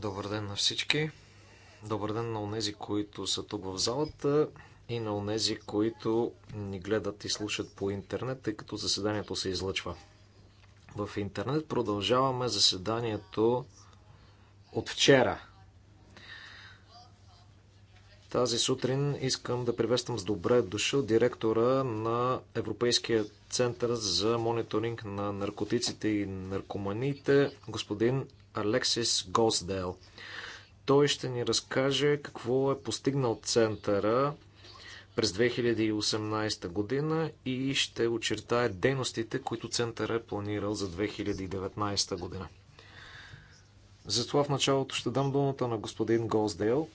Добър ден на всички. Добър ден на онези, които са тук в залата и на онези, които ни гледат и слушат по интернет, тъй като заседанието се излъчва. В интернет продължаваме заседанието от вчера. Тази сутрин искам да приветствам с добре дошъл директора на Европейския център за мониторинг на наркотиците и наркоманиите, господин Алексис Госдел. Той ще ни разкаже какво е постигнал центъра през 2018 година и ще очертае дейностите, които центъра е планирал за 2019 година. Затова в началото ще дам думата на господин Госдейл.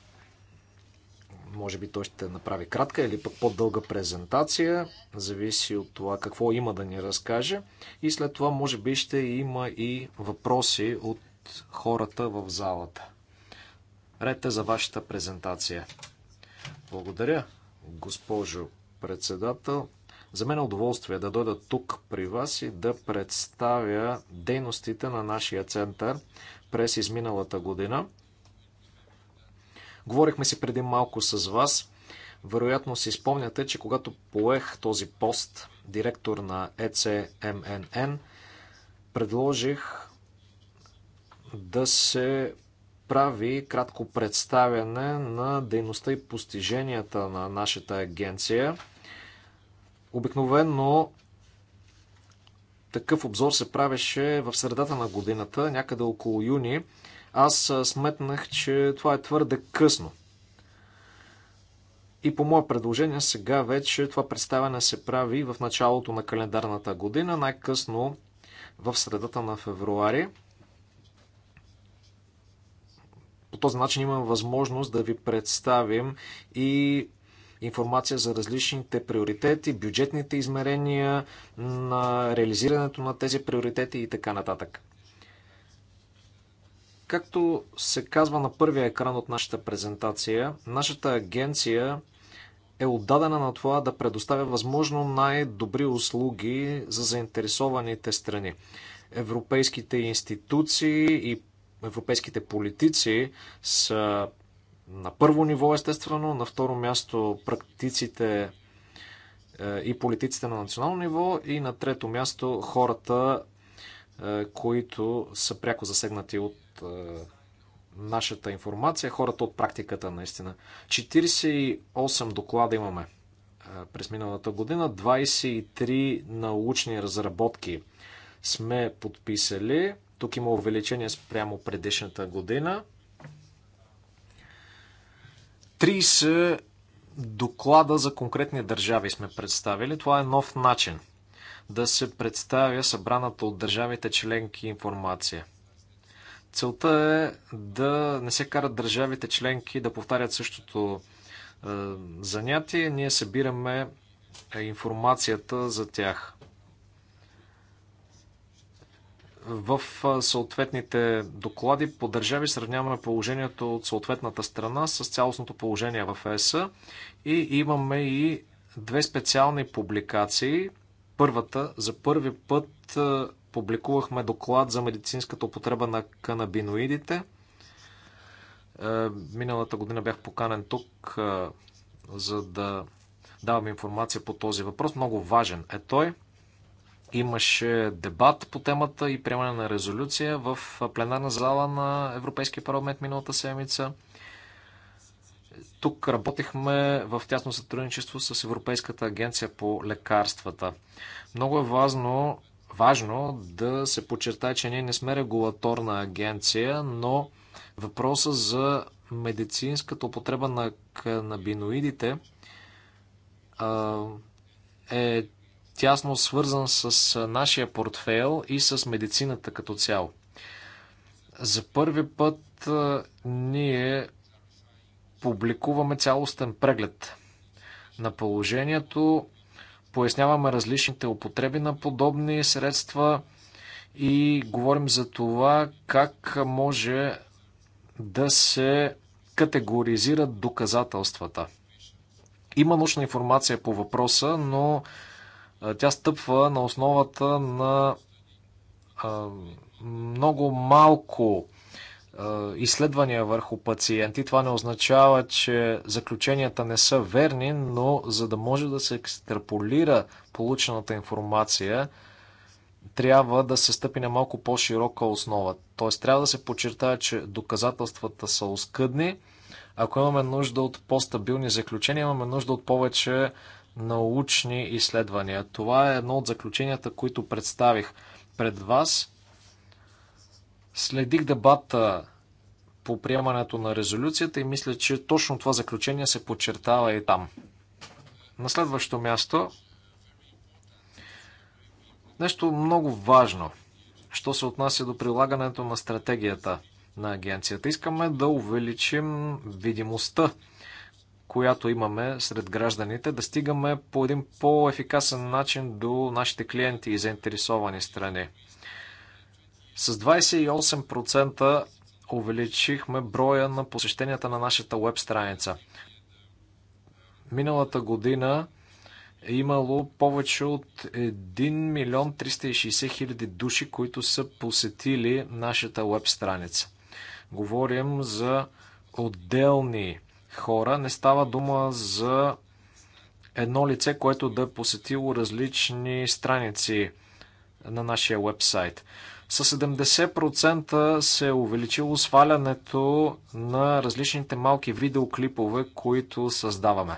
Може би той ще направи кратка или пък по-дълга презентация, зависи от това какво има да ни разкаже. И след това може би ще има и въпроси от хората в залата. Редте за вашата презентация. Благодаря, госпожо председател. За мен е удоволствие да дойда тук при вас и да представя дейностите на нашия център през изминалата година. Говорихме си преди малко с вас. Вероятно си спомняте, че когато поех този пост, директор на ЕЦМНН, предложих да се прави кратко представяне на дейността и постиженията на нашата агенция. Обикновено такъв обзор се правеше в средата на годината, някъде около юни. Аз сметнах, че това е твърде късно. И по мое предложение сега вече това представяне се прави в началото на календарната година, най-късно в средата на февруари. По този начин имам възможност да ви представим и информация за различните приоритети, бюджетните измерения на реализирането на тези приоритети и така нататък. Както се казва на първия екран от нашата презентация, нашата агенция е отдадена на това да предоставя възможно най-добри услуги за заинтересованите страни. Европейските институции и европейските политици са на първо ниво, естествено, на второ място практиците е, и политиците на национално ниво и на трето място хората, е, които са пряко засегнати от е, нашата информация, хората от практиката наистина. 48 доклада имаме през миналата година, 23 научни разработки сме подписали. Тук има увеличение спрямо предишната година. 30 доклада за конкретни държави сме представили. Това е нов начин да се представя събраната от държавите членки информация. Целта е да не се карат държавите членки да повтарят същото е, занятие. Ние събираме е, информацията за тях в съответните доклади по държави сравняваме положението от съответната страна с цялостното положение в ЕС и имаме и две специални публикации. Първата, за първи път публикувахме доклад за медицинската употреба на канабиноидите. Миналата година бях поканен тук, за да давам информация по този въпрос. Много важен е той. Имаше дебат по темата и приемане на резолюция в пленарна зала на Европейския парламент миналата седмица. Тук работихме в тясно сътрудничество с Европейската агенция по лекарствата. Много е важно, важно да се подчертае, че ние не сме регулаторна агенция, но въпроса за медицинската употреба на канабиноидите е тясно свързан с нашия портфейл и с медицината като цяло. За първи път ние публикуваме цялостен преглед на положението, поясняваме различните употреби на подобни средства и говорим за това как може да се категоризират доказателствата. Има научна информация по въпроса, но тя стъпва на основата на много малко изследвания върху пациенти. Това не означава, че заключенията не са верни, но за да може да се екстраполира получената информация, трябва да се стъпи на малко по-широка основа. Т.е. трябва да се подчертая, че доказателствата са оскъдни. Ако имаме нужда от по-стабилни заключения, имаме нужда от повече научни изследвания. Това е едно от заключенията, които представих пред вас. Следих дебата по приемането на резолюцията и мисля, че точно това заключение се подчертава и там. На следващо място, нещо много важно, що се отнася до прилагането на стратегията на агенцията. Искаме да увеличим видимостта която имаме сред гражданите, да стигаме по един по-ефикасен начин до нашите клиенти и заинтересовани страни. С 28% увеличихме броя на посещенията на нашата веб страница. Миналата година е имало повече от 1 милион 360 хиляди души, които са посетили нашата веб страница. Говорим за отделни хора. Не става дума за едно лице, което да е посетило различни страници на нашия вебсайт. С 70% се е увеличило свалянето на различните малки видеоклипове, които създаваме.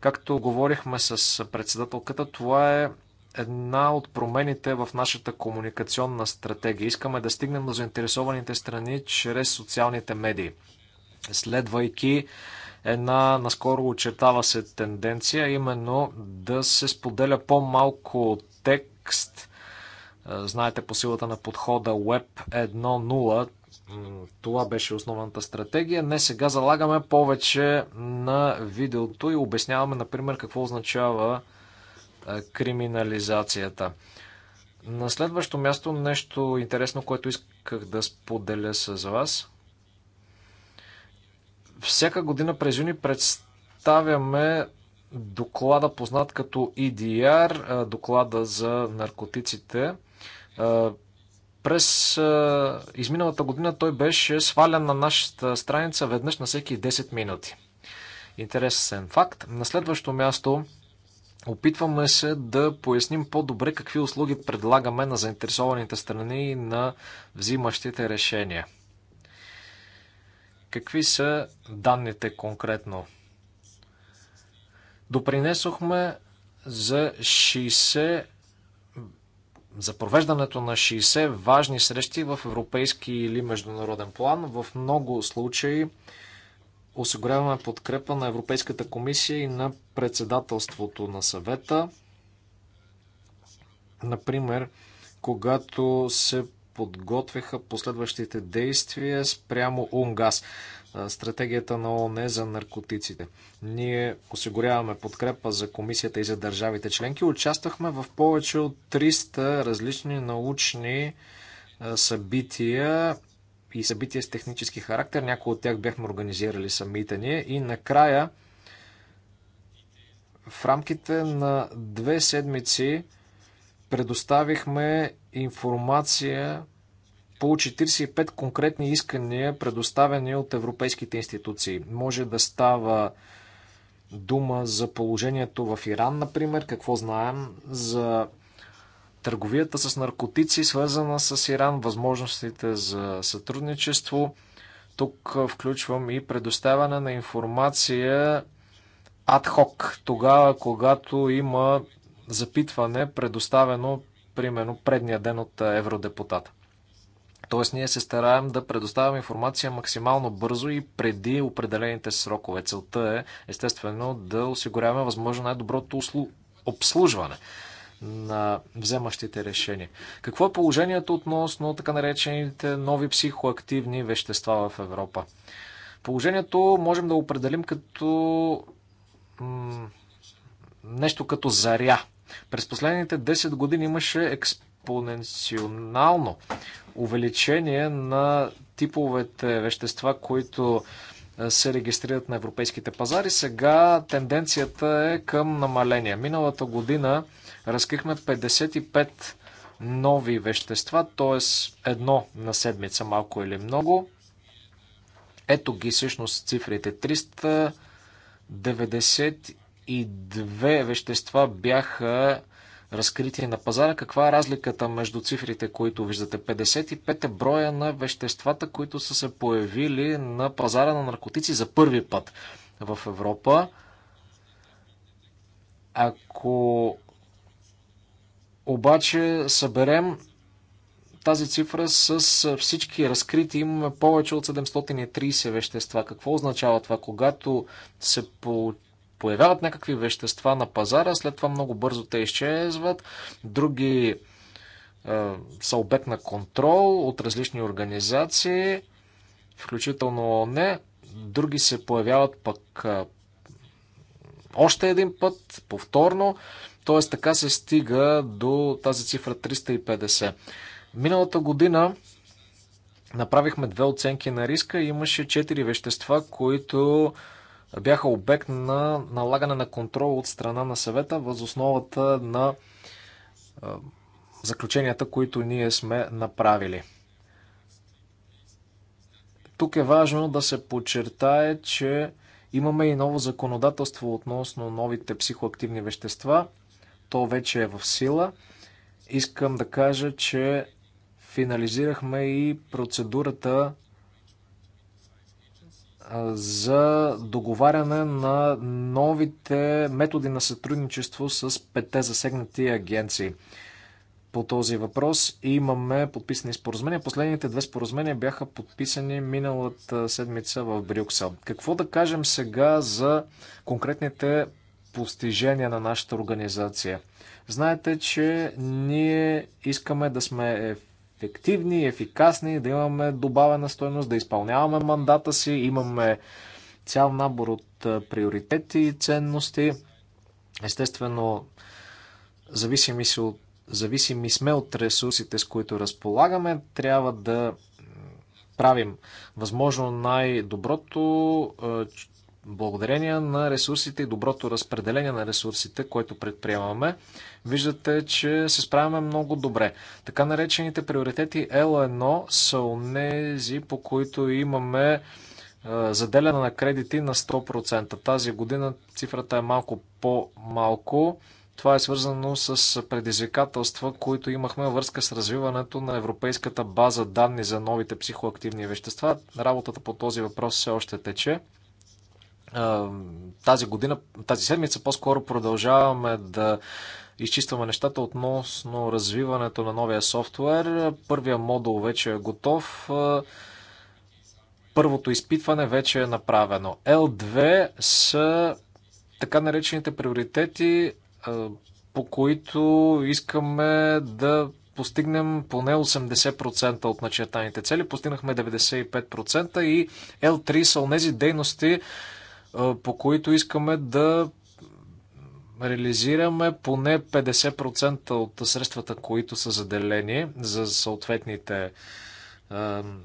Както говорихме с председателката, това е една от промените в нашата комуникационна стратегия. Искаме да стигнем до заинтересованите страни чрез социалните медии, следвайки една наскоро очертава се тенденция, именно да се споделя по-малко текст. Е, знаете, по силата на подхода Web 1.0, това беше основната стратегия. Не сега залагаме повече на видеото и обясняваме, например, какво означава е, криминализацията. На следващо място нещо интересно, което исках да споделя с вас – всяка година през юни представяме доклада, познат като EDR, доклада за наркотиците. През изминалата година той беше свалян на нашата страница веднъж на всеки 10 минути. Интересен факт. На следващо място опитваме се да поясним по-добре какви услуги предлагаме на заинтересованите страни и на взимащите решения. Какви са данните конкретно? Допринесохме за 60 за провеждането на 60 важни срещи в европейски или международен план. В много случаи осигуряваме подкрепа на Европейската комисия и на председателството на съвета. Например, когато се подготвяха последващите действия спрямо УНГАС, стратегията на ООН за наркотиците. Ние осигуряваме подкрепа за комисията и за държавите членки. Участвахме в повече от 300 различни научни събития и събития с технически характер. Някои от тях бяхме организирали самите ние. И накрая, в рамките на две седмици, предоставихме информация по 45 конкретни искания, предоставени от европейските институции. Може да става дума за положението в Иран, например, какво знаем за търговията с наркотици, свързана с Иран, възможностите за сътрудничество. Тук включвам и предоставяне на информация адхок, тогава когато има запитване, предоставено примерно предния ден от е, евродепутата. Тоест ние се стараем да предоставяме информация максимално бързо и преди определените срокове. Целта е, естествено, да осигуряваме възможно най-доброто услу... обслужване на вземащите решения. Какво е положението относно така наречените нови психоактивни вещества в Европа? Положението можем да определим като нещо като заря през последните 10 години имаше експоненционално увеличение на типовете вещества, които се регистрират на европейските пазари. Сега тенденцията е към намаление. Миналата година разкрихме 55 нови вещества, т.е. едно на седмица, малко или много. Ето ги всъщност цифрите. 393 две вещества бяха разкрити на пазара. Каква е разликата между цифрите, които виждате? 55 е броя на веществата, които са се появили на пазара на наркотици за първи път в Европа. Ако обаче съберем тази цифра с всички разкрити имаме повече от 730 вещества. Какво означава това? Когато се получи появяват някакви вещества на пазара, след това много бързо те изчезват, други е, са обект на контрол от различни организации, включително не, други се появяват пък е, още един път, повторно, т.е. така се стига до тази цифра 350. Миналата година направихме две оценки на риска и имаше четири вещества, които бяха обект на налагане на контрол от страна на съвета въз основата на заключенията, които ние сме направили. Тук е важно да се подчертае, че имаме и ново законодателство относно новите психоактивни вещества. То вече е в сила. Искам да кажа, че финализирахме и процедурата за договаряне на новите методи на сътрудничество с петте засегнати агенции. По този въпрос имаме подписани споразумения. Последните две споразумения бяха подписани миналата седмица в Брюксел. Какво да кажем сега за конкретните постижения на нашата организация? Знаете, че ние искаме да сме ефективни ефективни, ефикасни, да имаме добавена стойност, да изпълняваме мандата си, имаме цял набор от приоритети и ценности. Естествено, зависими, си от, зависими сме от ресурсите, с които разполагаме. Трябва да правим възможно най-доброто благодарение на ресурсите и доброто разпределение на ресурсите, което предприемаме, виждате, че се справяме много добре. Така наречените приоритети L1 са онези, по които имаме е, заделяне на кредити на 100%. Тази година цифрата е малко по-малко. Това е свързано с предизвикателства, които имахме връзка с развиването на европейската база данни за новите психоактивни вещества. Работата по този въпрос все още тече тази година, тази седмица по-скоро продължаваме да изчистваме нещата относно развиването на новия софтуер. Първия модул вече е готов. Първото изпитване вече е направено. L2 са така наречените приоритети, по които искаме да постигнем поне 80% от начертаните цели. Постигнахме 95% и L3 са онези дейности, по които искаме да реализираме поне 50% от средствата, които са заделени за съответните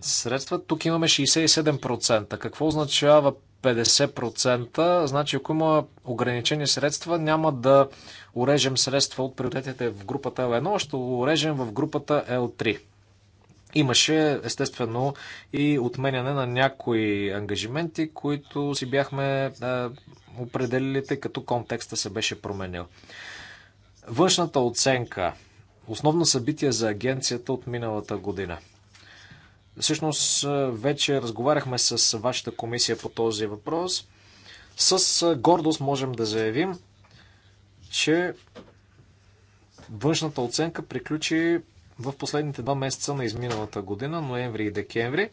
средства. Тук имаме 67%. Какво означава 50%? Значи, ако има ограничени средства, няма да урежем средства от приоритетите в групата L1, а ще урежем в групата L3. Имаше, естествено, и отменяне на някои ангажименти, които си бяхме е, определили, тъй като контекста се беше променил. Външната оценка. Основно събитие за агенцията от миналата година. Всъщност, е, вече разговаряхме с вашата комисия по този въпрос. С е, гордост можем да заявим, че външната оценка приключи в последните два месеца на изминалата година, ноември и декември.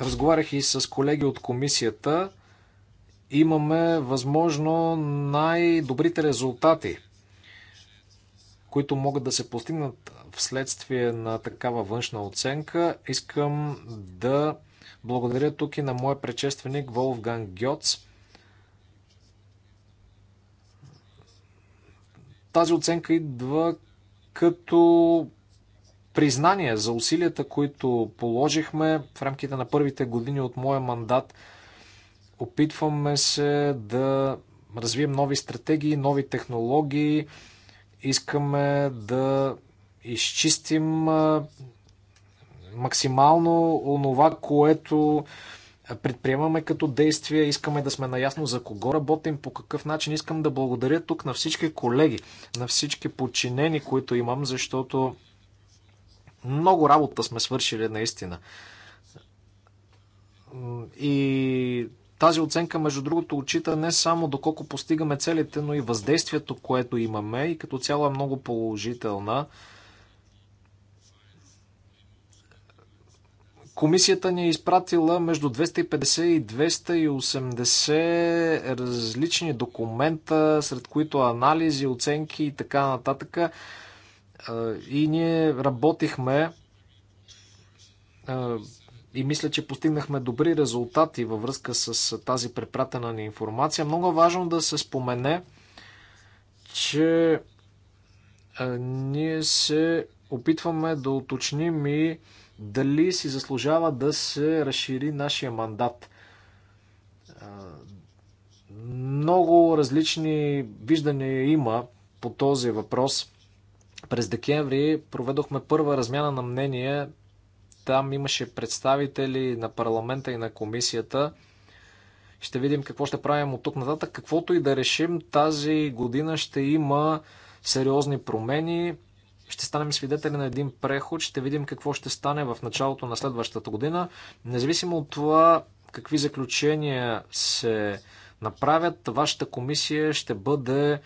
Разговарях и с колеги от комисията. Имаме възможно най-добрите резултати, които могат да се постигнат вследствие на такава външна оценка. Искам да благодаря тук и на моя предшественик Волфган Гьоц – Тази оценка идва като признание за усилията, които положихме в рамките на първите години от моя мандат. Опитваме се да развием нови стратегии, нови технологии. Искаме да изчистим максимално онова, което предприемаме като действия, искаме да сме наясно за кого работим, по какъв начин. Искам да благодаря тук на всички колеги, на всички подчинени, които имам, защото много работа сме свършили наистина. И тази оценка, между другото, отчита не само доколко постигаме целите, но и въздействието, което имаме и като цяло е много положителна. Комисията ни е изпратила между 250 и 280 различни документа, сред които анализи, оценки и така нататък. Е, и ние работихме е, и мисля, че постигнахме добри резултати във връзка с тази препратена ни информация. Много важно да се спомене, че е, ние се опитваме да уточним и дали си заслужава да се разшири нашия мандат. Много различни виждания има по този въпрос. През декември проведохме първа размяна на мнение. Там имаше представители на парламента и на комисията. Ще видим какво ще правим от тук нататък. Каквото и да решим, тази година ще има сериозни промени ще станем свидетели на един преход, ще видим какво ще стане в началото на следващата година. Независимо от това какви заключения се направят, вашата комисия ще бъде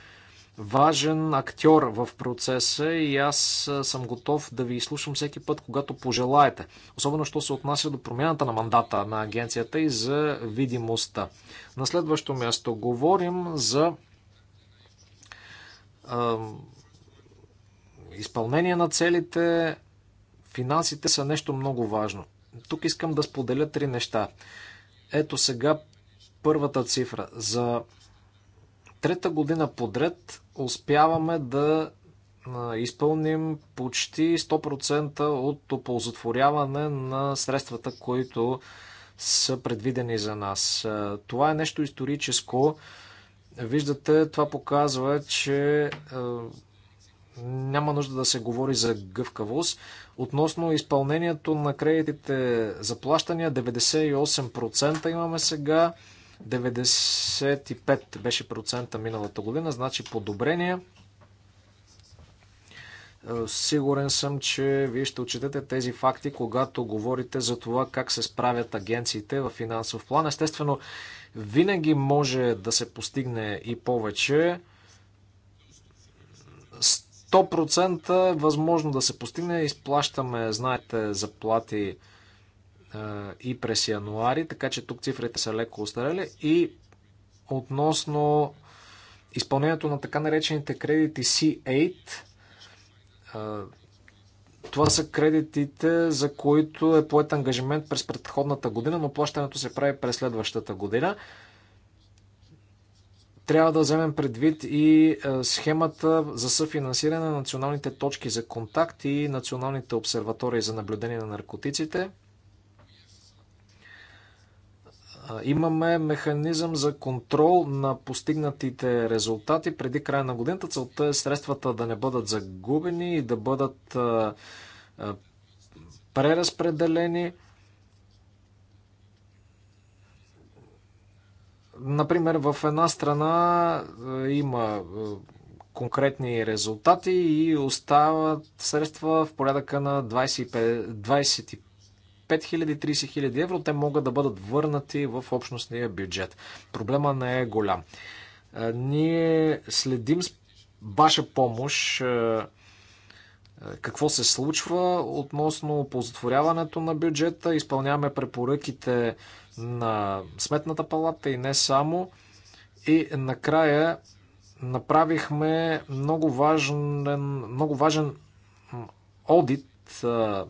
важен актьор в процеса и аз съм готов да ви изслушам всеки път, когато пожелаете. Особено, що се отнася до промяната на мандата на агенцията и за видимостта. На следващо място говорим за изпълнение на целите, финансите са нещо много важно. Тук искам да споделя три неща. Ето сега първата цифра. За трета година подред успяваме да изпълним почти 100% от оползотворяване на средствата, които са предвидени за нас. Това е нещо историческо. Виждате, това показва, че няма нужда да се говори за гъвкавост. Относно изпълнението на кредитите за плащания, 98% имаме сега, 95% беше процента миналата година, значи подобрение. Е, сигурен съм, че вие ще отчетете тези факти, когато говорите за това как се справят агенциите в финансов план. Естествено, винаги може да се постигне и повече. 100% е възможно да се постигне. Изплащаме, знаете, заплати е, и през януари, така че тук цифрите са леко устарели, И относно изпълнението на така наречените кредити C8, е, това са кредитите, за които е поет ангажимент през предходната година, но плащането се прави през следващата година. Трябва да вземем предвид и е, схемата за съфинансиране на националните точки за контакт и националните обсерватории за наблюдение на наркотиците. Е, имаме механизъм за контрол на постигнатите резултати преди края на годината. Целта е средствата да не бъдат загубени и да бъдат е, преразпределени. Например, в една страна е, има е, конкретни резултати и остават средства в порядъка на 25, 25 000-30 хиляди евро. Те могат да бъдат върнати в общностния бюджет. Проблема не е голям. Е, ние следим с ваша помощ какво се случва относно оползотворяването на бюджета. Изпълняваме препоръките на Сметната палата и не само. И накрая направихме много важен, много важен одит а,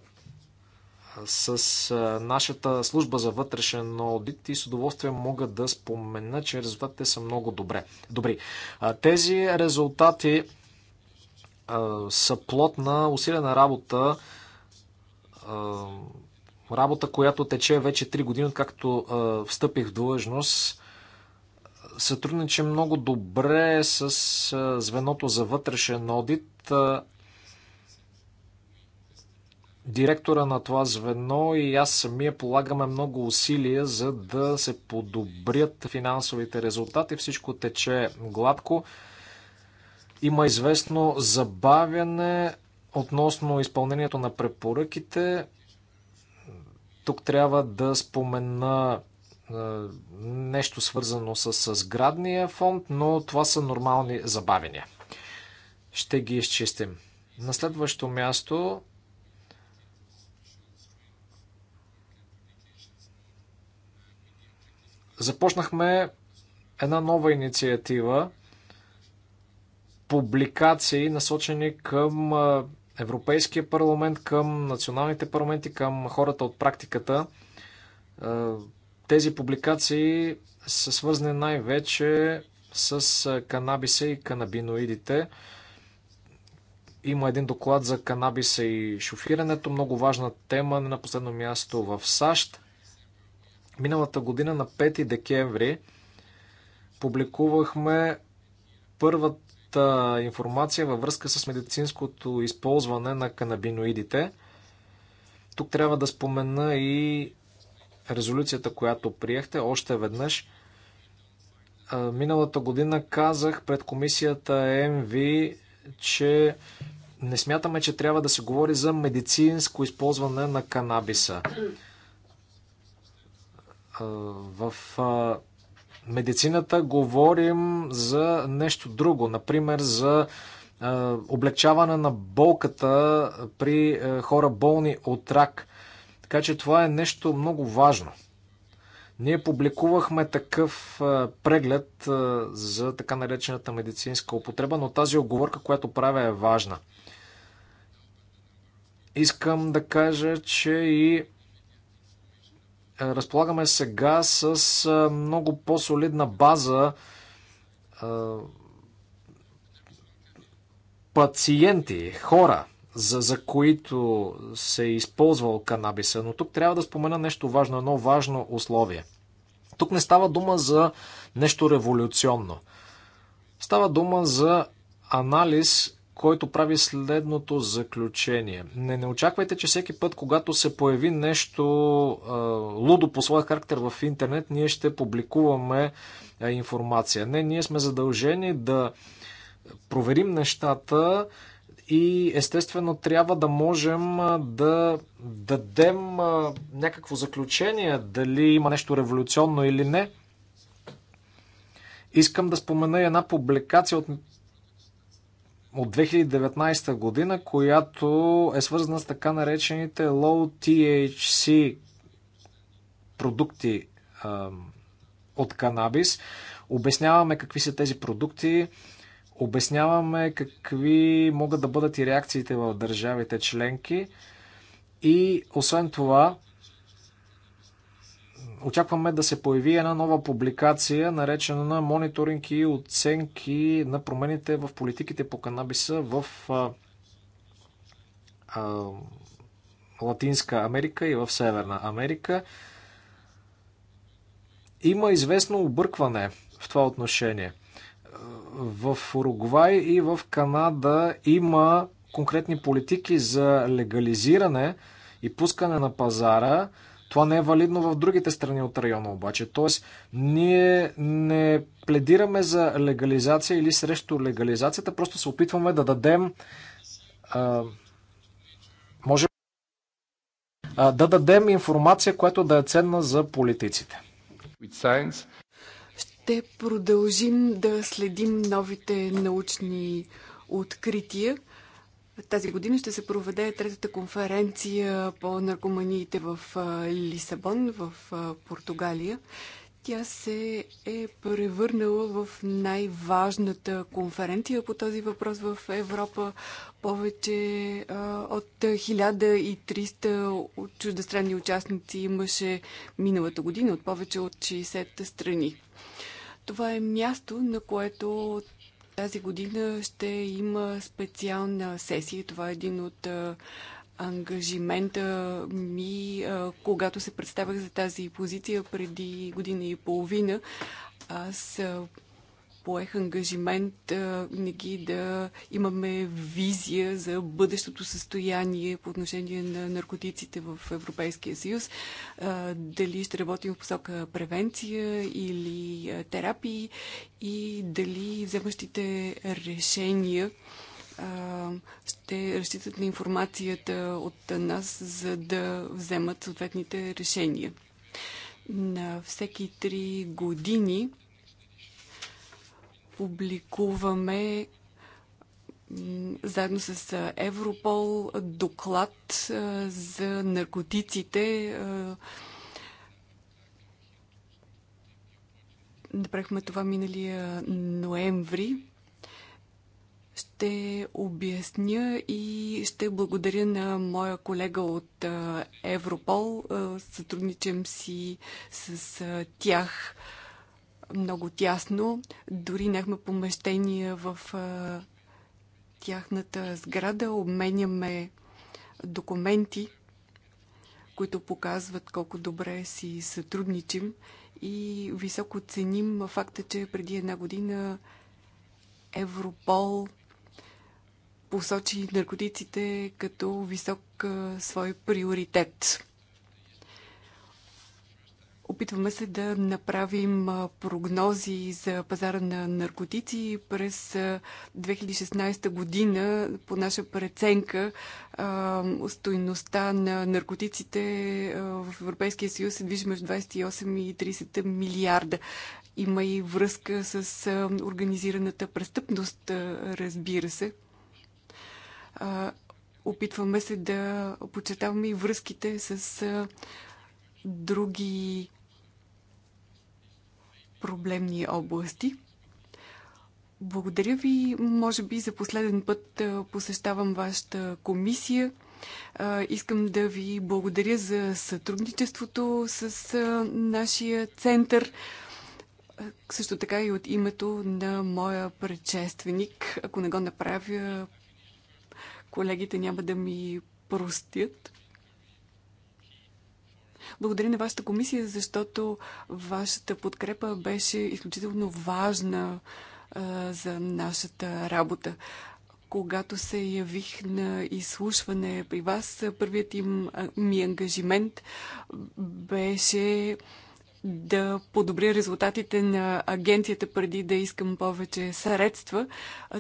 с а, нашата служба за вътрешен одит и с удоволствие мога да спомена, че резултатите са много добре. добри. А, тези резултати а, са плод на усилена работа а, Работа, която тече вече 3 години, откакто е, встъпих в длъжност, сътрудничи много добре с е, звеното за вътрешен одит. Е, директора на това звено и аз самия полагаме много усилия, за да се подобрят финансовите резултати. Всичко тече гладко. Има известно забавяне относно изпълнението на препоръките. Тук трябва да спомена е, нещо свързано с сградния фонд, но това са нормални забавения. Ще ги изчистим. На следващо място започнахме една нова инициатива публикации, насочени към е, Европейския парламент към националните парламенти, към хората от практиката. Е, тези публикации са свързани най-вече с е, канабиса и канабиноидите. Има един доклад за канабиса и шофирането, много важна тема на последно място в САЩ. Миналата година на 5 декември публикувахме първата информация във връзка с медицинското използване на канабиноидите. Тук трябва да спомена и резолюцията, която приехте още веднъж. Миналата година казах пред комисията МВ, че не смятаме, че трябва да се говори за медицинско използване на канабиса. В медицината говорим за нещо друго, например за облегчаване на болката при хора болни от рак. Така че това е нещо много важно. Ние публикувахме такъв преглед за така наречената медицинска употреба, но тази оговорка, която правя, е важна. Искам да кажа, че и е, разполагаме сега с е, много по-солидна база е, пациенти, хора, за, за които се е използвал канабиса. Но тук трябва да спомена нещо важно, едно важно условие. Тук не става дума за нещо революционно. Става дума за анализ, който прави следното заключение. Не, не очаквайте, че всеки път, когато се появи нещо а, лудо по своя характер в интернет, ние ще публикуваме а, информация. Не, ние сме задължени да проверим нещата и естествено трябва да можем да дадем някакво заключение дали има нещо революционно или не. Искам да спомена една публикация от от 2019 година, която е свързана с така наречените low THC продукти а, от канабис. Обясняваме какви са тези продукти, обясняваме какви могат да бъдат и реакциите в държавите членки и освен това очакваме да се появи една нова публикация, наречена на мониторинг и оценки на промените в политиките по канабиса в а, а, Латинска Америка и в Северна Америка. Има известно объркване в това отношение. В Уругвай и в Канада има конкретни политики за легализиране и пускане на пазара това не е валидно в другите страни от района обаче. Тоест, ние не пледираме за легализация или срещу легализацията, просто се опитваме да дадем а, може а, да дадем информация, която да е ценна за политиците. Ще продължим да следим новите научни открития тази година ще се проведе третата конференция по наркоманиите в Лисабон, в Португалия. Тя се е превърнала в най-важната конференция по този въпрос в Европа. Повече а, от 1300 чуждестранни участници имаше миналата година от повече от 60 страни. Това е място, на което тази година ще има специална сесия. Това е един от ангажимента ми, когато се представях за тази позиция преди година и половина. Аз поех ангажимент винаги да имаме визия за бъдещото състояние по отношение на наркотиците в Европейския съюз. Дали ще работим в посока превенция или терапии и дали вземащите решения ще разчитат на информацията от нас, за да вземат съответните решения. На всеки три години публикуваме заедно с Европол доклад за наркотиците. Направихме това миналия ноември. Ще обясня и ще благодаря на моя колега от Европол. Сътрудничам си с тях много тясно. Дори имахме помещения в тяхната сграда. Обменяме документи, които показват колко добре си сътрудничим и високо ценим факта, че преди една година Европол посочи наркотиците като висок свой приоритет. Опитваме се да направим прогнози за пазара на наркотици през 2016 година. По наша преценка стоеността на наркотиците в Европейския съюз се движи между 28 и 30 милиарда. Има и връзка с организираната престъпност, разбира се опитваме се да почетаваме и връзките с други проблемни области. Благодаря ви. Може би за последен път посещавам вашата комисия. Искам да ви благодаря за сътрудничеството с нашия център. Също така и от името на моя предшественик. Ако не го направя, колегите няма да ми простят. Благодаря на вашата комисия, защото вашата подкрепа беше изключително важна а, за нашата работа. Когато се явих на изслушване при вас, първият им ми ангажимент беше да подобря резултатите на агенцията преди да искам повече средства.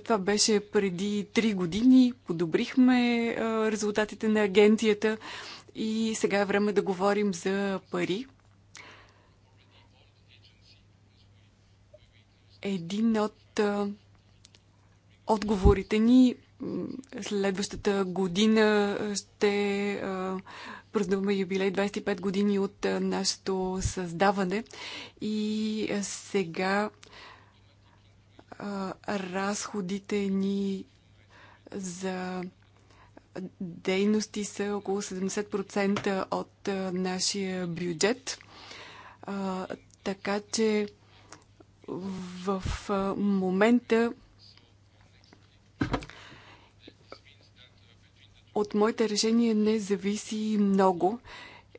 Това беше преди три години. Подобрихме резултатите на агенцията. И сега е време да говорим за пари. Един от отговорите ни следващата година ще празнуваме юбилей 25 години от нашето създаване и сега разходите ни за дейности са около 70% от нашия бюджет. Така че в момента от моите решения не зависи много.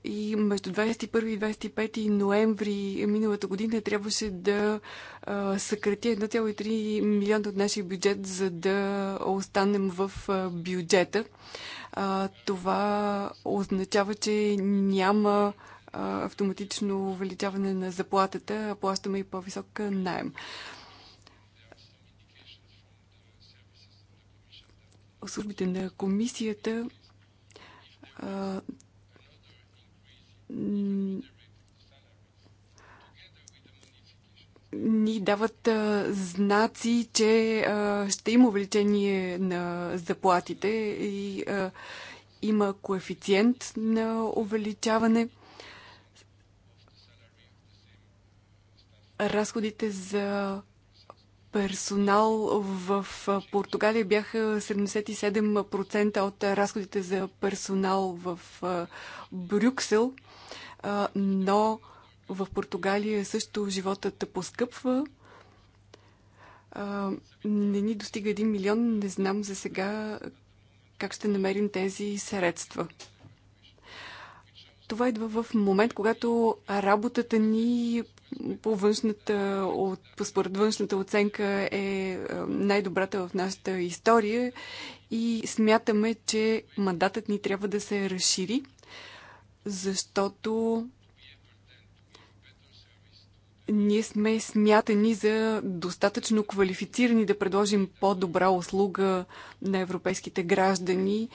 И между 21 и 25 ноември миналата година трябваше да а, съкрати 1,3 милиона от нашия бюджет, за да останем в бюджета. А, това означава, че няма а, автоматично увеличаване на заплатата, а плащаме и по-висок найем. службите на комисията а, ни дават а, знаци, че а, ще има увеличение на заплатите и а, има коефициент на увеличаване. Разходите за персонал в Португалия бяха 77% от разходите за персонал в Брюксел но в Португалия също животът поскъпва. Не ни достига един милион. Не знам за сега как ще намерим тези средства. Това идва в момент, когато работата ни по външната, от, според външната оценка е най-добрата в нашата история и смятаме, че мандатът ни трябва да се разшири защото ние сме смятани за достатъчно квалифицирани да предложим по-добра услуга на европейските граждани.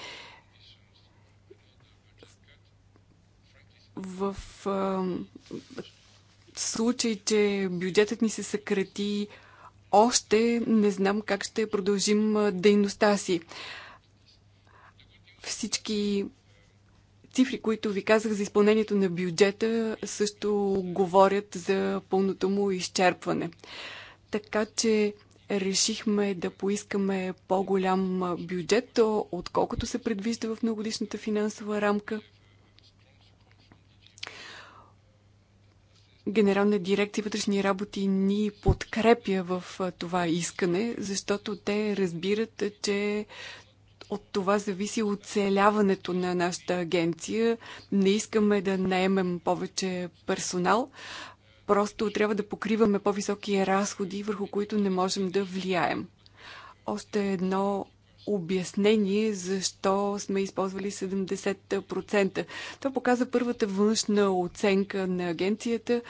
В а, случай, че бюджетът ни се съкрати, още не знам как ще продължим дейността си. Всички цифри, които ви казах за изпълнението на бюджета, също говорят за пълното му изчерпване. Така че решихме да поискаме по-голям бюджет, отколкото се предвижда в многодишната финансова рамка. Генерална дирекция вътрешни работи ни подкрепя в това искане, защото те разбират, че от това зависи оцеляването на нашата агенция. Не искаме да наемем повече персонал. Просто трябва да покриваме по-високи разходи, върху които не можем да влияем. Още едно обяснение защо сме използвали 70%. Това показа първата външна оценка на агенцията,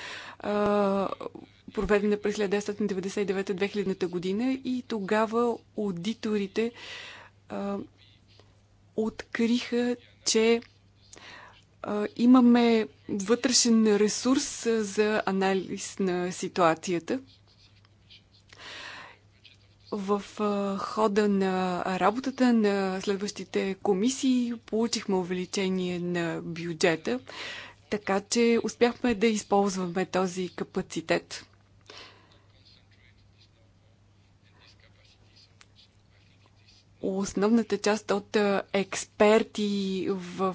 проведена през 1999-2000 година и тогава аудиторите а, откриха, че а, имаме вътрешен ресурс за анализ на ситуацията. В а, хода на работата на следващите комисии получихме увеличение на бюджета, така че успяхме да използваме този капацитет. основната част от експерти в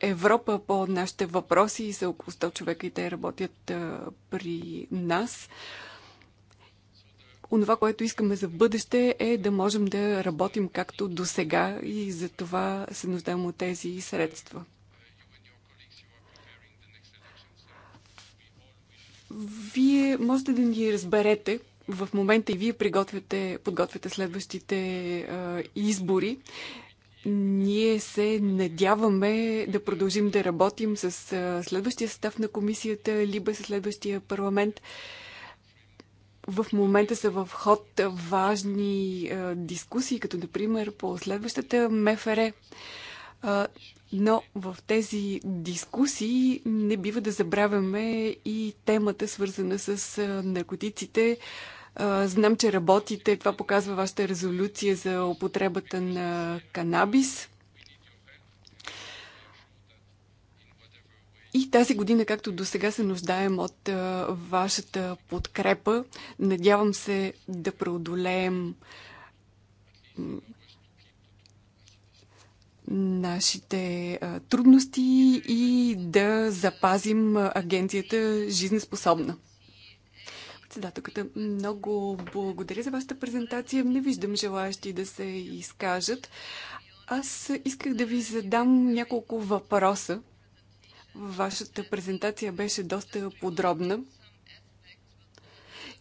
Европа по нашите въпроси са около 100 човека и те работят при нас. Онова, което искаме за бъдеще е да можем да работим както до сега и за това се нуждаем от тези средства. Вие можете да ни разберете, в момента и вие приготвяте, подготвяте следващите а, избори. Ние се надяваме да продължим да работим с а, следващия състав на комисията, либо с следващия парламент. В момента са в ход важни а, дискусии, като например по следващата МФР. А, но в тези дискусии не бива да забравяме и темата, свързана с наркотиците, Знам, че работите. Това показва вашата резолюция за употребата на канабис. И тази година, както до сега, се нуждаем от вашата подкрепа. Надявам се да преодолеем нашите трудности и да запазим агенцията жизнеспособна. Председателката, много благодаря за вашата презентация. Не виждам желаящи да се изкажат. Аз исках да ви задам няколко въпроса. Вашата презентация беше доста подробна.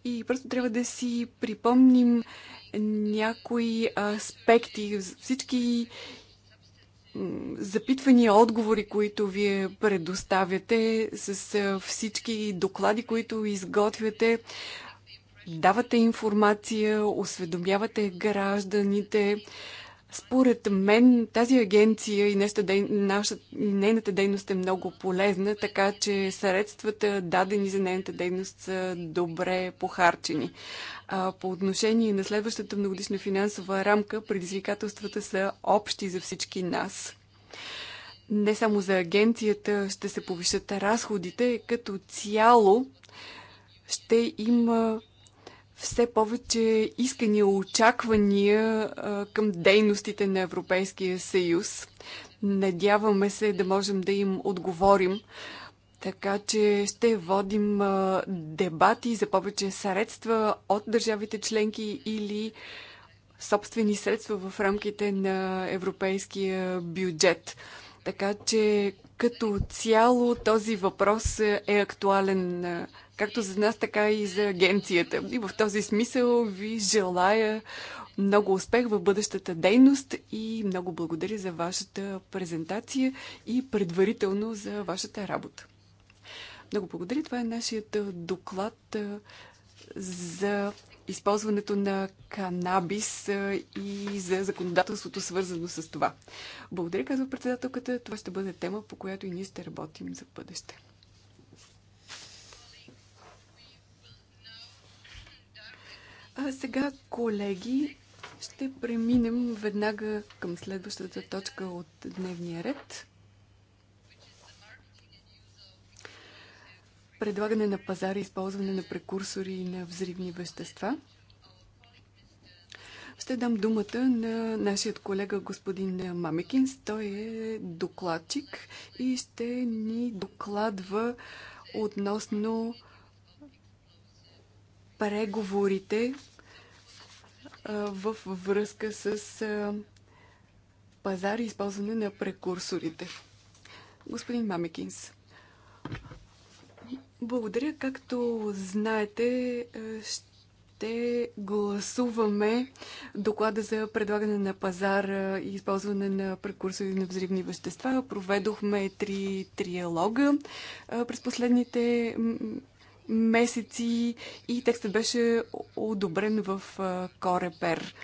И просто трябва да си припомним някои аспекти. Всички запитвания, отговори, които вие предоставяте, с всички доклади, които изготвяте, давате информация, осведомявате гражданите, според мен тази агенция и нашата, наша... нейната дейност е много полезна, така че средствата дадени за нейната дейност са добре похарчени. А, по отношение на следващата многодишна финансова рамка, предизвикателствата са общи за всички нас. Не само за агенцията ще се повишат разходите, като цяло ще има все повече искания, очаквания към дейностите на Европейския съюз. Надяваме се да можем да им отговорим. Така че ще водим дебати за повече средства от държавите членки или собствени средства в рамките на европейския бюджет. Така че като цяло този въпрос е актуален както за нас, така и за агенцията. И в този смисъл ви желая много успех в бъдещата дейност и много благодаря за вашата презентация и предварително за вашата работа. Много благодаря. Това е нашият доклад за използването на канабис и за законодателството свързано с това. Благодаря, казва председателката. Това ще бъде тема, по която и ние ще работим за бъдеще. А сега, колеги, ще преминем веднага към следващата точка от дневния ред. Предлагане на пазара и използване на прекурсори на взривни вещества. Ще дам думата на нашият колега господин Мамекинс. Той е докладчик и ще ни докладва относно преговорите в връзка с пазар и използване на прекурсорите. Господин Мамекинс. Благодаря. Както знаете, ще гласуваме доклада за предлагане на пазара и използване на прекурсори на взривни вещества. Проведохме три триалога през последните месеци и текстът беше одобрен в Корепер.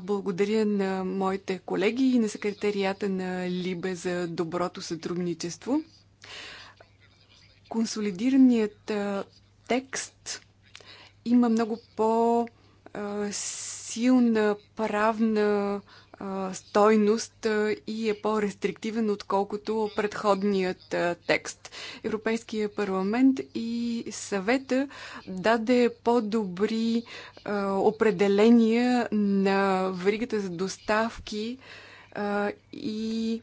Благодаря на моите колеги и на секретарията на Либе за доброто сътрудничество. Консолидираният текст има много по-силна правна стойност и е по-рестриктивен, отколкото предходният текст. Европейския парламент и съвета даде по-добри определения на варигата за доставки и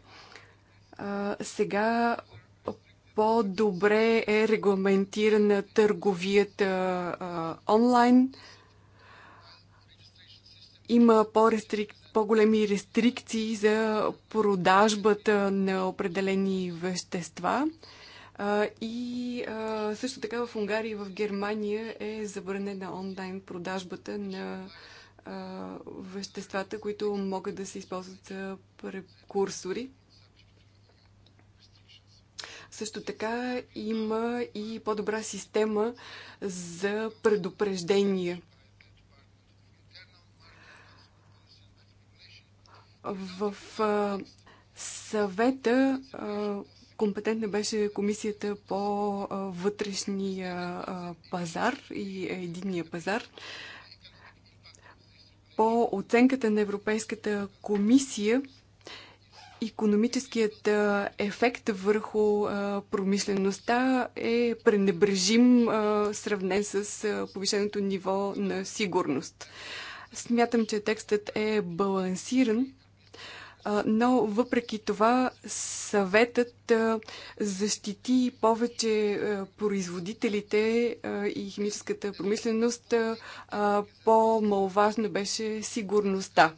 сега по-добре е регламентирана търговията онлайн. Има по рестрикт по-големи рестрикции за продажбата на определени вещества. И също така в Унгария и в Германия е забранена онлайн продажбата на веществата, които могат да се използват за прекурсори. Също така има и по-добра система за предупреждение. В съвета компетентна беше комисията по вътрешния пазар и единния пазар. По оценката на Европейската комисия, економическият ефект върху промишлеността е пренебрежим сравнен с повишеното ниво на сигурност. Смятам, че текстът е балансиран но въпреки това съветът защити повече производителите и химическата промишленост. По-маловажна беше сигурността.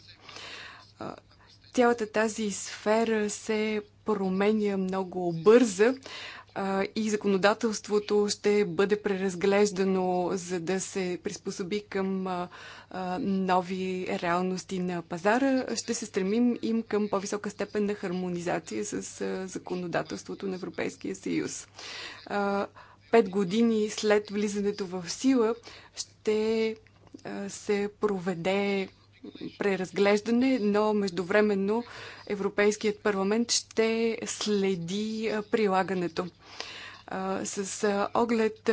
Цялата тази сфера се променя много бърза и законодателството ще бъде преразглеждано, за да се приспособи към нови реалности на пазара. Ще се стремим им към по-висока степен на хармонизация с законодателството на Европейския съюз. Пет години след влизането в сила ще се проведе преразглеждане, но междувременно Европейският парламент ще следи прилагането. С оглед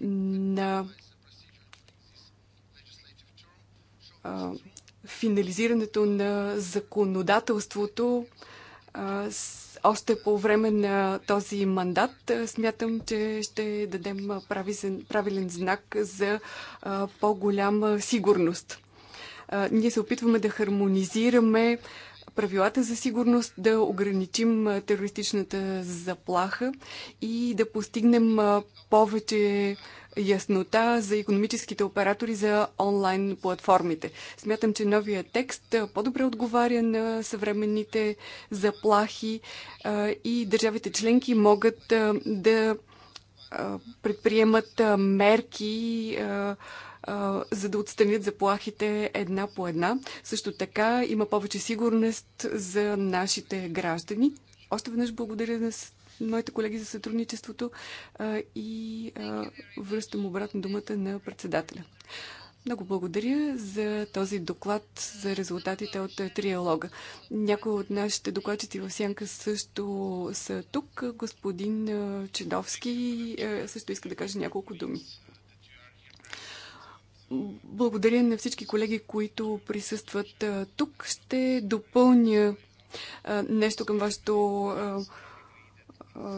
на финализирането на законодателството още по време на този мандат, смятам, че ще дадем правилен знак за по-голяма сигурност. Ние се опитваме да хармонизираме правилата за сигурност, да ограничим терористичната заплаха и да постигнем повече яснота за економическите оператори за онлайн платформите. Смятам, че новия текст по-добре отговаря на съвременните заплахи и държавите членки могат да предприемат мерки за да отстранят заплахите една по една. Също така има повече сигурност за нашите граждани. Още веднъж благодаря на моите колеги за сътрудничеството и връщам обратно думата на председателя. Много благодаря за този доклад за резултатите от триалога. Някои от нашите докладчици в Сянка също са тук. Господин Чедовски също иска да каже няколко думи. Благодаря на всички колеги, които присъстват тук. Ще допълня нещо към вашето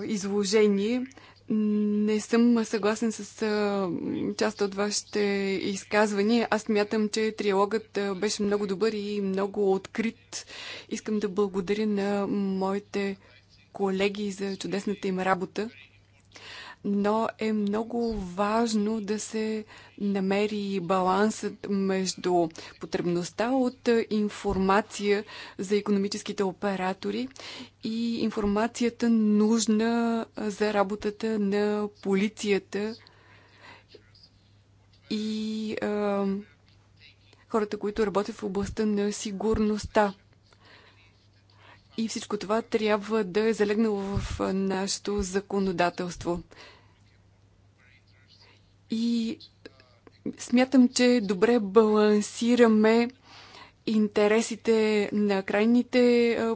изложение. Не съм съгласен с част от вашите изказвания. Аз мятам, че триалогът беше много добър и много открит. Искам да благодаря на моите колеги за чудесната им работа но е много важно да се намери балансът между потребността от е, информация за економическите оператори и информацията нужна е, за работата на полицията и а, е, хората, които работят в областта на сигурността. И всичко това трябва да е залегнало в нашето законодателство. И смятам, че добре балансираме интересите на крайните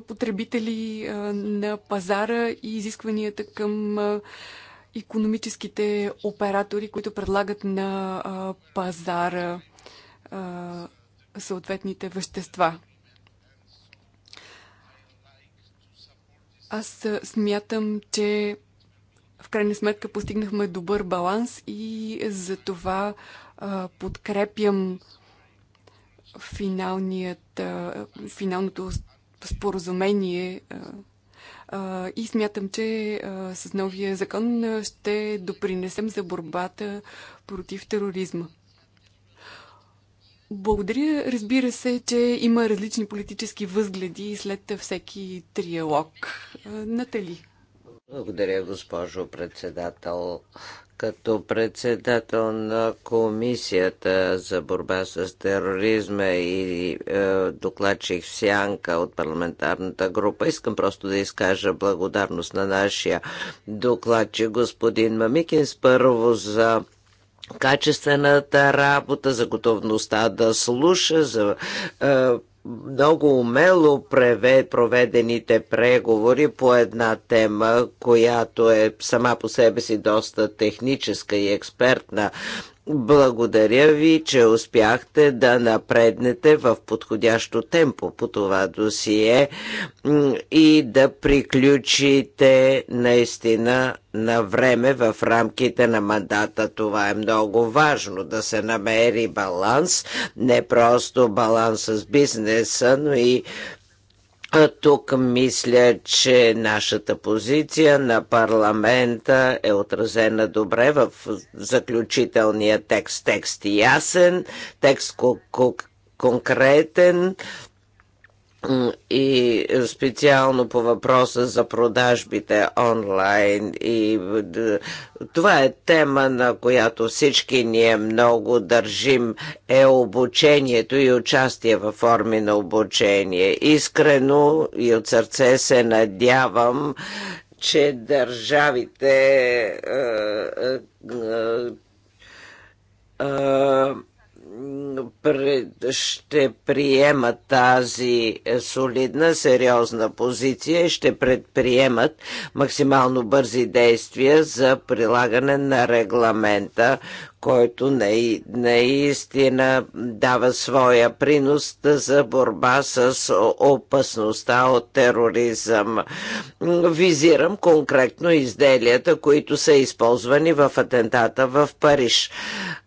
потребители на пазара и изискванията към економическите оператори, които предлагат на пазара съответните вещества. Аз смятам, че в крайна сметка постигнахме добър баланс и за това а, подкрепям финалният, а, финалното споразумение а, и смятам, че а, с новия закон ще допринесем за борбата против тероризма. Благодаря. Разбира се, че има различни политически възгледи след всеки триалог. Натали. Благодаря, госпожо председател. Като председател на Комисията за борба с тероризма и е, докладчих сянка от парламентарната група, искам просто да изкажа благодарност на нашия докладчик господин Мамикинс първо за качествената работа, за готовността да слуша, за е, много умело проведените преговори по една тема, която е сама по себе си доста техническа и експертна, благодаря ви, че успяхте да напреднете в подходящо темпо по това досие и да приключите наистина на време в рамките на мандата. Това е много важно да се намери баланс, не просто баланс с бизнеса, но и тук мисля, че нашата позиция на парламента е отразена добре в заключителния текст. Текст ясен, текст конкретен, и специално по въпроса за продажбите онлайн. И това е тема, на която всички ние много държим, е обучението и участие във форми на обучение. Искрено и от сърце се надявам, че държавите е, е, е, е ще приемат тази е, солидна, сериозна позиция и ще предприемат максимално бързи действия за прилагане на регламента, който наистина дава своя принос за борба с опасността от тероризъм. Визирам конкретно изделията, които са използвани в атентата в Париж.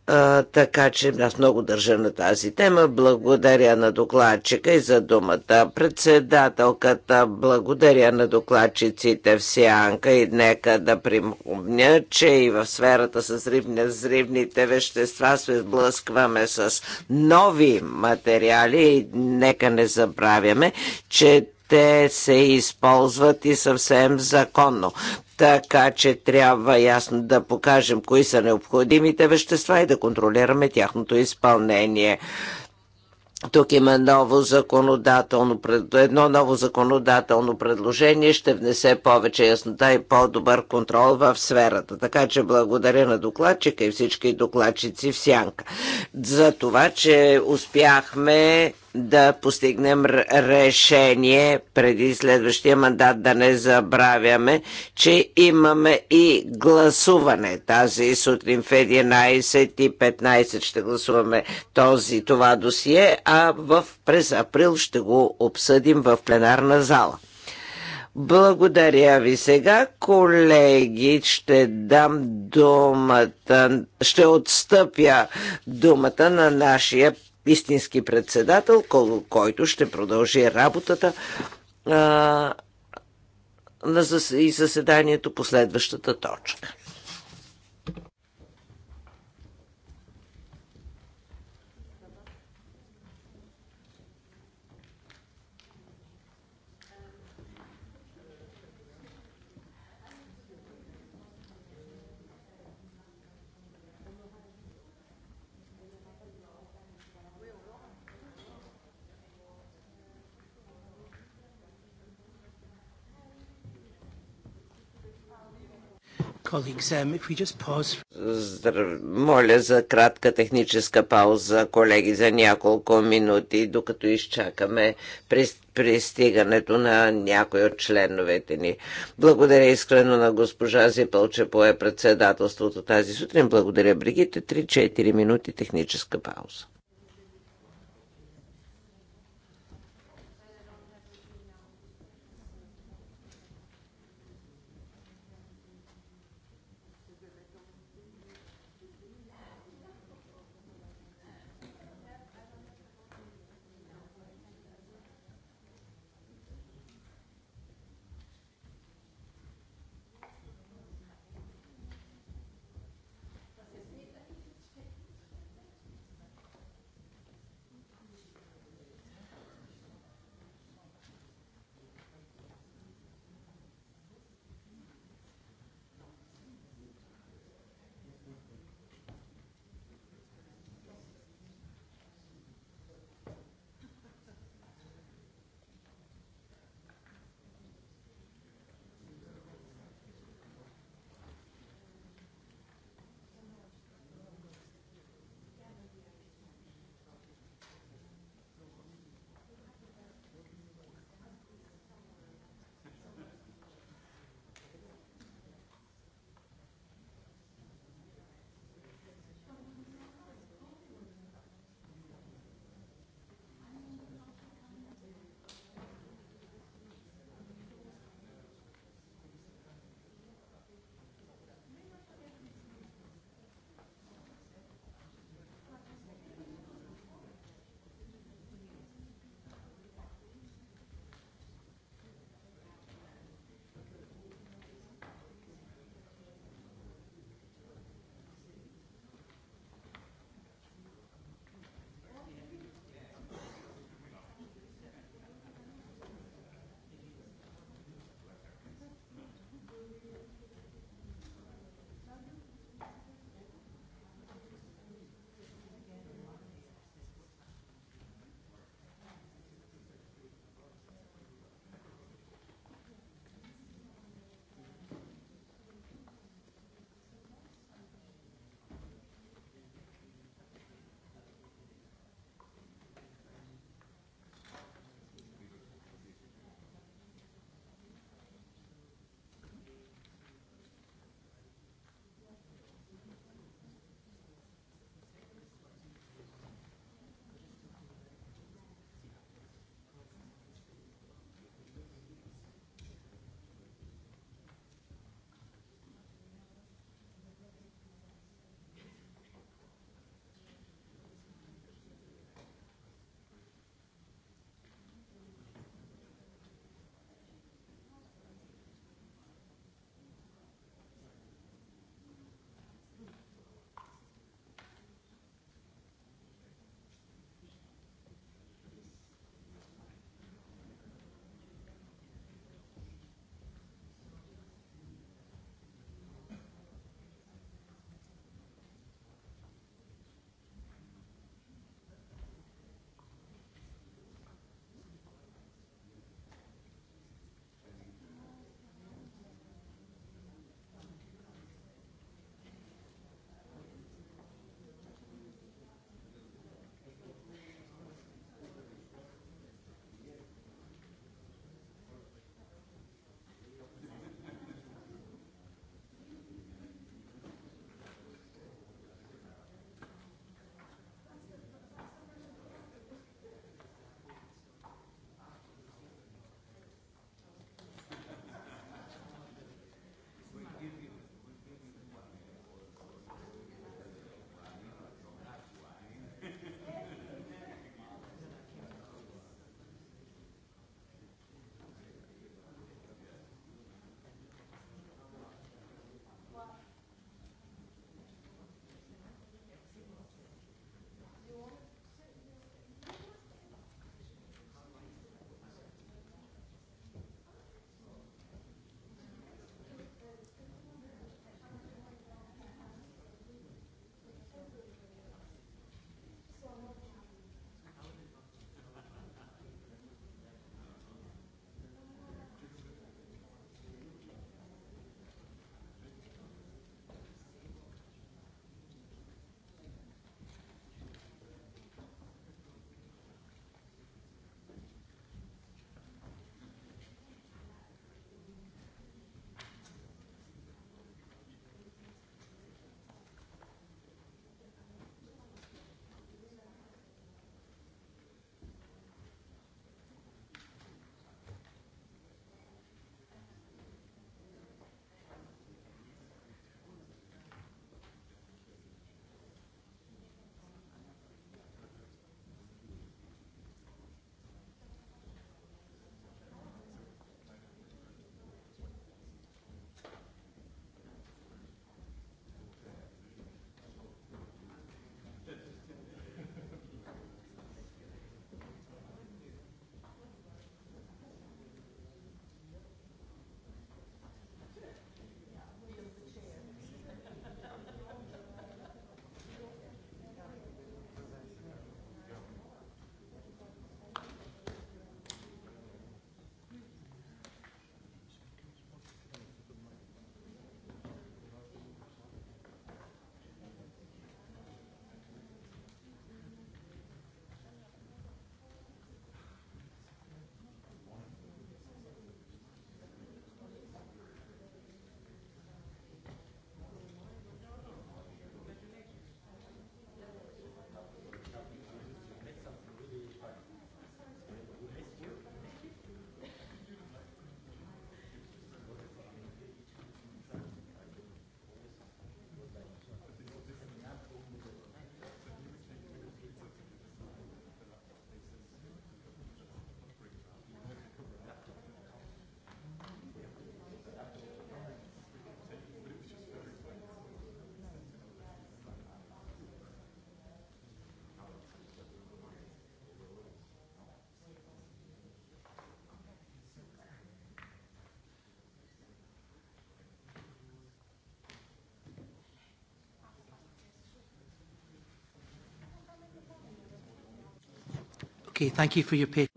А, така че аз много държа на тази тема. Благодаря на докладчика и за думата. Председателката, благодаря на докладчиците в Сянка и нека да примомня, че и в сферата с рибня, зривни новите вещества се сблъскваме с нови материали и нека не забравяме, че те се използват и съвсем законно. Така че трябва ясно да покажем кои са необходимите вещества и да контролираме тяхното изпълнение. Тук има ново законодателно, едно ново законодателно предложение, ще внесе повече яснота и по-добър контрол в сферата. Така че благодаря на докладчика и всички докладчици в Сянка за това, че успяхме да постигнем решение преди следващия мандат, да не забравяме, че имаме и гласуване тази сутрин в 11 и 15 ще гласуваме този, това досие, а в през април ще го обсъдим в пленарна зала. Благодаря ви. Сега, колеги, ще дам думата, ще отстъпя думата на нашия истински председател, който ще продължи работата а, на зас... и заседанието по следващата точка. Um, моля за кратка техническа пауза, колеги, за няколко минути, докато изчакаме пристигането на някои от членовете ни. Благодаря искрено на госпожа Зипъл, че пое председателството тази сутрин. Благодаря, Бригите. 3-4 минути техническа пауза.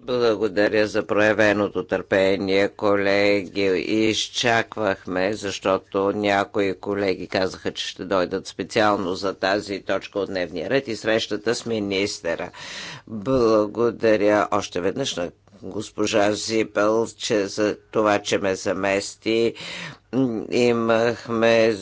Благодаря за проявеното търпение, колеги. Изчаквахме, защото някои колеги казаха, че ще дойдат специално за тази точка от дневния ред и срещата с министера. Благодаря още веднъж на госпожа Зипел, че за това, че ме замести имахме е,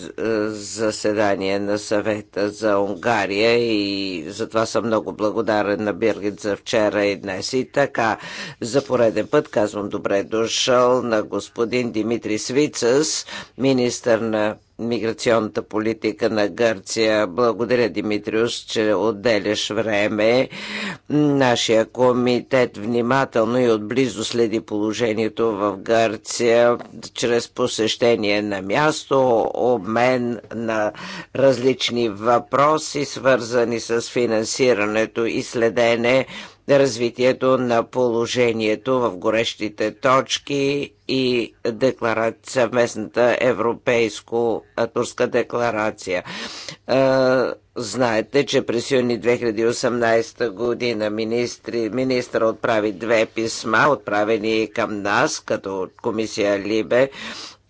заседание на съвета за Унгария и затова съм много благодарен на Биргит за вчера и днес. И така, за пореден път казвам добре дошъл на господин Димитри Свицъс, министър на миграционната политика на Гърция. Благодаря, Димитриус, че отделяш време. Нашия комитет внимателно и отблизо следи положението в Гърция чрез посещение на място, обмен на различни въпроси, свързани с финансирането и следене развитието на положението в горещите точки и съвместната европейско-турска декларация. Знаете, че през юни 2018 година министри, министър отправи две писма, отправени към нас като комисия Либе,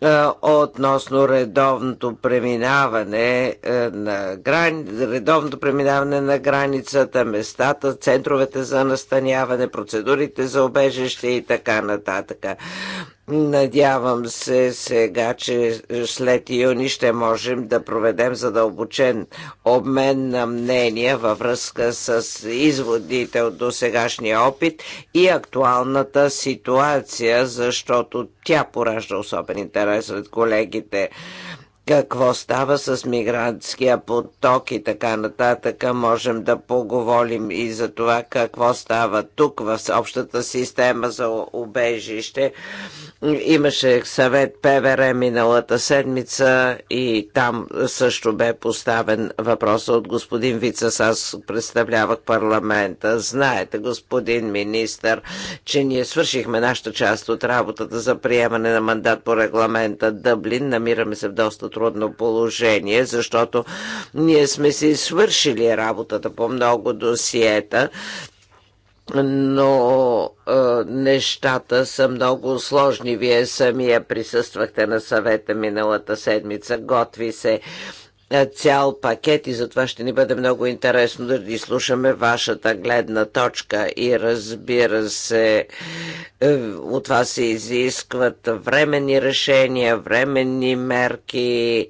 е, относно редовното преминаване е, на грани... редовното преминаване на границата, местата, центровете за настаняване, процедурите за обежище и така нататък. Надявам се сега, че след юни ще можем да проведем задълбочен обмен на мнения във връзка с изводите от досегашния опит и актуалната ситуация, защото тя поражда особен интерес от колегите какво става с мигрантския поток и така нататък. Можем да поговорим и за това какво става тук в общата система за убежище Имаше съвет ПВР миналата седмица и там също бе поставен въпрос от господин Вицас. Аз представлявах парламента. Знаете, господин министър, че ние свършихме нашата част от работата за приемане на мандат по регламента Дъблин. Намираме се в доста трудно положение, защото ние сме си свършили работата по много досиета но е, нещата са много сложни. Вие самия присъствахте на съвета миналата седмица. Готви се е, цял пакет и затова ще ни бъде много интересно да изслушаме слушаме вашата гледна точка и разбира се е, от вас се изискват временни решения, временни мерки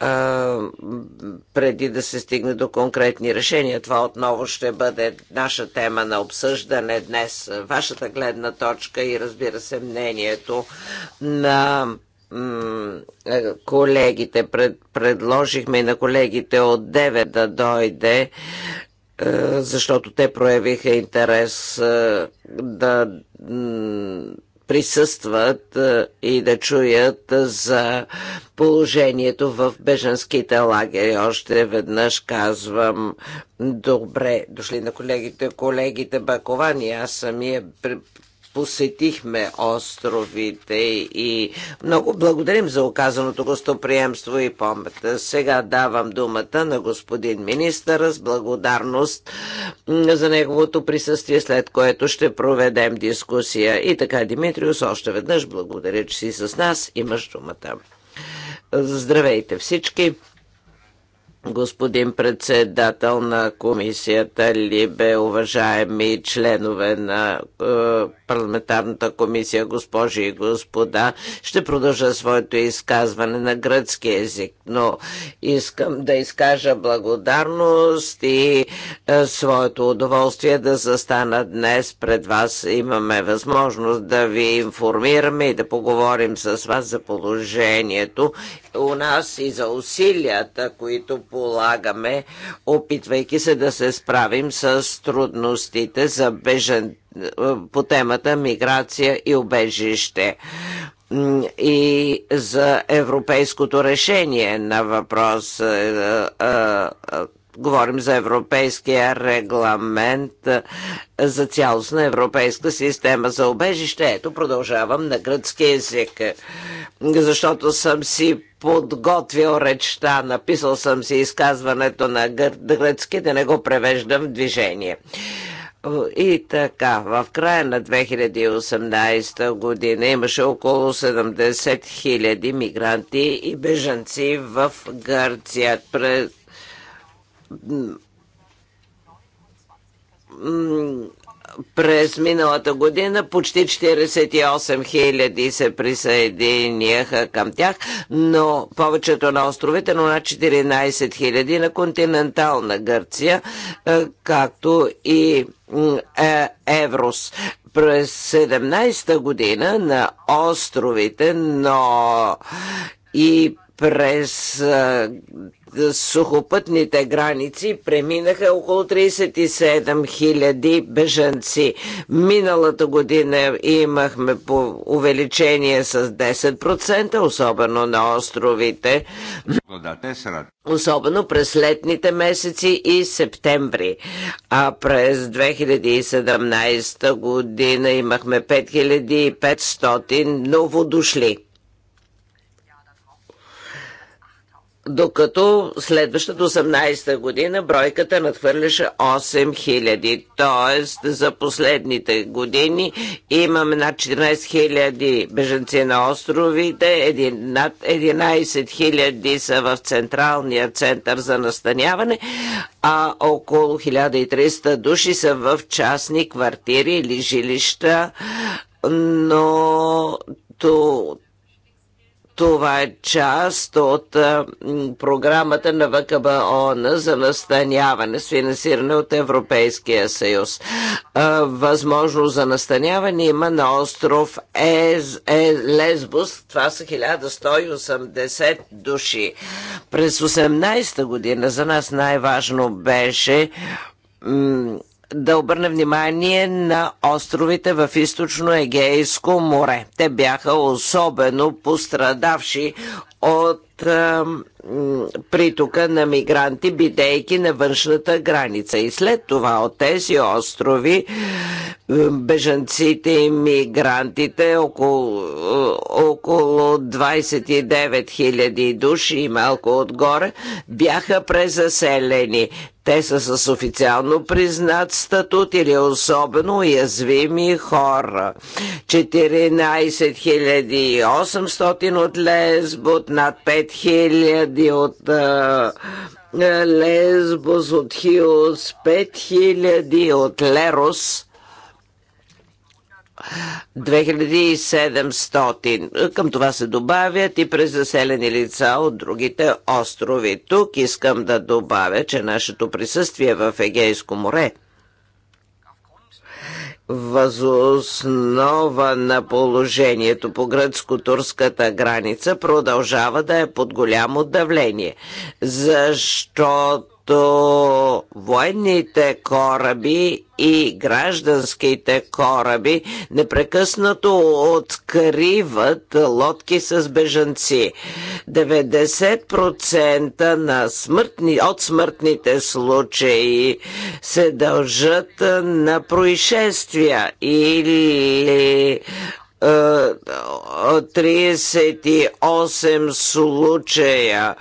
а, е, преди да се стигне до конкретни решения. Това отново ще бъде наша тема на обсъждане днес. Вашата гледна точка и разбира се мнението на е, колегите, пред, предложихме на колегите от 9 да дойде, е, защото те проявиха интерес е, да присъстват и да чуят за положението в беженските лагери. Още веднъж казвам добре дошли на колегите, колегите и Аз самия посетихме островите и много благодарим за оказаното гостоприемство и помощ. Сега давам думата на господин министър с благодарност за неговото присъствие, след което ще проведем дискусия. И така, Димитриус, още веднъж благодаря, че си с нас. Имаш думата. Здравейте всички! господин председател на комисията Либе, уважаеми членове на е, парламентарната комисия, госпожи и господа, ще продължа своето изказване на гръцки език, но искам да изкажа благодарност и е, своето удоволствие да застана днес пред вас. Имаме възможност да ви информираме и да поговорим с вас за положението у нас и за усилията, които разполагаме, опитвайки се да се справим с трудностите за бежен, е, по темата миграция и убежище и за европейското решение на въпрос е, е, говорим за европейския регламент за цялостна европейска система за обежище. Ето, продължавам на гръцки език, защото съм си подготвил речта, написал съм си изказването на гръцки, да не го превеждам в движение. И така, в края на 2018 година имаше около 70 000 мигранти и бежанци в Гърция през миналата година почти 48 хиляди се присъединяха към тях, но повечето на островите, но на 14 хиляди на континентална Гърция, е, както и е, Еврос. През 17-та година на островите, но и през е, сухопътните граници преминаха около 37 000 бежанци. Миналата година имахме по увеличение с 10%, особено на островите. Особено през летните месеци и септември. А през 2017 година имахме 5500 новодушли. докато следващата 18-та година бройката надхвърляше 8000. Тоест за последните години имаме над 14 000 беженци на островите, над 11 000 са в Централния център за настаняване, а около 1300 души са в частни квартири или жилища, но това е част от а, програмата на ВКБОН за настаняване с финансиране от Европейския съюз. А, възможност за настаняване има на остров Ез, е, Лесбус. Това са 1180 души. През 18-та година за нас най-важно беше да обърна внимание на островите в източно-егейско море. Те бяха особено пострадавши от а, притока на мигранти, бидейки на външната граница. И след това от тези острови бежанците и мигрантите, около, е, около 29 000 души и малко отгоре, бяха презаселени. Те са с официално признат статут или особено уязвими хора. 14 800 от Лесбот, над 5000 от Лесбос, от Хиос, 5000 от Лерос 2700. Към това се добавят и през заселени лица от другите острови. Тук искам да добавя, че нашето присъствие в Егейско море възоснова на положението по гръцко-турската граница продължава да е под голямо давление, защото като военните кораби и гражданските кораби непрекъснато откриват лодки с бежанци. 90% на смъртни, от смъртните случаи се дължат на происшествия или 38 е, случая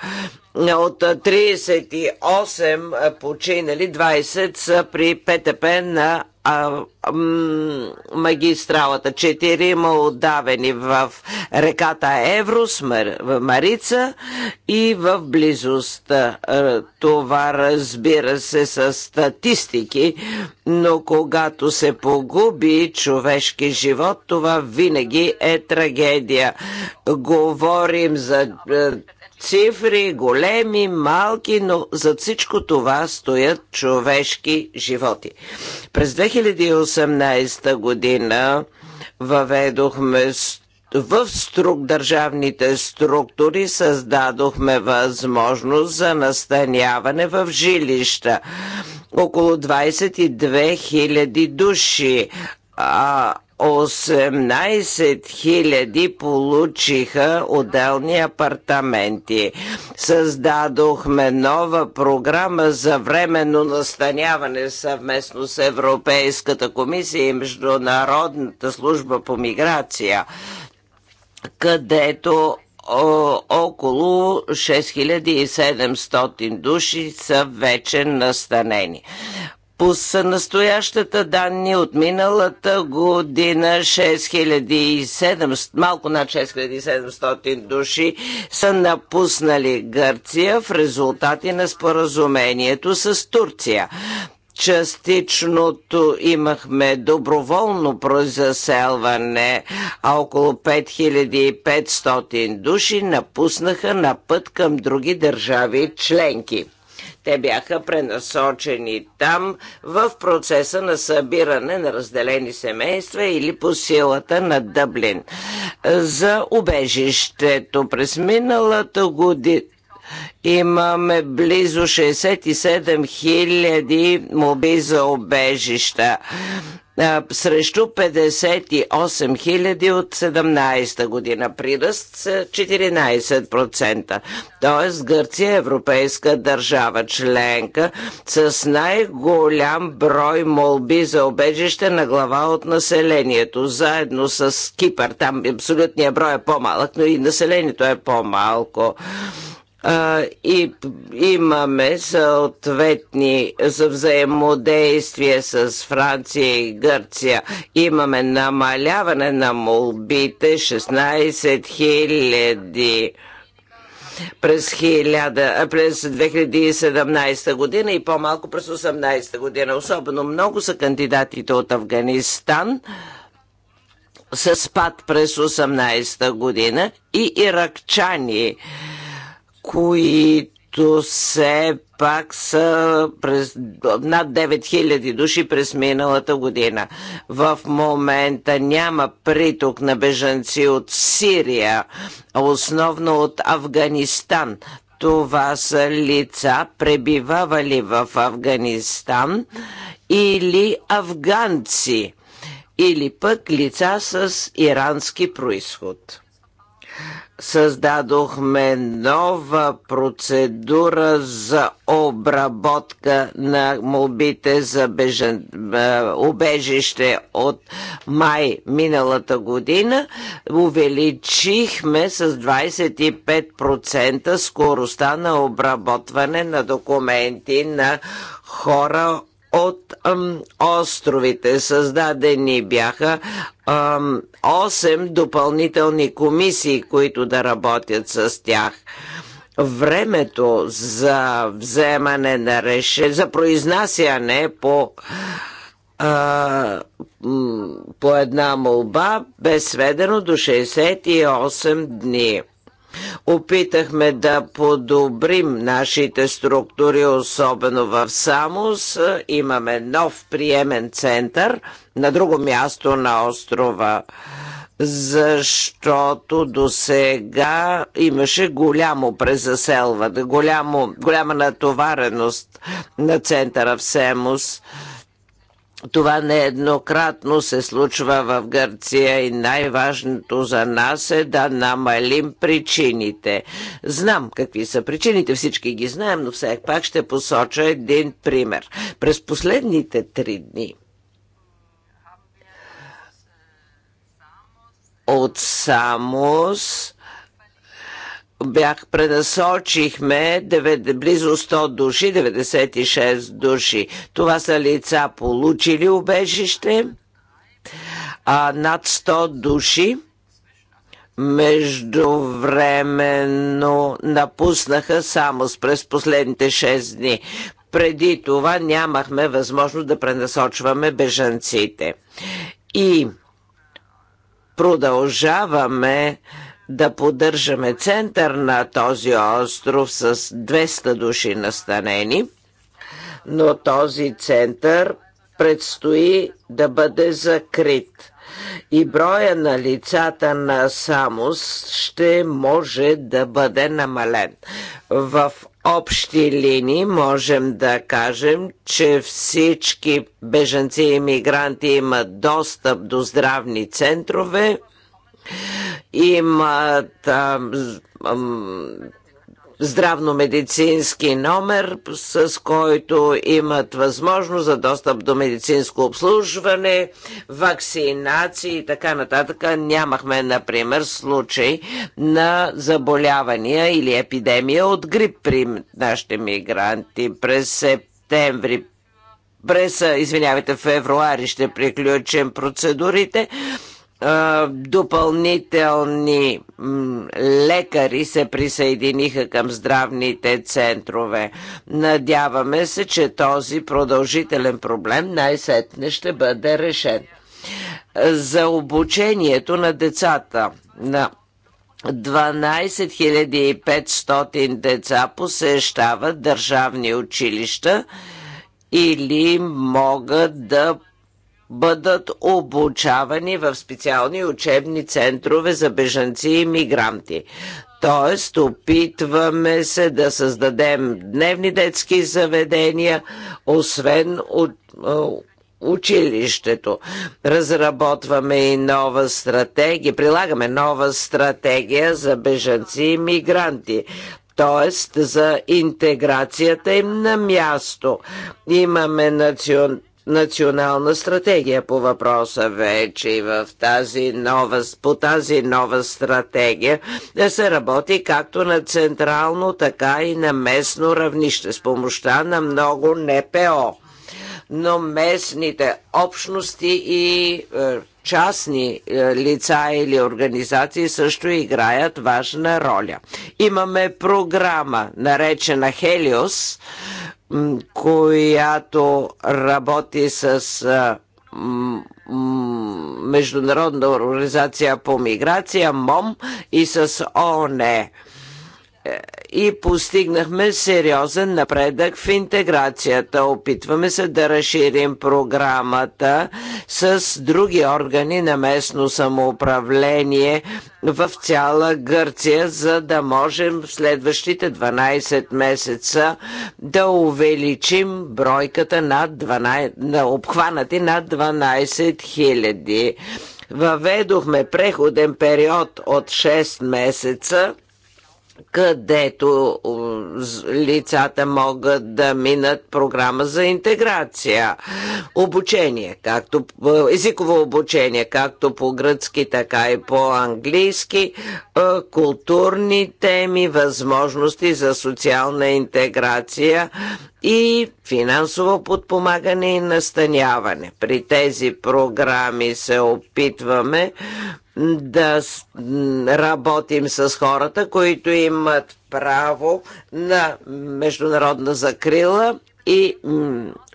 от 38 починали, 20 са при ПТП на а, магистралата. има отдавени в реката Еврос, в Марица и в близост. Това разбира се с статистики, но когато се погуби човешки живот, това винаги е трагедия. Говорим за Цифри големи, малки, но зад всичко това стоят човешки животи. През 2018 година въведохме в струк, държавните структури създадохме възможност за настаняване в жилища. Около 22 000 души. А, 18 хиляди получиха отделни апартаменти. Създадохме нова програма за временно настаняване съвместно с Европейската комисия и Международната служба по миграция, където около 6700 души са вече настанени. По настоящата данни от миналата година 6700, малко над 6700 души са напуснали Гърция в резултати на споразумението с Турция. Частичното имахме доброволно произаселване, а около 5500 души напуснаха на път към други държави членки. Те бяха пренасочени там в процеса на събиране на разделени семейства или по силата на Дъблин. За убежището през миналата година Имаме близо 67 000 моби за обежища срещу 58 000 от 17 година. Приръст 14%. Тоест Гърция е европейска държава членка с най-голям брой молби за обежище на глава от населението. Заедно с Кипър, там абсолютният брой е по-малък, но и населението е по-малко и имаме съответни за взаимодействие с Франция и Гърция. Имаме намаляване на молбите 16 000. през, 1000, през 2017 година и по-малко през 2018 година. Особено много са кандидатите от Афганистан с спад през 18 година и иракчани които се пак са през над 9000 души през миналата година. В момента няма приток на бежанци от Сирия, основно от Афганистан. Това са лица, пребивавали в Афганистан или афганци, или пък лица с ирански происход създадохме нова процедура за обработка на молбите за бежен, убежище от май миналата година. Увеличихме с 25% скоростта на обработване на документи на хора от ам, островите. Създадени бяха ам, 8 допълнителни комисии, които да работят с тях времето за вземане на решение, за произнасяне по, а, по една молба бе сведено до 68 дни. Опитахме да подобрим нашите структури, особено в Самос. Имаме нов приемен център на друго място на острова защото до сега имаше голямо презаселване, голямо, голяма натовареност на центъра в Семус. Това нееднократно се случва в Гърция и най-важното за нас е да намалим причините. Знам какви са причините, всички ги знаем, но все пак ще посоча един пример. През последните три дни от Самос бях пренасочихме близо 100 души, 96 души. Това са лица получили убежище, а над 100 души междувременно напуснаха само през последните 6 дни. Преди това нямахме възможност да пренасочваме бежанците. И продължаваме да поддържаме център на този остров с 200 души настанени, но този център предстои да бъде закрит. И броя на лицата на Самос ще може да бъде намален. В общи линии можем да кажем, че всички беженци и мигранти имат достъп до здравни центрове, имат ам, здравно-медицински номер, с който имат възможност за достъп до медицинско обслужване, вакцинации и така нататък. Нямахме, например, случай на заболявания или епидемия от грип при нашите мигранти през септември през, извинявайте, февруари ще приключим процедурите допълнителни лекари се присъединиха към здравните центрове. Надяваме се, че този продължителен проблем най-сетне ще бъде решен. За обучението на децата на 12 500 деца посещават държавни училища или могат да бъдат обучавани в специални учебни центрове за бежанци и мигранти. Тоест, опитваме се да създадем дневни детски заведения, освен от училището. Разработваме и нова стратегия, прилагаме нова стратегия за бежанци и мигранти т.е. за интеграцията им на място. Имаме национ национална стратегия по въпроса вече и в тази нова, по тази нова стратегия да се работи както на централно, така и на местно равнище с помощта на много НПО. Но местните общности и е, частни е, лица или организации също играят важна роля. Имаме програма, наречена Хелиос, която работи с Международна организация по миграция, МОМ и с ООН и постигнахме сериозен напредък в интеграцията. Опитваме се да разширим програмата с други органи на местно самоуправление в цяла Гърция, за да можем в следващите 12 месеца да увеличим бройката над 12, на обхванати над 12 000. Въведохме преходен период от 6 месеца където лицата могат да минат програма за интеграция. Обучение, както езиково обучение, както по гръцки, така и по английски, е, културни теми, възможности за социална интеграция и финансово подпомагане и настаняване. При тези програми се опитваме да работим с хората, които имат право на международна закрила и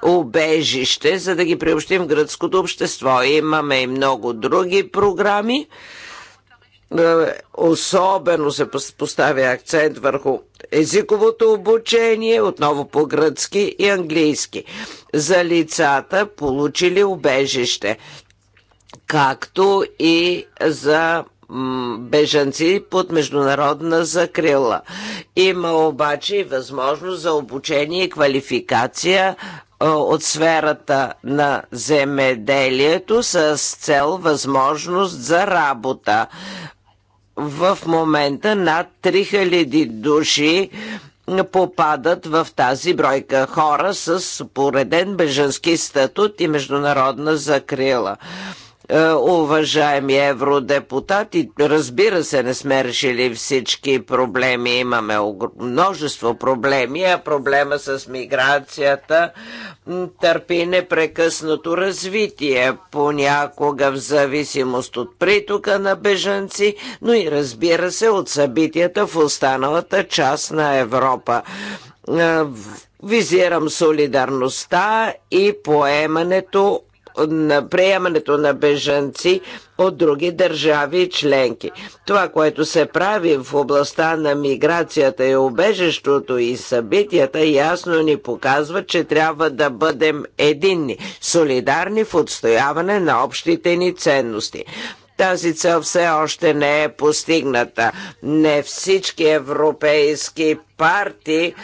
убежище, за да ги приобщим в гръцкото общество. Имаме и много други програми. Е, особено се поставя акцент върху езиковото обучение, отново по гръцки и английски, за лицата, получили убежище както и за бежанци под международна закрила. Има обаче и възможност за обучение и квалификация от сферата на земеделието с цел възможност за работа. В момента над 3000 души попадат в тази бройка хора с пореден бежански статут и международна закрила. Е, уважаеми евродепутати. Разбира се, не сме решили всички проблеми. Имаме множество проблеми, а проблема с миграцията търпи непрекъснато развитие, понякога в зависимост от притока на бежанци, но и разбира се от събитията в останалата част на Европа. Е, визирам солидарността и поемането на приемането на бежанци от други държави членки. Това, което се прави в областта на миграцията и обежището и събитията, ясно ни показва, че трябва да бъдем единни, солидарни в отстояване на общите ни ценности. Тази цел все още не е постигната. Не всички европейски партии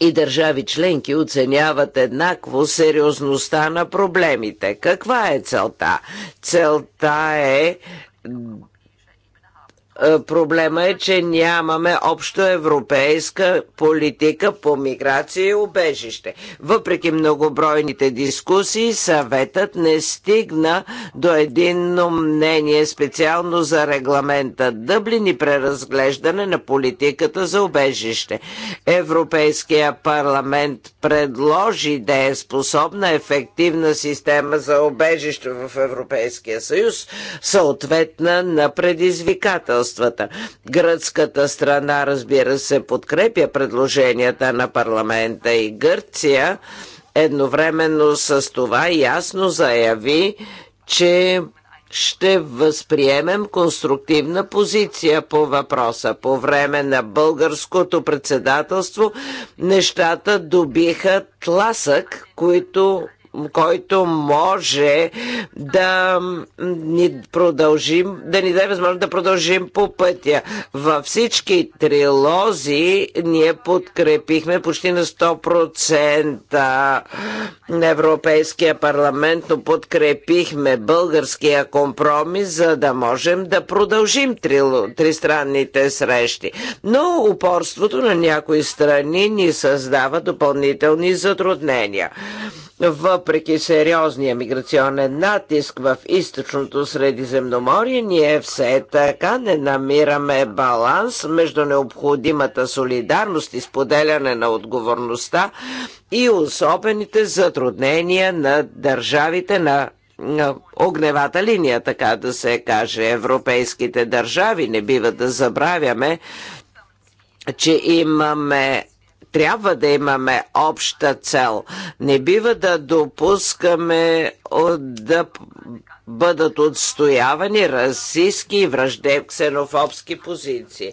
и държави членки оценяват еднакво сериозността на проблемите. Каква е целта? Целта е е, проблема е, че нямаме общо европейска политика по миграция и убежище. Въпреки многобройните дискусии, съветът не стигна до единно мнение специално за регламента Дъблин и преразглеждане на политиката за убежище. Европейския парламент предложи да е способна ефективна система за убежище в Европейския съюз, съответна на предизвикателство правителствата. Гръцката страна, разбира се, подкрепя предложенията на парламента и Гърция едновременно с това ясно заяви, че ще възприемем конструктивна позиция по въпроса. По време на българското председателство нещата добиха тласък, които който може да ни продължим, да ни даде възможност да продължим по пътя. Във всички трилози ние подкрепихме почти на 100% на Европейския парламент, но подкрепихме българския компромис, за да можем да продължим трило, тристранните срещи. Но упорството на някои страни ни създава допълнителни затруднения. Въпреки сериозния миграционен натиск в източното Средиземноморие, ние все така не намираме баланс между необходимата солидарност и споделяне на отговорността и особените затруднения на държавите на огневата линия, така да се каже, европейските държави. Не бива да забравяме, че имаме трябва да имаме обща цел. Не бива да допускаме да бъдат отстоявани расистски и враждеб ксенофобски позиции.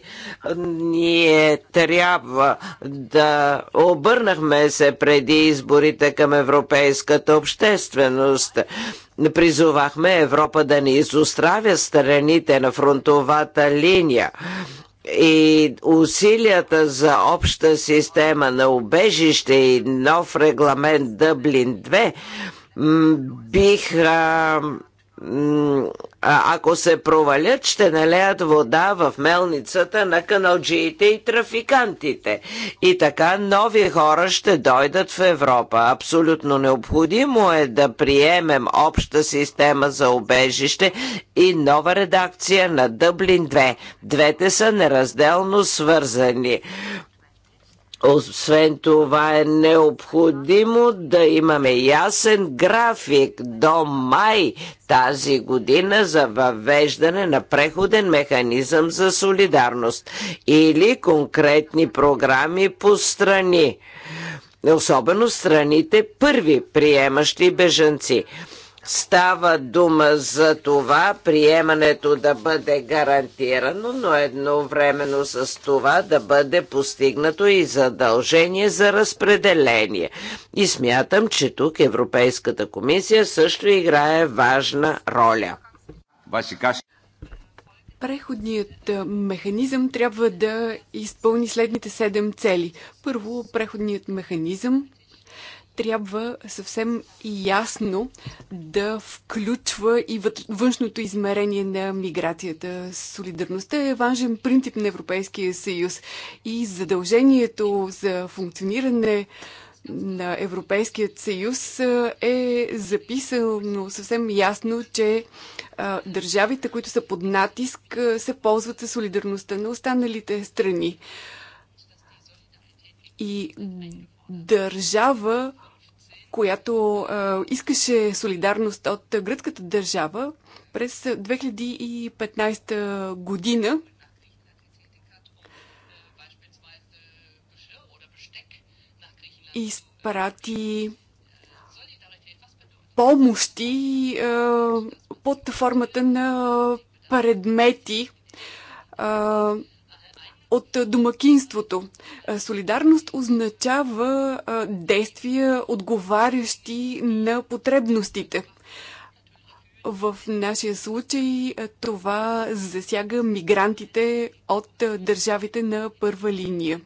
Ние трябва да обърнахме се преди изборите към европейската общественост. Призовахме Европа да не изостравя страните на фронтовата линия и усилията за обща система на убежище и нов регламент Дъблин 2 биха ако се провалят, ще налеят вода в мелницата на каналджиите и трафикантите. И така нови хора ще дойдат в Европа. Абсолютно необходимо е да приемем обща система за обежище и нова редакция на Дъблин 2. Двете са неразделно свързани. Освен това е необходимо да имаме ясен график до май тази година за въвеждане на преходен механизъм за солидарност или конкретни програми по страни особено страните първи приемащи бежанци. Става дума за това приемането да бъде гарантирано, но едновременно с това да бъде постигнато и задължение за разпределение. И смятам, че тук Европейската комисия също играе важна роля. Преходният е, механизъм трябва да изпълни следните седем цели. Първо, преходният механизъм трябва съвсем ясно да включва и външното измерение на миграцията. Солидарността е важен принцип на Европейския съюз и задължението за функциониране на Европейският съюз е записано съвсем ясно, че държавите, които са под натиск, се ползват със солидарността на останалите страни. И държава, която а, искаше солидарност от гръцката държава през 2015 година. Изпрати помощи а, под формата на предмети а, от домакинството. Солидарност означава действия, отговарящи на потребностите. В нашия случай това засяга мигрантите от държавите на първа линия.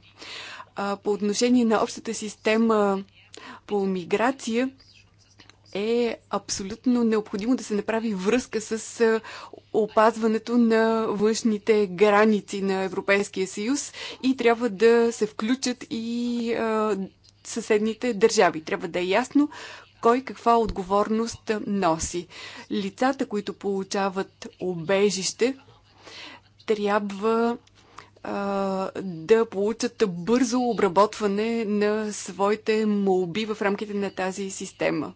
По отношение на общата система по миграция, е абсолютно необходимо да се направи връзка с опазването на външните граници на Европейския съюз и трябва да се включат и а, съседните държави. Трябва да е ясно кой каква отговорност носи. Лицата, които получават обежище, трябва да получат бързо обработване на своите молби в рамките на тази система.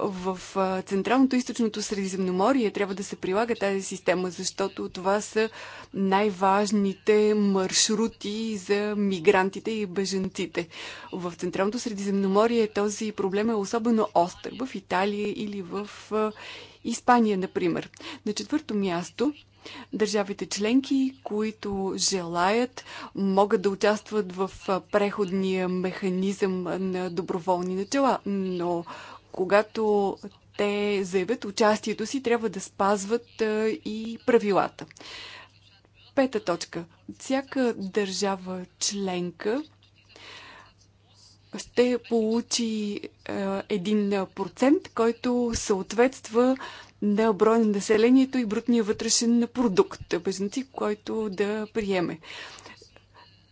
В Централното източното Средиземноморие трябва да се прилага тази система, защото това са най-важните маршрути за мигрантите и беженците. В Централното Средиземноморие този проблем е особено остър в Италия или в Испания, например. На четвърто място Държавите членки, които желаят, могат да участват в преходния механизъм на доброволни начала, но когато те заявят участието си, трябва да спазват и правилата. Пета точка. Всяка държава членка ще получи е, един е, процент, който съответства на брой на населението и брутния вътрешен продукт, бежанци, който да приеме.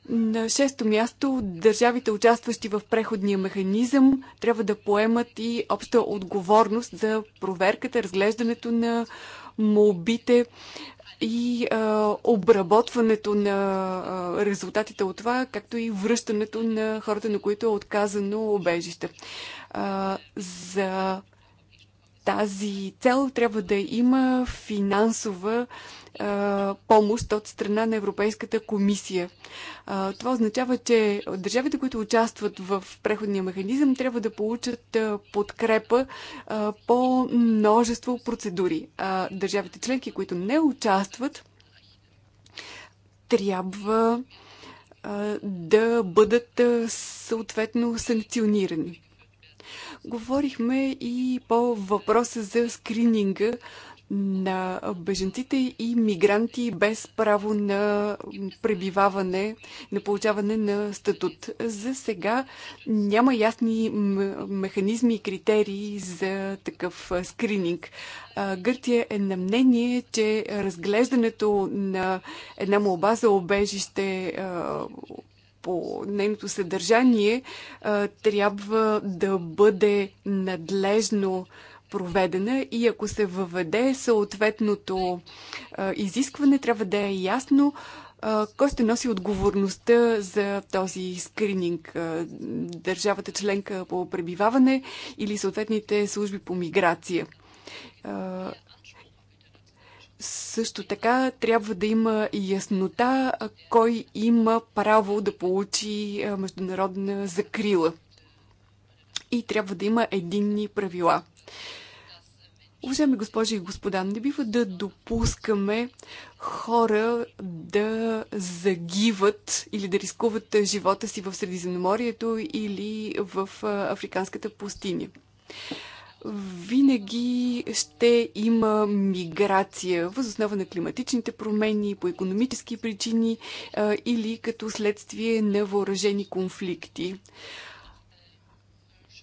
На шесто място, държавите, участващи в преходния механизъм, трябва да поемат и обща отговорност за проверката, разглеждането на молбите, и а, обработването на а, резултатите от това, както и връщането на хората, на които е отказано обежище. А, за тази цел трябва да има финансова а, помощ от страна на Европейската комисия. Това означава, че държавите, които участват в преходния механизъм, трябва да получат подкрепа по множество процедури. А държавите членки, които не участват, трябва да бъдат съответно санкционирани. Говорихме и по въпроса за скрининга на беженците и мигранти без право на пребиваване, на получаване на статут. За сега няма ясни механизми и критерии за такъв скрининг. Гъртия е на мнение, че разглеждането на една молба за обежище по нейното съдържание трябва да бъде надлежно проведена и ако се въведе съответното а, изискване, трябва да е ясно а, кой ще носи отговорността за този скрининг. А, държавата членка по пребиваване или съответните служби по миграция. А, също така трябва да има яснота кой има право да получи международна закрила. И трябва да има единни правила. Уважаеми госпожи и господа, не бива да допускаме хора да загиват или да рискуват живота си в Средиземноморието или в Африканската пустиня. Винаги ще има миграция въз основа на климатичните промени, по економически причини или като следствие на въоръжени конфликти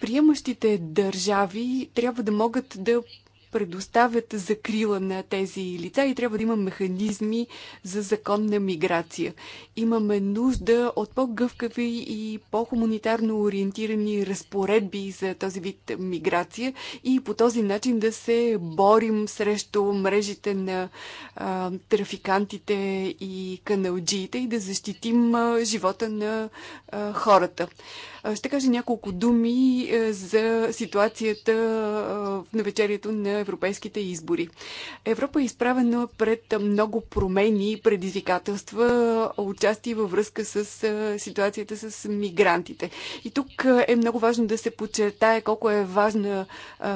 приемащите държави трябва да могат да предоставят закрила на тези лица и трябва да има механизми за законна миграция. Имаме нужда от по-гъвкави и по-хуманитарно ориентирани разпоредби за този вид миграция и по този начин да се борим срещу мрежите на а, трафикантите и каналджиите и да защитим а, живота на а, хората. Ще кажа няколко думи е, за ситуацията в е, навечерието на европейските избори. Европа е изправена пред много промени и предизвикателства, участие във връзка с е, ситуацията с мигрантите. И тук е много важно да се подчертае колко е важна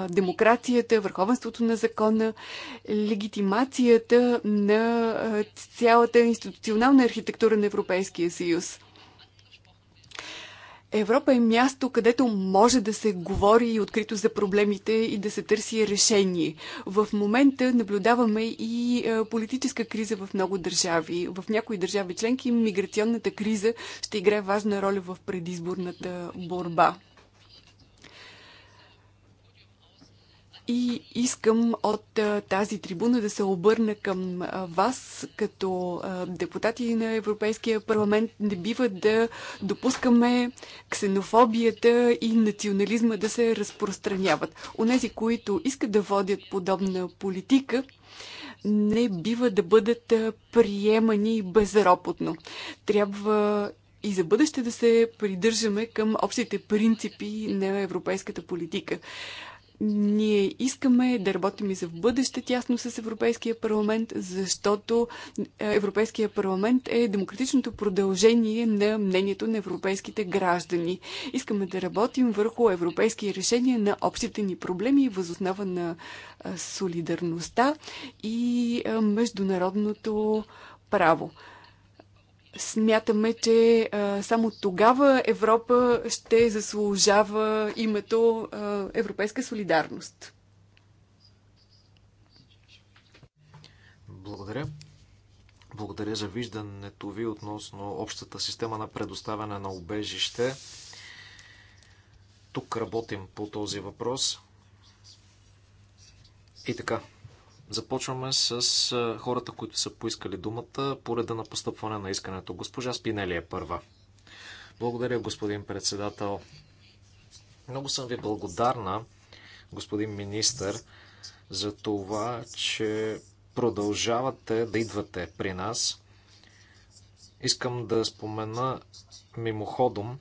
демокрацията, върховенството на закона, легитимацията на цялата институционална архитектура на Европейския съюз. Европа е място, където може да се говори открито за проблемите и да се търси решение. В момента наблюдаваме и е, политическа криза в много държави. В някои държави членки миграционната криза ще играе важна роля в предизборната борба. И искам от тази трибуна да се обърна към вас, като депутати на Европейския парламент. Не бива да допускаме ксенофобията и национализма да се разпространяват. Онези, които искат да водят подобна политика, не бива да бъдат приемани безропотно. Трябва и за бъдеще да се придържаме към общите принципи на европейската политика. Ние искаме да работим и за в бъдеще тясно с Европейския парламент, защото е, Европейския парламент е демократичното продължение на мнението на европейските граждани. Искаме да работим върху европейски решения на общите ни проблеми, възоснова на солидарността и международното право. Смятаме, че а, само тогава Европа ще заслужава името а, Европейска солидарност. Благодаря. Благодаря за виждането ви относно общата система на предоставяне на убежище. Тук работим по този въпрос. И така, Започваме с хората, които са поискали думата по реда на постъпване на искането. Госпожа Спинели е първа. Благодаря, господин председател. Много съм ви благодарна, господин министър, за това, че продължавате да идвате при нас. Искам да спомена мимоходом,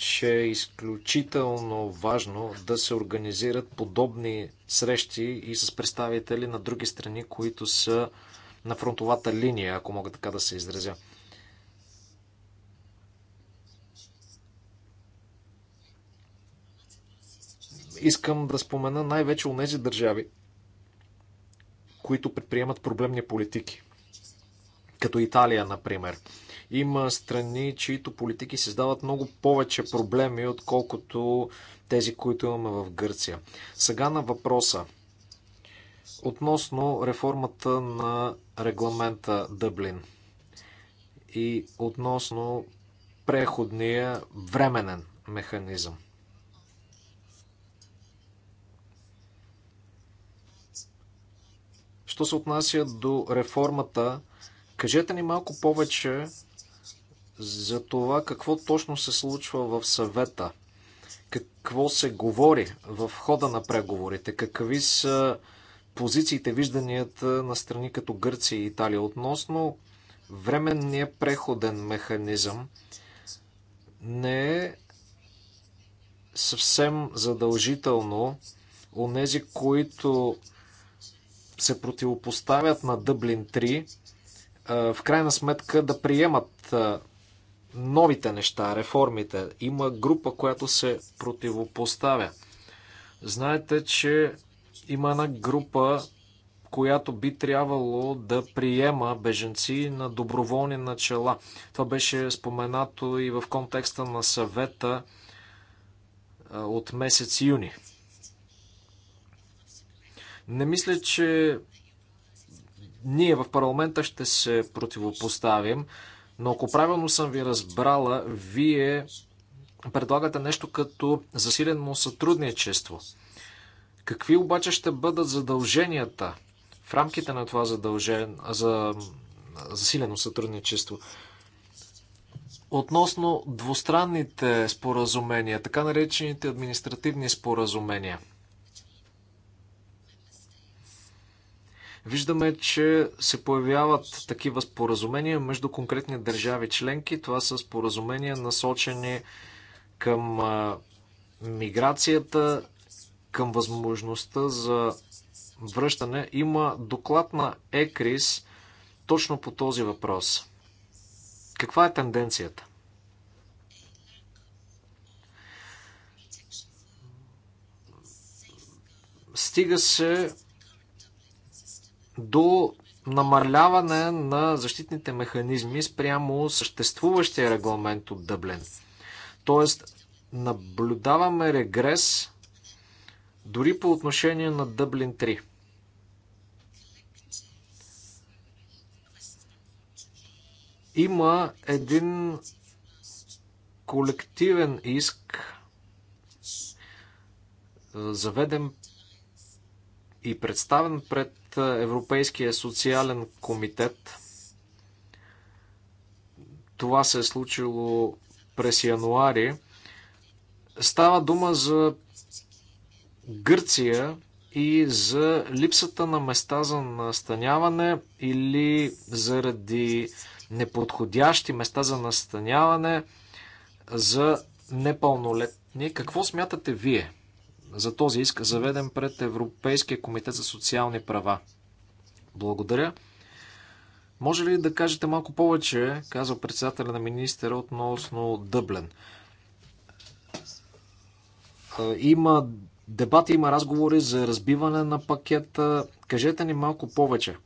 че е изключително важно да се организират подобни срещи и с представители на други страни, които са на фронтовата линия, ако мога така да се изразя. Искам да спомена най-вече у нези държави, които предприемат проблемни политики, като Италия, например. Има страни, чието политики създават много повече проблеми, отколкото тези, които имаме в Гърция. Сега на въпроса. Относно реформата на регламента Дъблин и относно преходния временен механизъм. Що се отнася до реформата, кажете ни малко повече за това какво точно се случва в съвета, какво се говори в хода на преговорите, какви са позициите, вижданията на страни като Гърция и Италия относно временния преходен механизъм. Не е съвсем задължително у нези, които се противопоставят на Дъблин 3, в крайна сметка да приемат новите неща, реформите. Има група, която се противопоставя. Знаете, че има една група, която би трябвало да приема беженци на доброволни начала. Това беше споменато и в контекста на съвета от месец юни. Не мисля, че ние в парламента ще се противопоставим. Но ако правилно съм ви разбрала, вие предлагате нещо като засилено сътрудничество. Какви обаче ще бъдат задълженията в рамките на това задължен, за засилено сътрудничество? Относно двустранните споразумения, така наречените административни споразумения – Виждаме, че се появяват такива споразумения между конкретни държави членки. Това са споразумения насочени към миграцията, към възможността за връщане. Има доклад на ЕКРИС точно по този въпрос. Каква е тенденцията? Стига се до намаляване на защитните механизми спрямо съществуващия регламент от Дъблен. Тоест, наблюдаваме регрес дори по отношение на Дъблин 3. Има един колективен иск, заведен и представен пред Европейския социален комитет. Това се е случило през януари. Става дума за Гърция и за липсата на места за настаняване или заради неподходящи места за настаняване за непълнолетни. Какво смятате вие? за този иск, заведен пред Европейския комитет за социални права. Благодаря. Може ли да кажете малко повече, казва председателя на министера относно Дъблен? Има дебати, има разговори за разбиване на пакета. Кажете ни малко повече.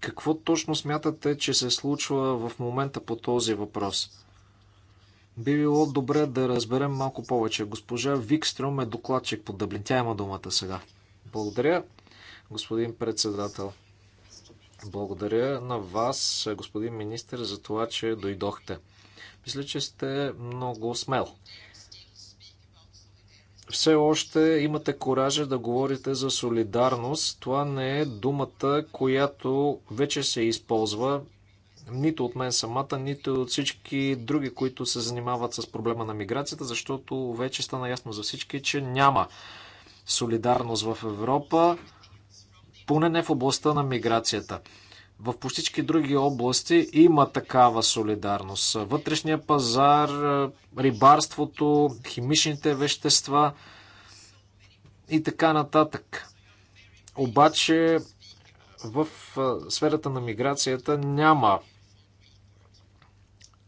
Какво точно смятате, че се случва в момента по този въпрос? Би било добре да разберем малко повече. Госпожа Викстрюм е докладчик по Дъблин. Тя има думата сега. Благодаря, господин председател. Благодаря на вас, господин министр, за това, че дойдохте. Мисля, че сте много смел. Все още имате коража да говорите за солидарност. Това не е думата, която вече се използва нито от мен самата, нито от всички други, които се занимават с проблема на миграцията, защото вече стана ясно за всички, че няма солидарност в Европа, поне не в областта на миграцията. В почти всички други области има такава солидарност. Вътрешния пазар, рибарството, химичните вещества и така нататък. Обаче в сферата на миграцията няма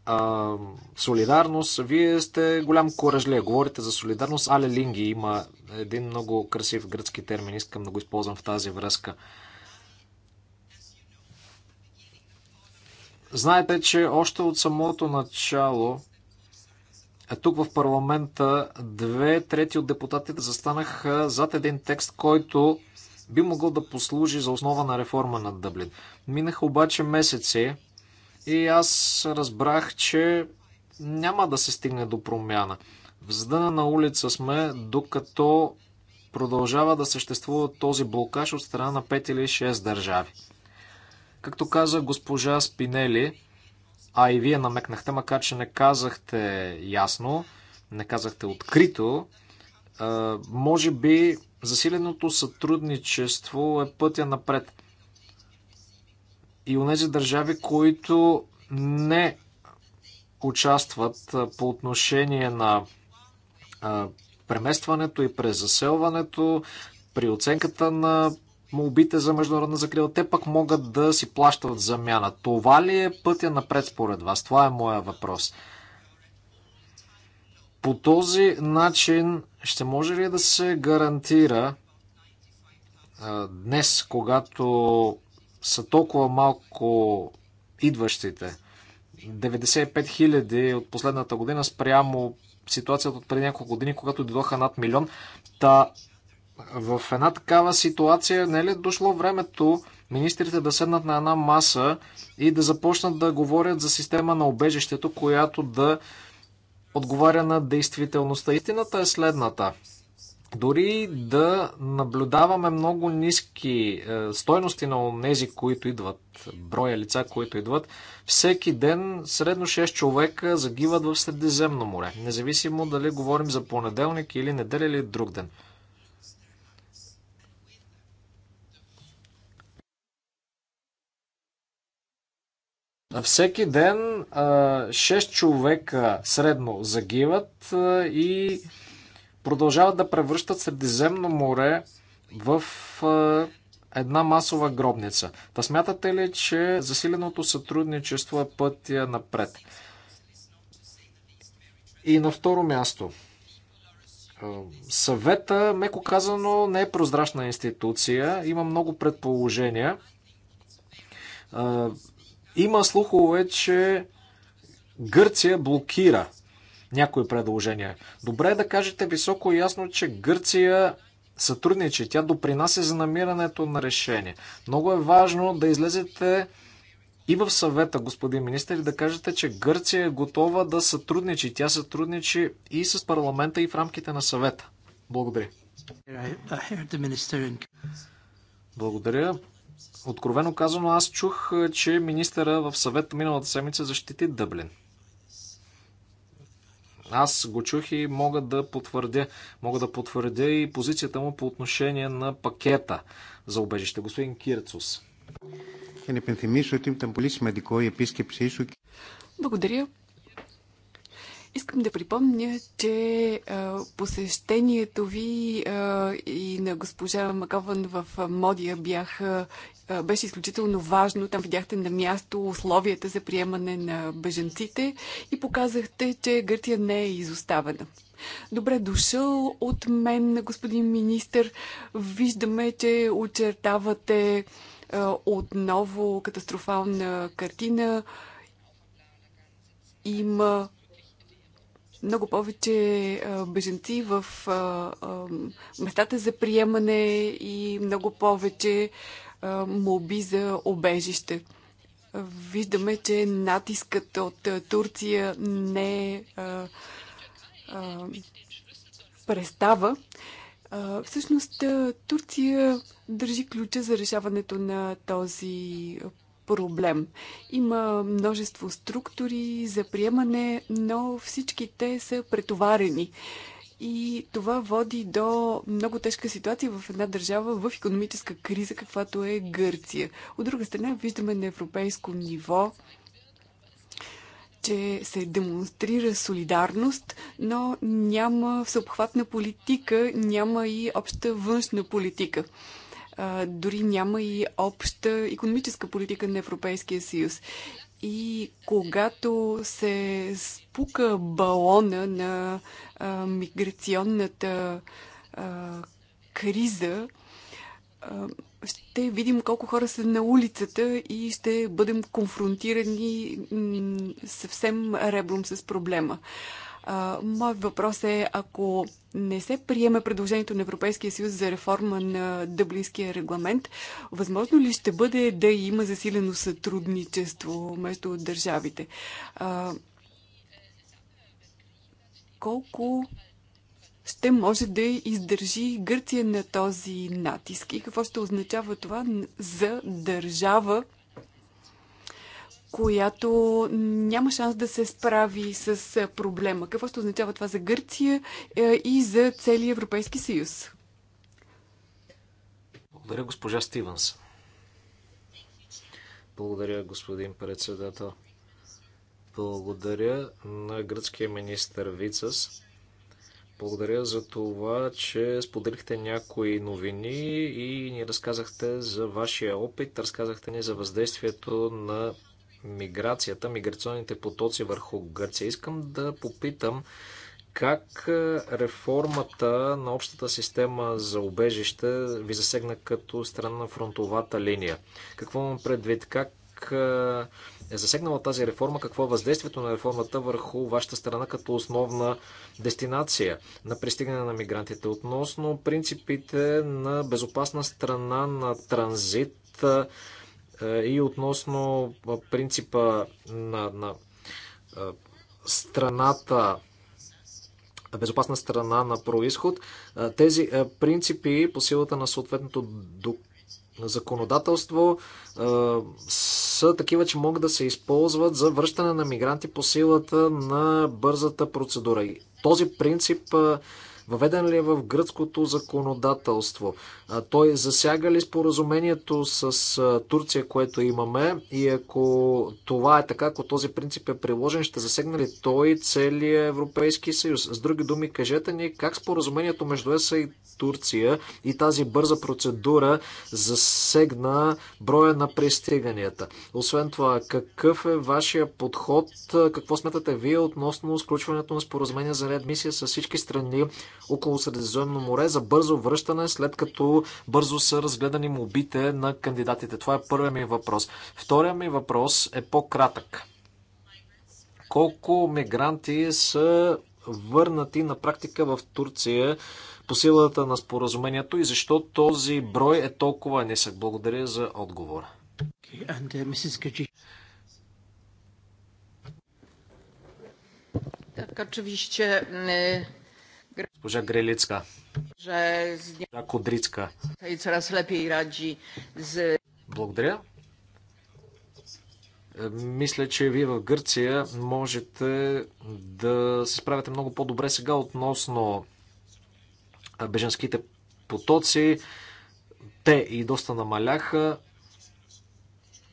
а, солидарност. Вие сте голям коражлия. Говорите за солидарност. Але Линги има един много красив гръцки термин. Искам да го използвам в тази връзка. Знаете, че още от самото начало тук в парламента две трети от депутатите застанаха зад един текст, който би могъл да послужи за основа на реформа на Дъблин. Минаха обаче месеци, и аз разбрах, че няма да се стигне до промяна. В задъна на улица сме, докато продължава да съществува този блокаж от страна на 5 или 6 държави. Както каза госпожа Спинели, а и вие намекнахте, макар че не казахте ясно, не казахте открито, може би засиленото сътрудничество е пътя напред и онези държави, които не участват по отношение на преместването и през заселването, при оценката на молбите за международна закрила, те пък могат да си плащат замяна. Това ли е пътя напред според вас? Това е моя въпрос. По този начин ще може ли да се гарантира днес, когато са толкова малко идващите. 95 000 от последната година спрямо ситуацията от преди няколко години, когато дойдоха над милион. Та в една такава ситуация не е ли дошло времето министрите да седнат на една маса и да започнат да говорят за система на обежището, която да отговаря на действителността. Истината е следната. Дори да наблюдаваме много ниски е, стойности на тези, които идват, броя лица, които идват, всеки ден средно 6 човека загиват в Средиземно море, независимо дали говорим за понеделник или неделя или друг ден. Всеки ден 6 е, човека средно загиват е, и продължават да превръщат Средиземно море в една масова гробница. Та смятате ли, че засиленото сътрудничество е пътя напред? И на второ място, съвета, меко казано, не е прозрачна институция, има много предположения. Има слухове, че Гърция блокира някои предложения. Добре е да кажете високо и ясно, че Гърция сътрудничи. Тя допринася за намирането на решение. Много е важно да излезете и в съвета, господин министр, да кажете, че Гърция е готова да сътрудничи. Тя сътрудничи и с парламента, и в рамките на съвета. Благодаря. Благодаря. Откровено казано, аз чух, че министъра в съвета миналата седмица защити Дъблин. Аз го чух и мога да потвърдя. Мога да потвърдя и позицията му по отношение на пакета за убежище. Господин Кирцус. Благодаря. Искам да припомня, че посещението ви и на госпожа Макован в Модия а, беше изключително важно. Там видяхте на място условията за приемане на беженците и показахте, че Гъртия не е изоставена. Добре дошъл от мен, господин министр. Виждаме, че очертавате отново катастрофална картина. Има много повече беженци в местата за приемане и много повече молби за обежище. Виждаме, че натискът от Турция не престава. Всъщност Турция държи ключа за решаването на този проблем. Има множество структури за приемане, но всички те са претоварени. И това води до много тежка ситуация в една държава в економическа криза, каквато е Гърция. От друга страна, виждаме на европейско ниво че се демонстрира солидарност, но няма всеобхватна политика, няма и обща външна политика дори няма и обща економическа политика на Европейския съюз. И когато се спука балона на а, миграционната а, криза, а, ще видим колко хора са на улицата и ще бъдем конфронтирани съвсем ребром с проблема. А, Моят въпрос е, ако не се приеме предложението на Европейския съюз за реформа на Дъблинския регламент, възможно ли ще бъде да има засилено сътрудничество между държавите? А, колко ще може да издържи Гърция на този натиск и какво ще означава това за държава, която няма шанс да се справи с проблема. Какво ще означава това за Гърция и за целия Европейски съюз? Благодаря, госпожа Стивенс. Благодаря, господин председател. Благодаря на гръцкия министр Вицас. Благодаря за това, че споделихте някои новини и ни разказахте за вашия опит, разказахте ни за въздействието на миграцията, миграционните потоци върху Гърция. Искам да попитам как е, реформата на общата система за убежище ви засегна като страна на фронтовата линия? Какво имам предвид? Как е, е засегнала тази реформа, какво е въздействието на реформата върху вашата страна като основна дестинация на пристигане на мигрантите? Относно принципите на безопасна страна на транзит, е, е, и относно принципа на, на страната, безопасна страна на происход. Тези принципи по силата на съответното законодателство са такива, че могат да се използват за връщане на мигранти по силата на бързата процедура. И този принцип Въведен ли е в гръцкото законодателство? Той засяга ли споразумението с Турция, което имаме? И ако това е така, ако този принцип е приложен, ще засегне ли той целият Европейски съюз? С други думи, кажете ни как споразумението между ЕСА и Турция и тази бърза процедура засегна броя на пристиганията. Освен това, какъв е вашия подход, какво смятате вие относно сключването на споразумение за реадмисия с всички страни около Средиземно море за бързо връщане, след като бързо са разгледани мобите на кандидатите? Това е първият ми въпрос. Втория ми въпрос е по-кратък. Колко мигранти са върнати на практика в Турция по силата на споразумението и защо този брой е толкова нисък? Благодаря за отговора. Uh, че не. Госпожа Грелицка. Госпожа Кодрицка. И coraz lepiej radzi z... Благодаря. Е, мисля, че вие в Гърция можете да се справяте много по-добре сега относно беженските потоци. Те и доста намаляха.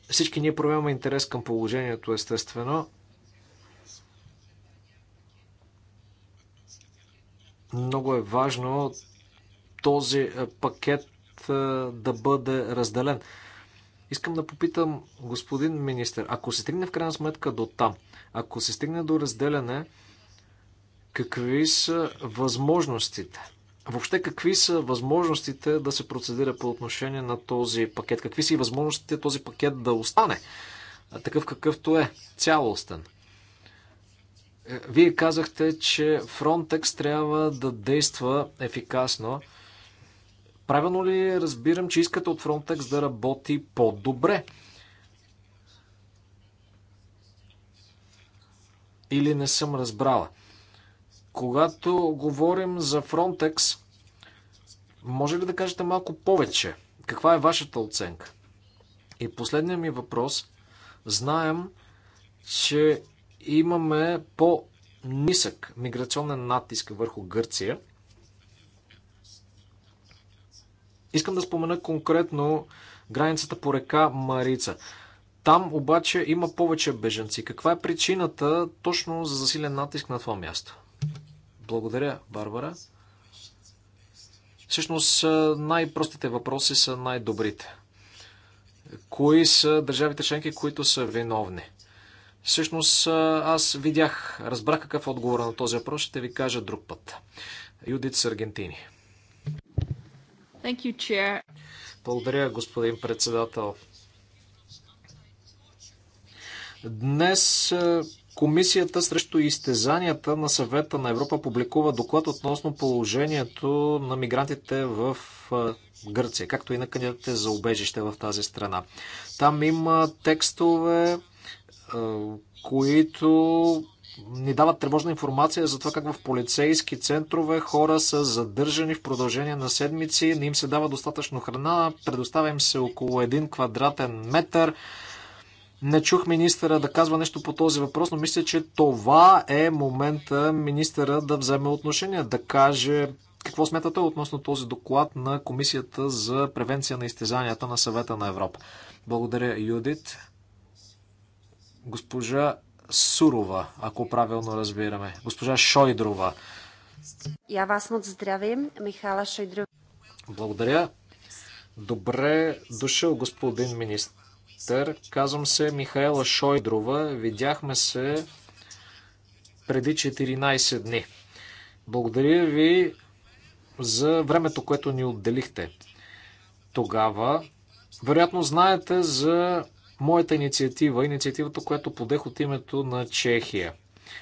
Всички ние проявяваме интерес към положението, естествено. Много е важно този е, пакет е, да бъде разделен. Искам да попитам, господин министр, ако се стигне в крайна сметка до там, ако се стигне до разделяне, какви са възможностите? Въобще какви са възможностите да се процедира по отношение на този пакет? Какви са и възможностите този пакет да остане такъв какъвто е, цялостен? Вие казахте, че Frontex трябва да действа ефикасно. Правилно ли разбирам, че искате от Frontex да работи по-добре? Или не съм разбрала? Когато говорим за Frontex, може ли да кажете малко повече? Каква е вашата оценка? И последният ми въпрос. Знаем, че имаме по-нисък миграционен натиск върху Гърция. Искам да спомена конкретно границата по река Марица. Там обаче има повече беженци. Каква е причината точно за засилен натиск на това място? Благодаря, Барбара. Всъщност най-простите въпроси са най-добрите. Кои са държавите членки, които са виновни? Всъщност аз видях, разбрах какъв е отговор на този въпрос, ще ви кажа друг път. Юдит с Аргентини. Thank you, chair. Благодаря, господин председател. Днес Комисията срещу изтезанията на съвета на Европа публикува доклад относно положението на мигрантите в Гърция, както и на кандидатите за убежище в тази страна. Там има текстове, които ни дават тревожна информация за това как в полицейски центрове хора са задържани в продължение на седмици, не им се дава достатъчно храна, предоставя им се около един квадратен метър. Не чух министъра да казва нещо по този въпрос, но мисля, че това е момента министъра да вземе отношение, да каже какво смятате относно този доклад на Комисията за превенция на изтезанията на съвета на Европа. Благодаря, Юдит. Госпожа Сурова, ако правилно разбираме. Госпожа Шойдрова. Я вас му здравим, Михала Шойдрова. Благодаря. Добре дошъл, господин министър. Казвам се Михаела Шойдрова. Видяхме се преди 14 дни. Благодаря ви за времето, което ни отделихте тогава. Вероятно знаете за моята инициатива, инициативата, която подех от името на Чехия.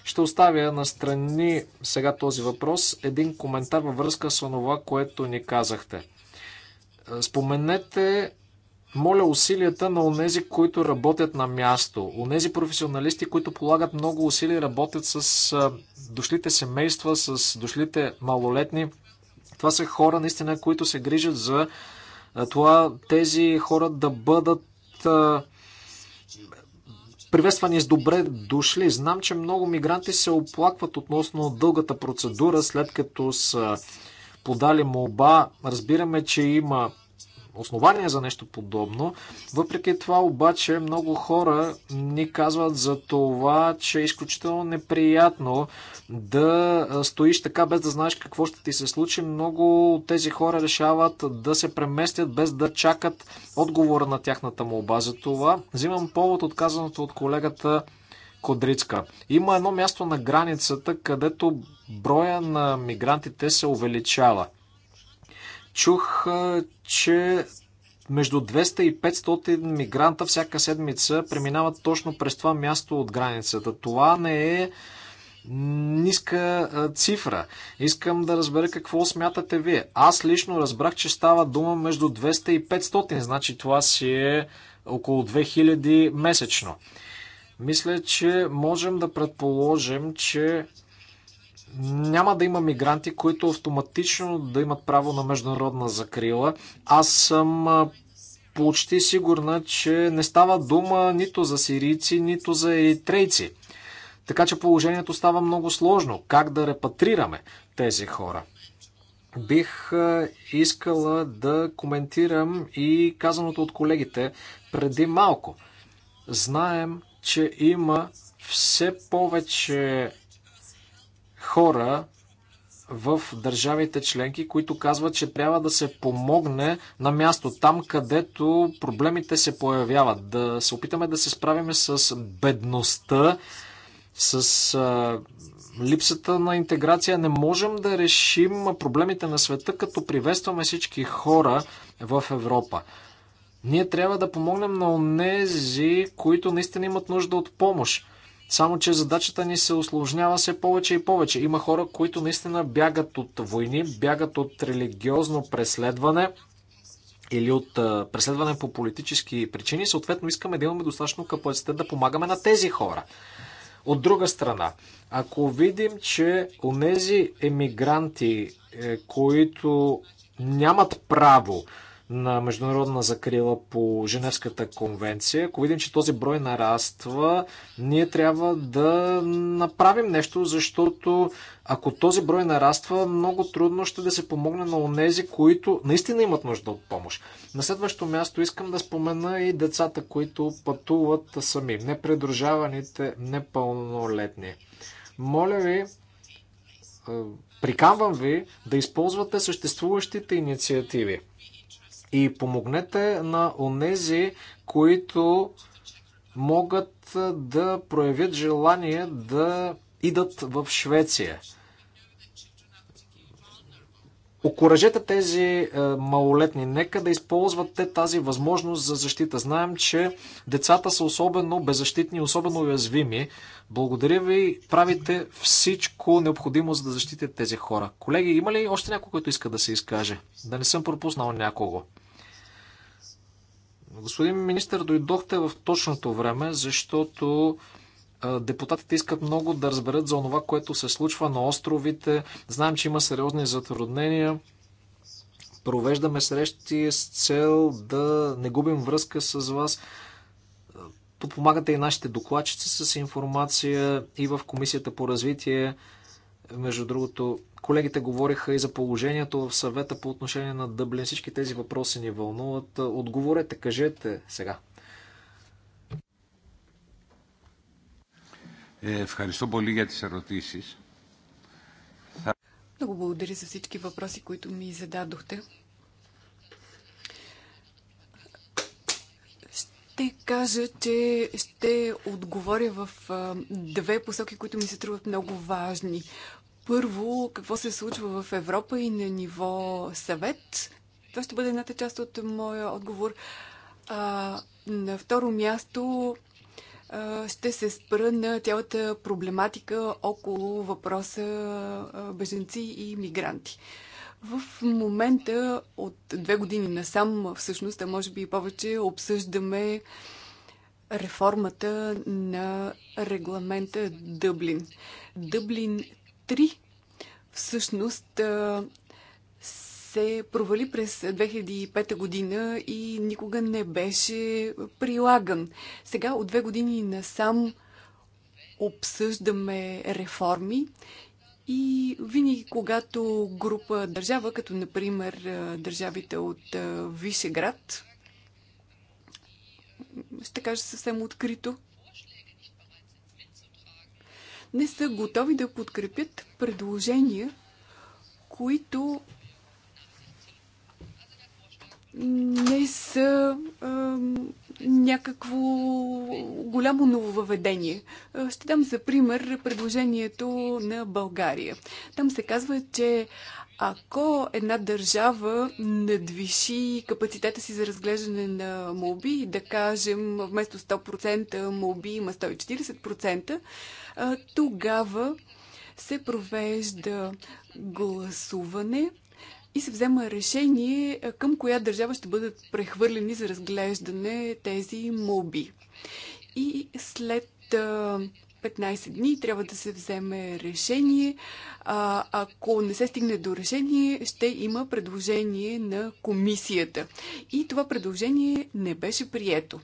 Ще оставя на страни сега този въпрос. Един коментар във връзка с това, което ни казахте. Споменете, моля, усилията на онези, които работят на място. Онези професионалисти, които полагат много усилия, работят с дошлите семейства, с дошлите малолетни. Това са хора, наистина, които се грижат за това тези хора да бъдат Приветствани с добре дошли. Знам, че много мигранти се оплакват относно дългата процедура, след като са подали молба. Разбираме, че има Основание за нещо подобно. Въпреки това обаче много хора ни казват за това, че е изключително неприятно да стоиш така без да знаеш какво ще ти се случи. Много от тези хора решават да се преместят без да чакат отговора на тяхната молба. За това взимам повод от казаното от колегата Кодрицка. Има едно място на границата, където броя на мигрантите се увеличава. Чух, че между 200 и 500 мигранта всяка седмица преминават точно през това място от границата. Това не е ниска цифра. Искам да разбера какво смятате вие. Аз лично разбрах, че става дума между 200 и 500, значи това си е около 2000 месечно. Мисля, че можем да предположим, че няма да има мигранти, които автоматично да имат право на международна закрила. Аз съм почти сигурна, че не става дума нито за сирийци, нито за еритрейци. Така че положението става много сложно. Как да репатрираме тези хора? Бих искала да коментирам и казаното от колегите преди малко. Знаем, че има все повече хора в държавите членки, които казват, че трябва да се помогне на място, там където проблемите се появяват. Да се опитаме да се справим с бедността, с а, липсата на интеграция. Не можем да решим проблемите на света, като приветстваме всички хора в Европа. Ние трябва да помогнем на онези, които наистина имат нужда от помощ. Само, че задачата ни се осложнява все повече и повече. Има хора, които наистина бягат от войни, бягат от религиозно преследване или от преследване по политически причини. Съответно, искаме да имаме достатъчно капацитет да помагаме на тези хора. От друга страна, ако видим, че нези емигранти, е, които нямат право на международна закрила по Женевската конвенция, ако видим, че този брой нараства, ние трябва да направим нещо, защото ако този брой нараства, много трудно ще да се помогне на онези, които наистина имат нужда от помощ. На следващо място искам да спомена и децата, които пътуват сами, непредружаваните, непълнолетни. Моля ви, е, приканвам ви да използвате съществуващите инициативи и помогнете на онези, които могат да проявят желание да идат в Швеция. Окоръжете тези е, малолетни. Нека да използват те тази възможност за защита. Знаем, че децата са особено беззащитни, особено уязвими. Благодаря ви. Правите всичко необходимо, за да защитите тези хора. Колеги, има ли още някой, който иска да се изкаже? Да не съм пропуснал някого. Господин министр, дойдохте в точното време, защото депутатите искат много да разберат за това, което се случва на островите. Знаем, че има сериозни затруднения. Провеждаме срещи с цел да не губим връзка с вас. Подпомагате и нашите докладчици с информация и в Комисията по развитие. Между другото, Колегите говориха и за положението в съвета по отношение на Дъблин. Всички тези въпроси ни вълнуват. Отговорете, кажете сега. Е, ευχαριστώ πολύ για τις ερωτήσεις. Много благодаря за всички въпроси, които ми зададохте. Ще кажа, че ще отговоря в две посоки, които ми се труват много важни. Първо, какво се случва в Европа и на ниво съвет. Това ще бъде едната част от моя отговор. А, на второ място а, ще се спра на цялата проблематика около въпроса а, беженци и мигранти. В момента от две години насам, всъщност, а може би и повече, обсъждаме реформата на регламента Дъблин. Дъблин 3 всъщност се провали през 2005 година и никога не беше прилаган. Сега от две години насам обсъждаме реформи и винаги, когато група държава, като например държавите от Вишеград, ще кажа съвсем открито, не са готови да подкрепят предложения, които не са а, някакво голямо нововъведение. Ще дам за пример предложението на България. Там се казва, че ако една държава надвиши капацитета си за разглеждане на молби, да кажем вместо 100% молби има 140%, тогава се провежда гласуване и се взема решение към коя държава ще бъдат прехвърлени за разглеждане тези моби. И след 15 дни трябва да се вземе решение. А, ако не се стигне до решение, ще има предложение на комисията. И това предложение не беше прието.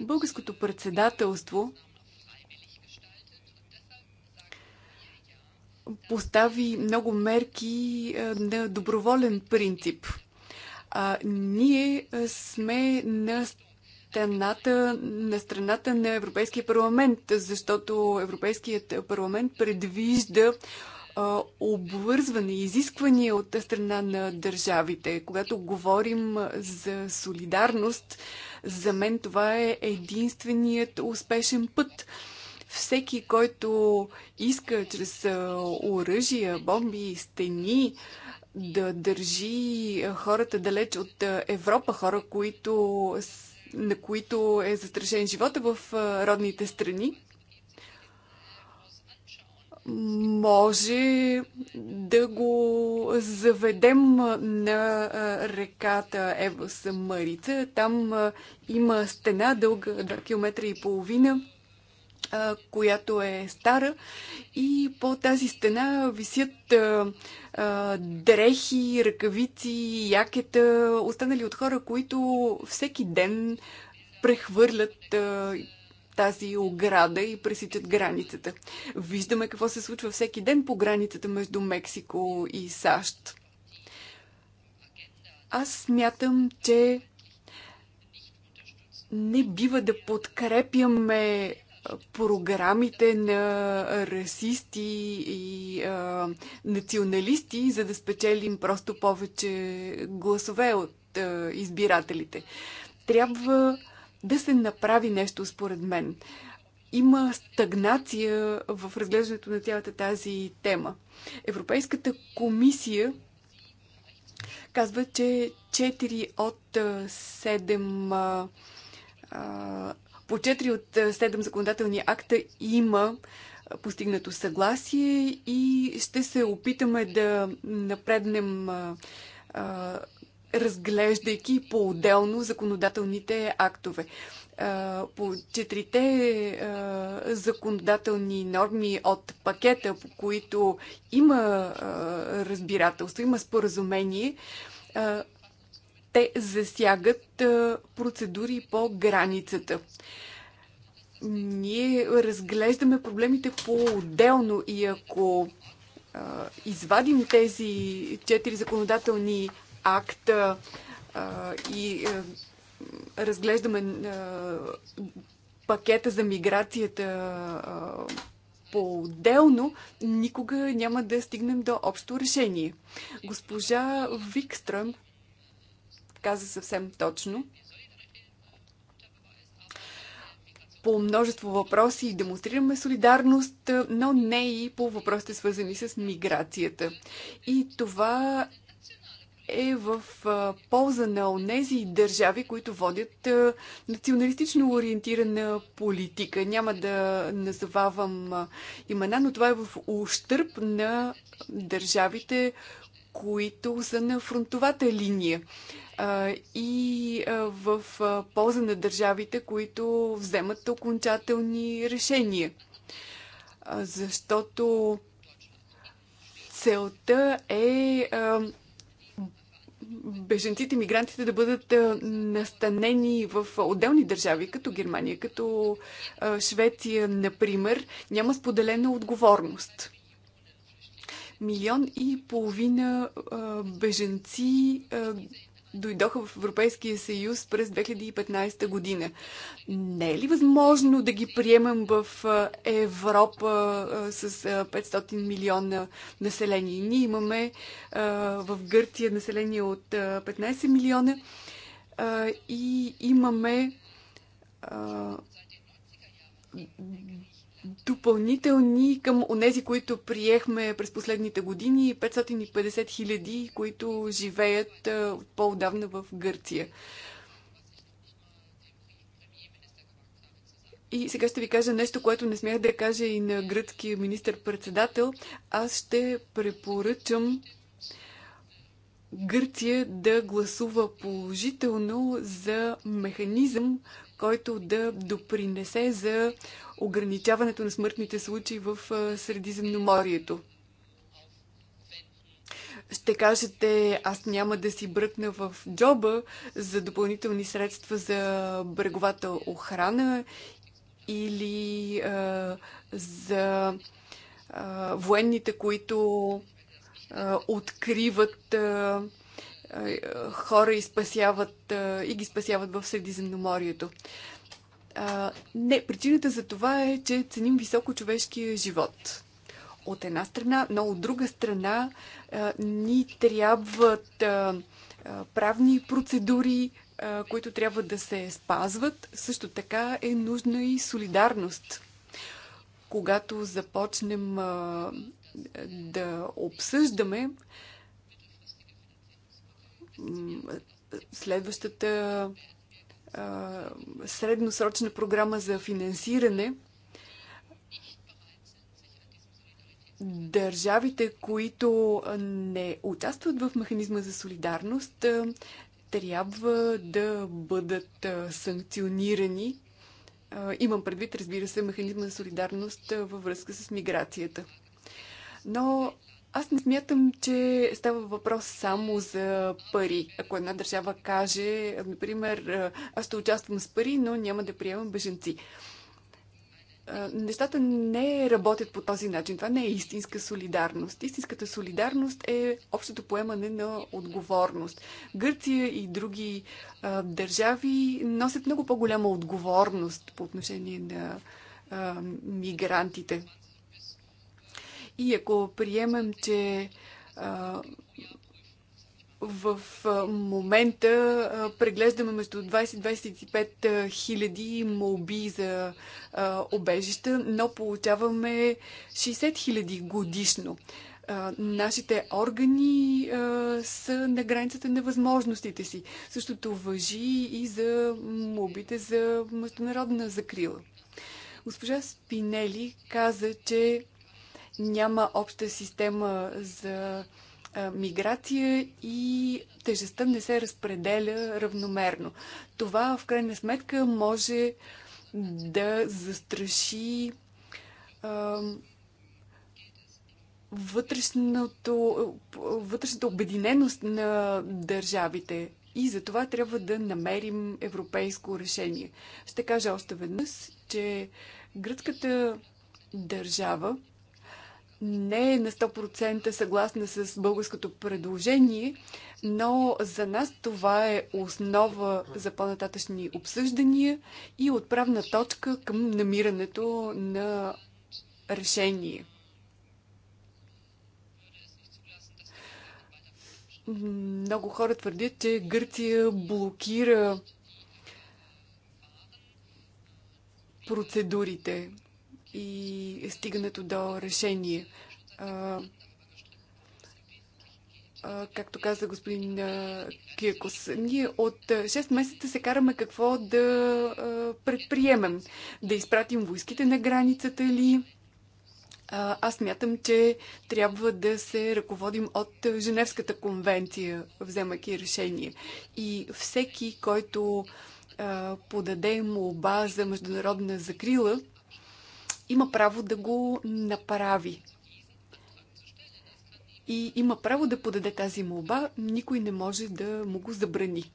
Българското председателство постави много мерки е, на доброволен принцип. А, ние е, сме на страната, на страната на Европейския парламент, защото Европейският парламент предвижда е, обвързване изисквания от страна на държавите. Когато говорим за солидарност, за мен това е единственият успешен път всеки, който иска чрез оръжия, бомби, стени да държи хората далеч от Европа, хора, които, на които е застрашен живота в родните страни, може да го заведем на реката Марица. Там има стена дълга 2 км и половина която е стара и по тази стена висят а, а, дрехи, ръкавици, якета, останали от хора, които всеки ден прехвърлят а, тази ограда и пресичат границата. Виждаме какво се случва всеки ден по границата между Мексико и САЩ. Аз смятам, че не бива да подкрепяме програмите на расисти и а, националисти, за да спечелим просто повече гласове от а, избирателите. Трябва да се направи нещо, според мен. Има стагнация в разглеждането на цялата тази тема. Европейската комисия казва, че 4 от 7 а, по 4 от 7 е, законодателни акта има е, постигнато съгласие и ще се опитаме да напреднем е, разглеждайки по-отделно законодателните актове. По четирите законодателни норми от пакета, по които има разбирателство, има споразумение, те засягат процедури по границата. Ние разглеждаме проблемите по-отделно и ако извадим тези четири законодателни акта и разглеждаме пакета за миграцията по-отделно, никога няма да стигнем до общо решение. Госпожа Викстръм каза съвсем точно. По множество въпроси демонстрираме солидарност, но не и по въпросите свързани с миграцията. И това е в полза на онези държави, които водят националистично ориентирана политика. Няма да назовавам имена, но това е в ущърп на държавите, които са на фронтовата линия и в полза на държавите, които вземат окончателни решения. Защото целта е беженците, мигрантите да бъдат настанени в отделни държави, като Германия, като Швеция, например, няма споделена отговорност. Милион и половина беженци дойдоха в Европейския съюз през 2015 година. Не е ли възможно да ги приемем в Европа с 500 милиона население? Ние имаме в Гърция население от 15 милиона и имаме допълнителни към онези, които приехме през последните години, 550 хиляди, които живеят по-давна в Гърция. И сега ще ви кажа нещо, което не смях да кажа и на гръцкия министр-председател. Аз ще препоръчам Гърция да гласува положително за механизъм, който да допринесе за ограничаването на смъртните случаи в Средиземноморието. Ще кажете, аз няма да си бръкна в джоба за допълнителни средства за бреговата охрана или а, за а, военните, които а, откриват а, хора и, спасяват, и ги спасяват в Средиземноморието. Не, причината за това е, че ценим високо човешкия живот от една страна, но от друга страна ни трябват правни процедури, които трябва да се спазват. Също така е нужна и солидарност. Когато започнем да обсъждаме, следващата средносрочна програма за финансиране, държавите, които не участват в механизма за солидарност, трябва да бъдат санкционирани. Имам предвид, разбира се, механизма за солидарност във връзка с миграцията. Но аз не смятам, че става въпрос само за пари. Ако една държава каже, например, аз ще участвам с пари, но няма да приемам беженци. Нещата не работят по този начин. Това не е истинска солидарност. Истинската солидарност е общото поемане на отговорност. Гърция и други а, държави носят много по-голяма отговорност по отношение на а, мигрантите. И ако приемем, че а, в момента а, преглеждаме между 20-25 хиляди молби за а, обежища, но получаваме 60 хиляди годишно. нашите органи а, са на границата на възможностите си. Същото въжи и за мобите за международна закрила. Госпожа Спинели каза, че няма обща система за миграция и тежестта не се разпределя равномерно. Това в крайна сметка може да застраши а, вътрешното, вътрешната обединеност на държавите. И за това трябва да намерим европейско решение. Ще кажа още веднъж, че гръцката държава не е на 100% съгласна с българското предложение, но за нас това е основа за по-нататъчни обсъждания и отправна точка към намирането на решение. Много хора твърдят, че Гърция блокира процедурите и стигането до решение. А, а, както каза господин а, Киркос, ние от 6 месеца се караме какво да а, предприемем. Да изпратим войските на границата ли? А, аз мятам, че трябва да се ръководим от Женевската конвенция, вземайки решение. И всеки, който а, подаде за международна закрила, има право да го направи. И има право да подаде тази молба, никой не може да му го забрани.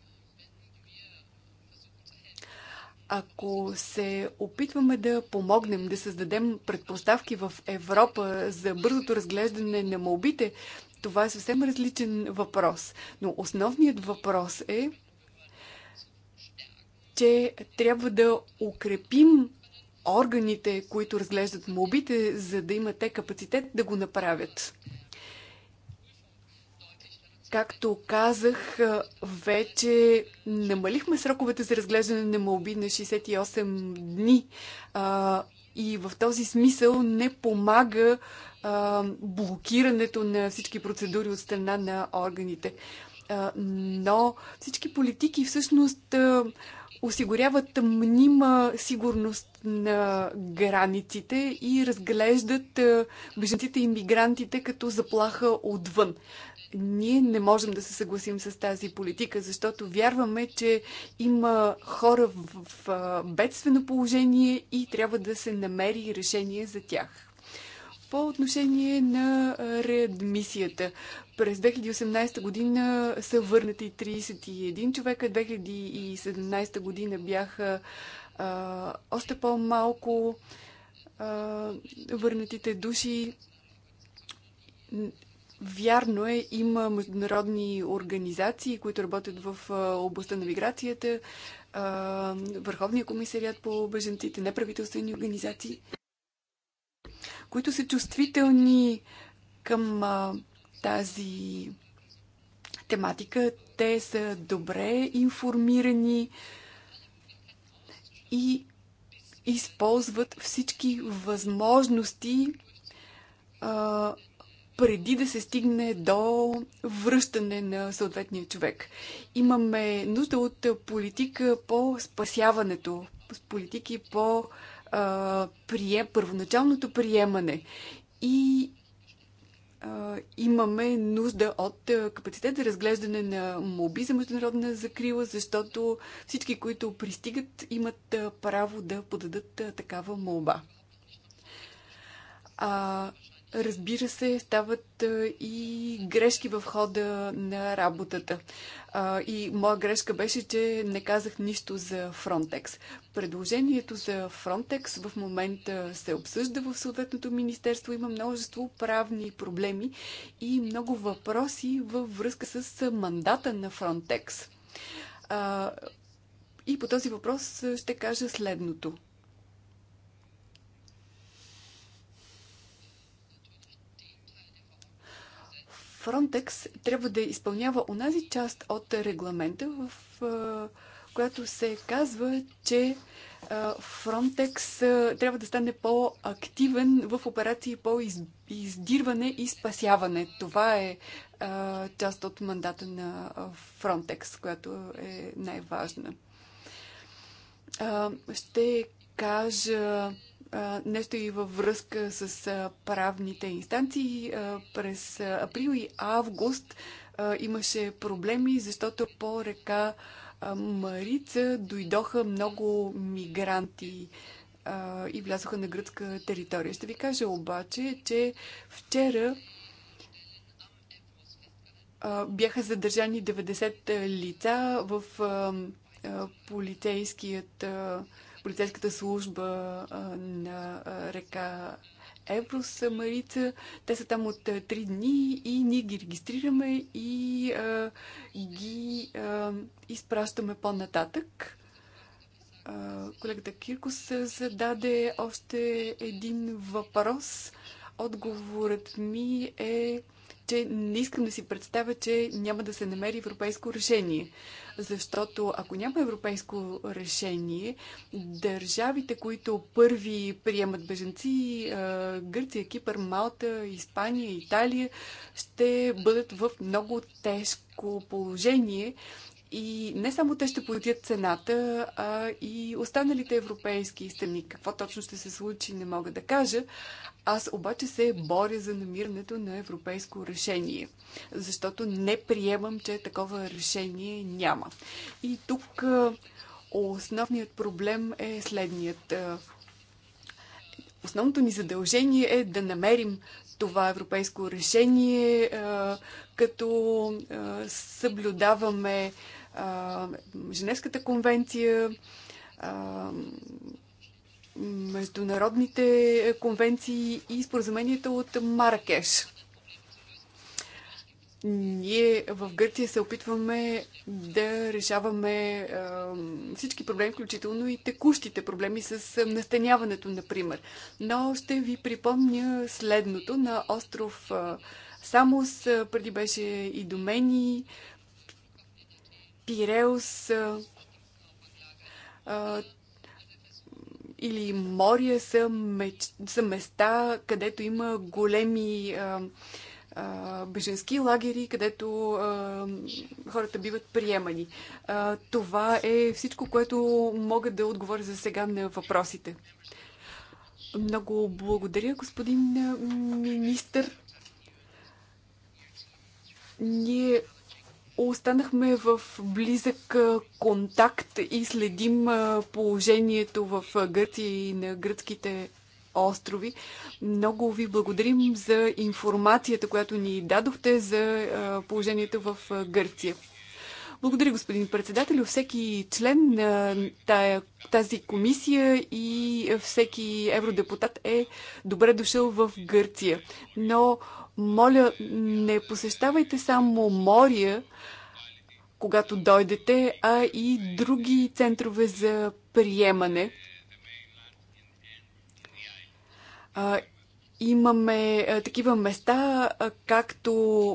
Ако се опитваме да помогнем, да създадем предпоставки в Европа за бързото разглеждане на молбите, това е съвсем различен въпрос. Но основният въпрос е, че трябва да укрепим органите, които разглеждат мобите, за да имат те капацитет да го направят. Както казах, вече намалихме сроковете за разглеждане на молби на 68 дни. А, и в този смисъл не помага а, блокирането на всички процедури от страна на органите. А, но всички политики всъщност а, осигуряват мнима сигурност на границите и разглеждат бежанците и мигрантите като заплаха отвън. Ние не можем да се съгласим с тази политика, защото вярваме, че има хора в, в бедствено положение и трябва да се намери решение за тях. По отношение на реадмисията, през 2018 година са върнати 31 човека, 2017 година бяха а, още по-малко върнатите души. Вярно е, има международни организации, които работят в областта на миграцията, Върховния комисариат по беженците, неправителствени организации, които са чувствителни към тази тематика. Те са добре информирани и използват всички възможности а, преди да се стигне до връщане на съответния човек. Имаме нужда от политика по спасяването, политики по а, прием, първоначалното приемане и имаме нужда от капацитет за разглеждане на моби за международна закрила, защото всички, които пристигат, имат право да подадат такава молба. Разбира се, стават и грешки в хода на работата. И моя грешка беше, че не казах нищо за Frontex. Предложението за Frontex в момента се обсъжда в съответното министерство. Има множество правни проблеми и много въпроси във връзка с мандата на Frontex. И по този въпрос ще кажа следното. Фронтекс трябва да изпълнява онази част от регламента, в която се казва, че Фронтекс трябва да стане по-активен в операции по издирване и спасяване. Това е част от мандата на Фронтекс, която е най-важна. Ще кажа нещо и във връзка с правните инстанции. През април и август имаше проблеми, защото по река Марица дойдоха много мигранти и влязоха на гръцка територия. Ще ви кажа обаче, че вчера бяха задържани 90 лица в полицейският полицейската служба на река Еврос Марица. Те са там от три дни и ние ги регистрираме и а, ги а, изпращаме по-нататък. колегата Киркос зададе още един въпрос. Отговорът ми е че не искам да си представя, че няма да се намери европейско решение. Защото ако няма европейско решение, държавите, които първи приемат беженци, Гърция, Кипър, Малта, Испания, Италия, ще бъдат в много тежко положение и не само те ще платят цената, а и останалите европейски страни. Какво точно ще се случи, не мога да кажа. Аз обаче се боря за намирането на европейско решение, защото не приемам, че такова решение няма. И тук основният проблем е следният. Основното ни задължение е да намерим това европейско решение, като съблюдаваме Женевската конвенция, международните конвенции и споразумението от Маракеш. Ние в Гърция се опитваме да решаваме всички проблеми, включително и текущите проблеми с настаняването, например. Но ще ви припомня следното. На остров Самос преди беше и Домени, Пиреус а, или Мория са, меч, са места, където има големи а, а, беженски лагери, където а, хората биват приемани. А, това е всичко, което мога да отговоря за сега на въпросите. Много благодаря, господин министър. Ние останахме в близък контакт и следим положението в Гърция и на гръцките острови. Много ви благодарим за информацията, която ни дадохте за положението в Гърция. Благодаря, господин председател. Всеки член на тая, тази комисия и всеки евродепутат е добре дошъл в Гърция. Но моля, не посещавайте само Мория, когато дойдете, а и други центрове за приемане. А, имаме а, такива места, а, както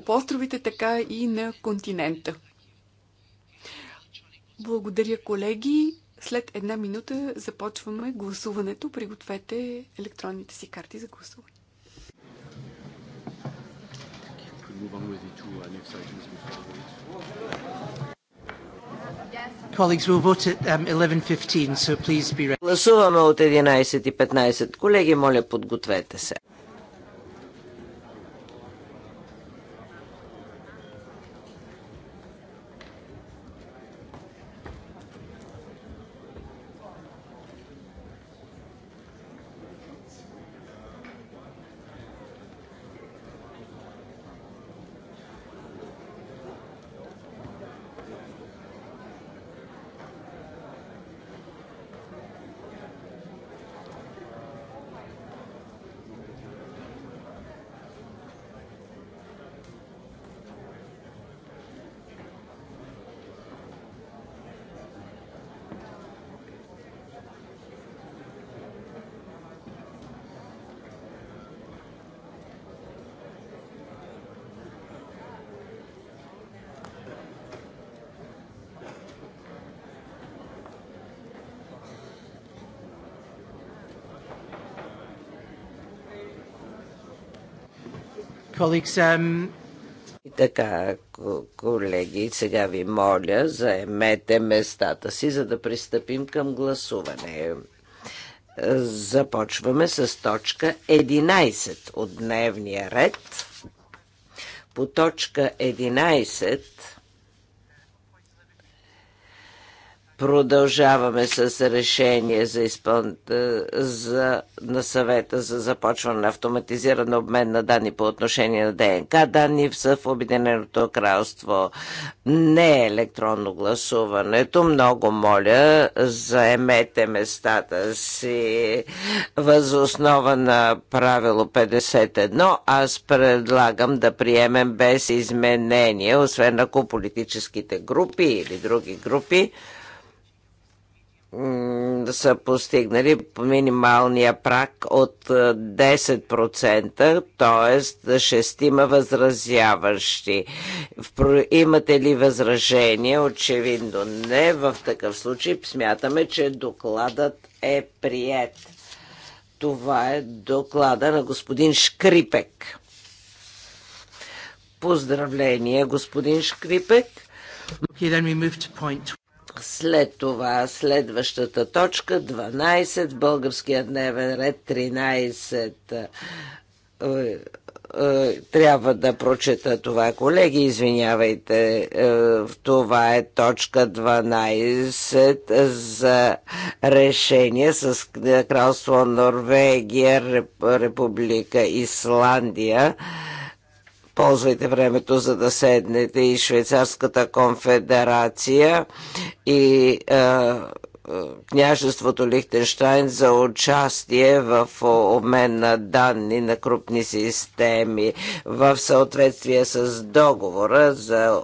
по островите, така и на континента. Благодаря, колеги. След една минута започваме гласуването. Пригответе електронните си карти за гласуване. Um, Гласуваме от 11.15. Колеги, моля, подгответе се. Um, И така, колеги, сега ви моля, заемете местата си, за да пристъпим към гласуване. Започваме с точка 11 от дневния ред. По точка 11 Продължаваме с решение за, изпъл... Е, за... на съвета за започване на автоматизиран обмен на данни по отношение на ДНК данни са в Обединеното кралство. Не е електронно гласуването. Много моля, заемете местата си. Възоснова на правило 51 аз предлагам да приемем без изменение, освен ако политическите групи или други групи са постигнали минималния прак от 10%, т.е. шестима възразяващи. Имате ли възражение? Очевидно не. В такъв случай смятаме, че докладът е прият. Това е доклада на господин Шкрипек. Поздравление, господин Шкрипек. Okay, then we move to point след това следващата точка 12, българския дневен ред 13 е, е, трябва да прочета това. Колеги, извинявайте, е, това е точка 12 за решение с Кралство Норвегия, Република Исландия Ползвайте времето, за да седнете и Швейцарската конфедерация и е, е княжеството Лихтенштайн за участие в обмен на данни на крупни системи в съответствие с договора за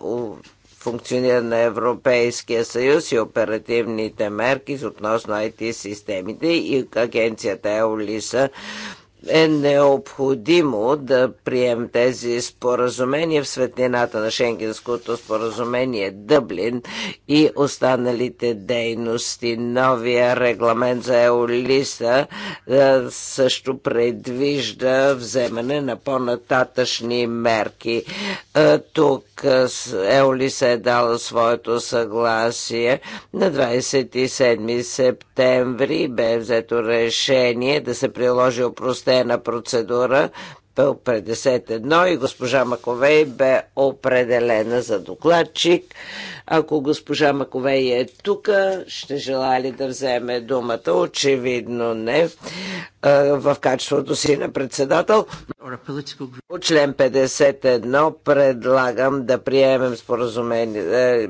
функциониране на Европейския съюз и оперативните мерки относно IT системите и агенцията Еолиса е необходимо да прием тези споразумения в светлината на Шенгенското споразумение Дъблин и останалите дейности. Новия регламент за Еолиса е, също предвижда вземане на по-нататъчни мерки. Е, тук е, Еолиса е дала своето съгласие. На 27 септември бе взето решение да се приложи опростение упростена процедура, 51 и госпожа Маковей бе определена за докладчик. Ако госпожа Маковей е тук, ще желая ли да вземе думата? Очевидно не. Е, в качеството си на председател по член 51 предлагам да приемем споразумение, е, е,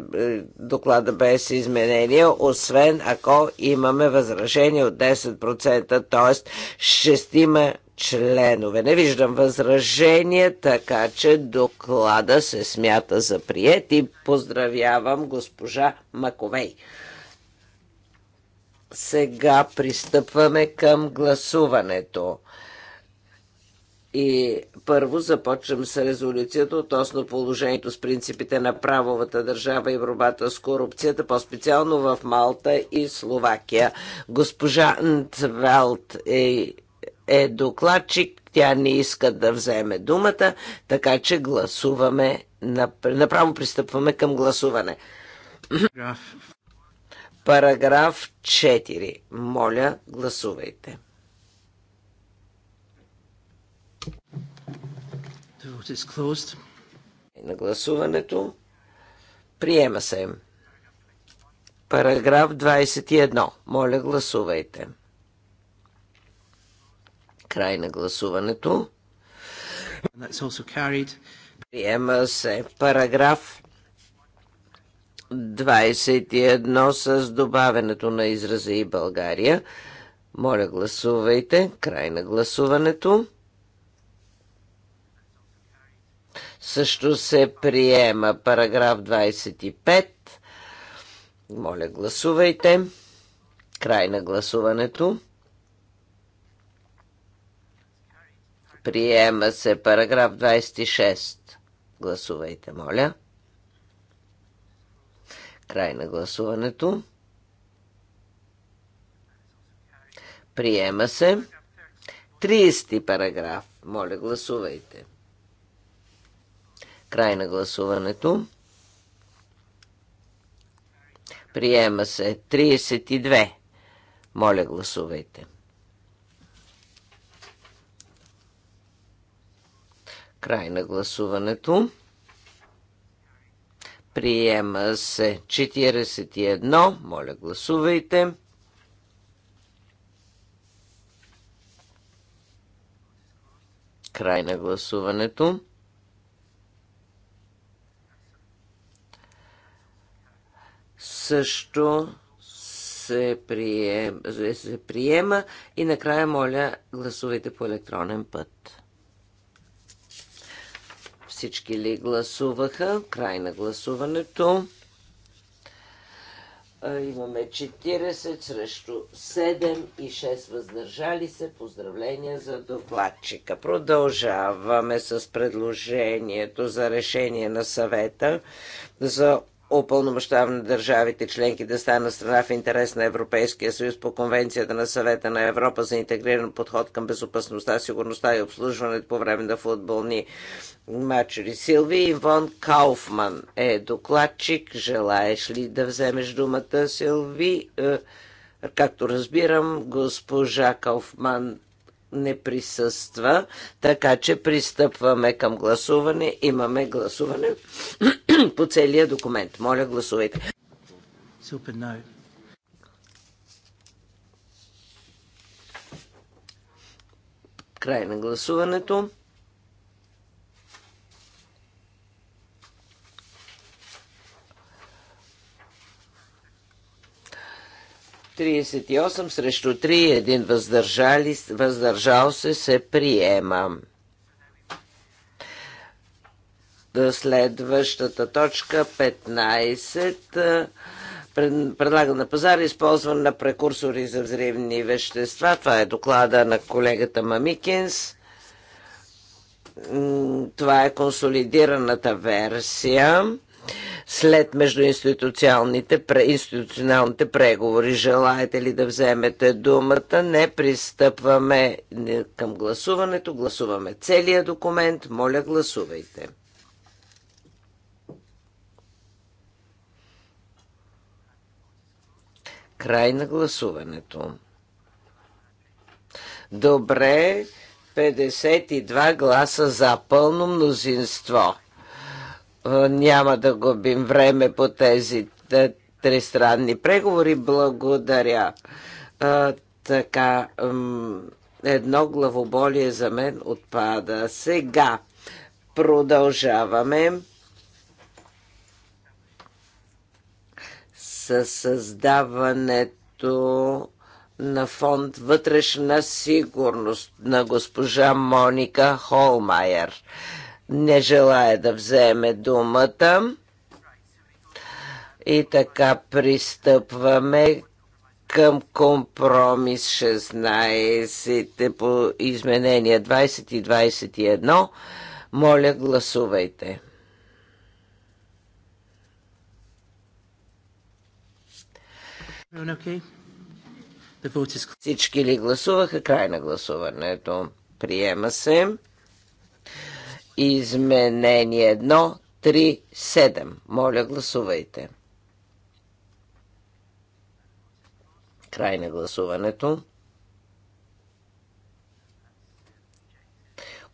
доклада без изменения, освен ако имаме възражение от 10%, т.е. 6 членове. Не виждам възражение, така че доклада се смята за прият и поздравявам госпожа Маковей. Сега пристъпваме към гласуването. И първо започвам с резолюцията относно положението с принципите на правовата държава и борбата с корупцията, по-специално в Малта и Словакия. Госпожа Нтвелт е е докладчик, тя не иска да вземе думата, така че гласуваме, направо пристъпваме към гласуване. Параграф 4. Моля, гласувайте. На гласуването приема се. Параграф 21. Моля, гласувайте. Край на гласуването. Приема се параграф 21 с добавенето на израза и България. Моля, гласувайте. Край на гласуването. Също се приема параграф 25. Моля, гласувайте. Край на гласуването. Приема се параграф 26. Гласувайте, моля. Край на гласуването. Приема се. 30 параграф. Моля, гласувайте. Край на гласуването. Приема се. 32. Моля, гласувайте. Край на гласуването. Приема се 41. Моля, гласувайте. Край на гласуването. Също се приема, се приема и накрая моля гласувайте по електронен път. Всички ли гласуваха? Край на гласуването. Имаме 40 срещу 7 и 6 въздържали се. Поздравления за докладчика. Продължаваме с предложението за решение на съвета за опълномащаване държавите членки да стана страна в интерес на Европейския съюз по Конвенцията на съвета на Европа за интегриран подход към безопасността, сигурността и обслужването по време на футболни матчери. Силви Ивон Кауфман е докладчик. Желаеш ли да вземеш думата, Силви? Е, както разбирам, госпожа Кауфман не присъства, така че пристъпваме към гласуване. Имаме гласуване по целия документ. Моля, гласувайте. Супер, no. Край на гласуването. 38 срещу 3, един въздържали, въздържал се, се приема. Следващата точка 15 предлага на пазара използване на прекурсори за взривни вещества. Това е доклада на колегата Мамикинс. Това е консолидираната версия след междуинституционалните институционалните преговори. Желаете ли да вземете думата? Не пристъпваме към гласуването. Гласуваме целият документ. Моля, гласувайте. Край на гласуването. Добре, 52 гласа за пълно мнозинство няма да губим време по тези е, тристранни преговори. Благодаря. А, така, едно главоболие за мен отпада. Сега продължаваме с създаването на фонд Вътрешна сигурност на госпожа Моника Холмайер не желая да вземе думата. И така пристъпваме към компромис 16 по изменения 20 и 21. Моля, гласувайте. Всички ли гласуваха? Край на гласуването. Приема се. Изменение 1, 3, 7. Моля, гласувайте. Край на гласуването.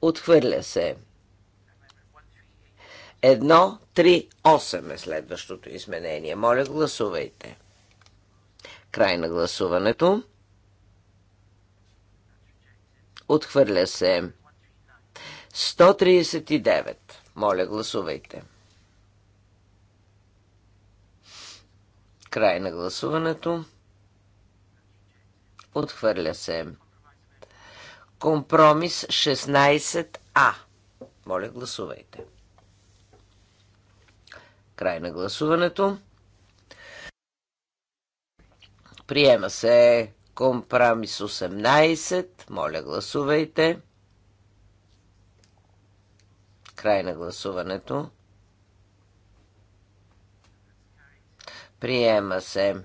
Отхвърля се. 1, 3, 8 е следващото изменение. Моля, гласувайте. Край на гласуването. Отхвърля се. 139. Моля, гласувайте. Край на гласуването. Отхвърля се. Компромис 16А. Моля, гласувайте. Край на гласуването. Приема се компромис 18. Моля, гласувайте. Край на гласуването. Приема се.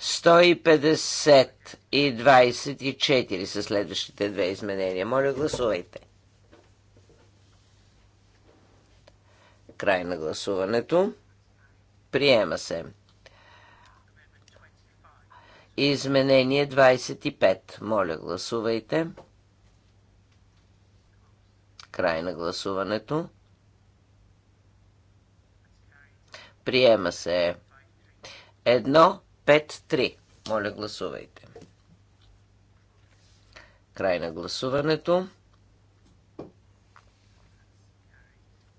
150 и 24 са следващите две изменения. Моля, гласувайте. Край на гласуването. Приема се. Изменение 25. Моля, гласувайте. Край на гласуването. Приема се. Едно, 5 3 Моля, гласувайте. Край на гласуването.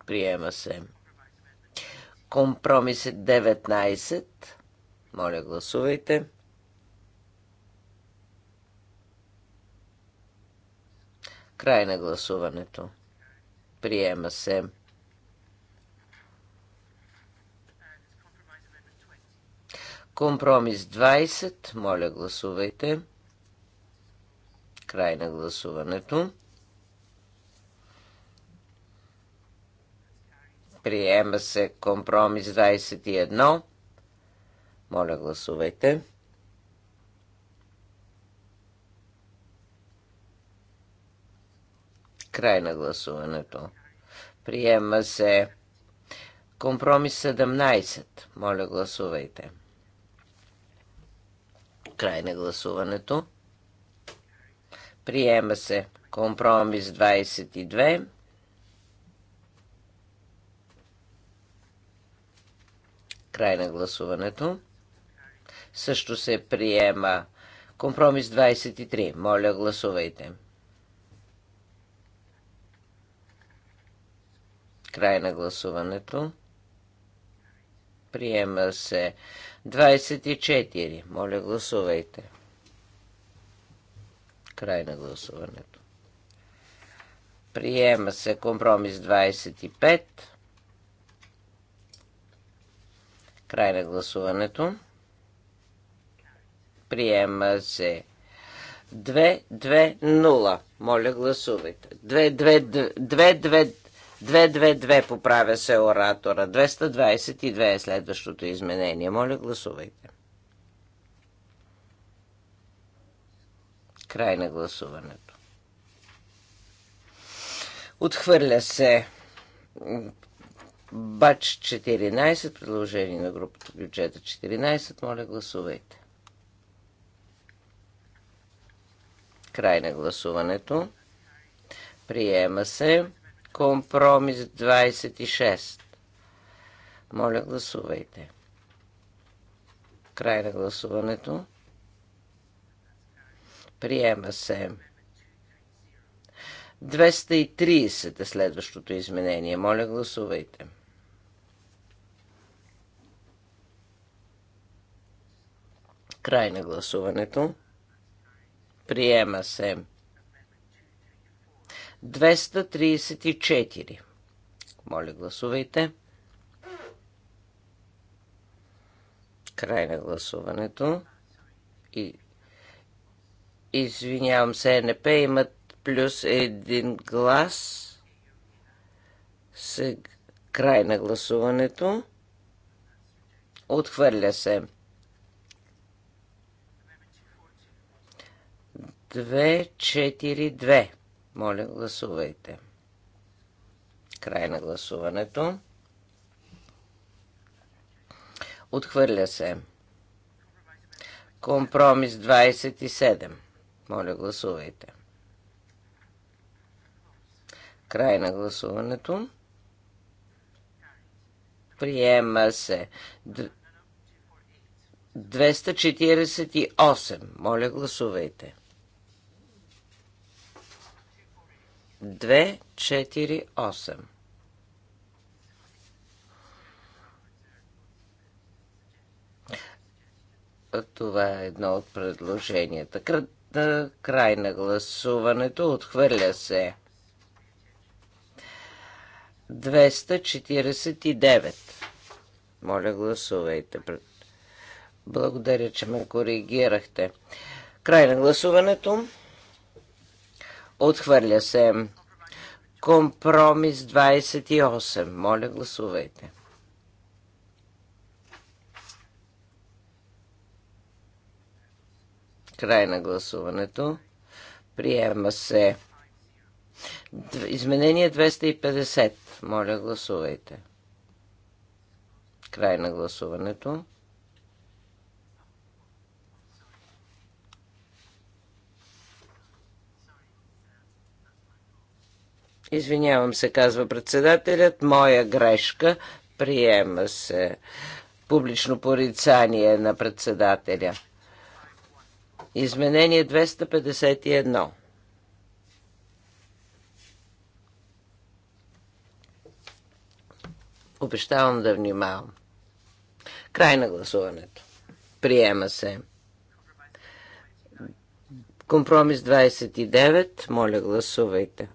Приема се. Компромис 19. Е Моля, гласувайте. Край на гласуването. Приема се. Компромис 20. Моля, гласувайте. Край на гласуването. Приема се компромис 21. Моля, гласувайте. Край на гласуването. Приема се компромис 17. Моля, гласувайте. Край на гласуването. Приема се компромис 22. Край на гласуването. Също се приема компромис 23. Моля, гласувайте. Край на гласуването. Приема се 24. Моля, гласувайте. Край на гласуването. Приема се компромис 25. Край на гласуването. Приема се 2-2-0. Моля, гласувайте. 2 2 2. 222 поправя се оратора. 222 е следващото изменение. Моля, гласувайте. Край на гласуването. Отхвърля се бач 14, предложение на групата бюджета 14. Моля, гласувайте. Край на гласуването. Приема се. Компромис 26. Моля, гласувайте. Край на гласуването. Приема се. 230 е следващото изменение. Моля, гласувайте. Край на гласуването. Приема се. 234. Моля, гласувайте. Край на гласуването. И... Извинявам се, НП имат плюс един глас. С Край на гласуването. Отхвърля се. 2, 4, 2. Моля, гласувайте. Край на гласуването. Отхвърля се. Компромис 27. Моля, гласувайте. Край на гласуването. Приема се. 248. Моля, гласувайте. 248. Това е едно от предложенията. Край на гласуването отхвърля се. 249. Моля, гласувайте. Благодаря, че ме коригирахте. Край на гласуването. Отхвърля се. Компромис 28. Моля, гласувайте. Край на гласуването. Приема се. Изменение 250. Моля, гласувайте. Край на гласуването. Извинявам се, казва председателят. Моя грешка. Приема се публично порицание на председателя. Изменение 251. Обещавам да внимавам. Край на гласуването. Приема се. Компромис 29. Моля, гласувайте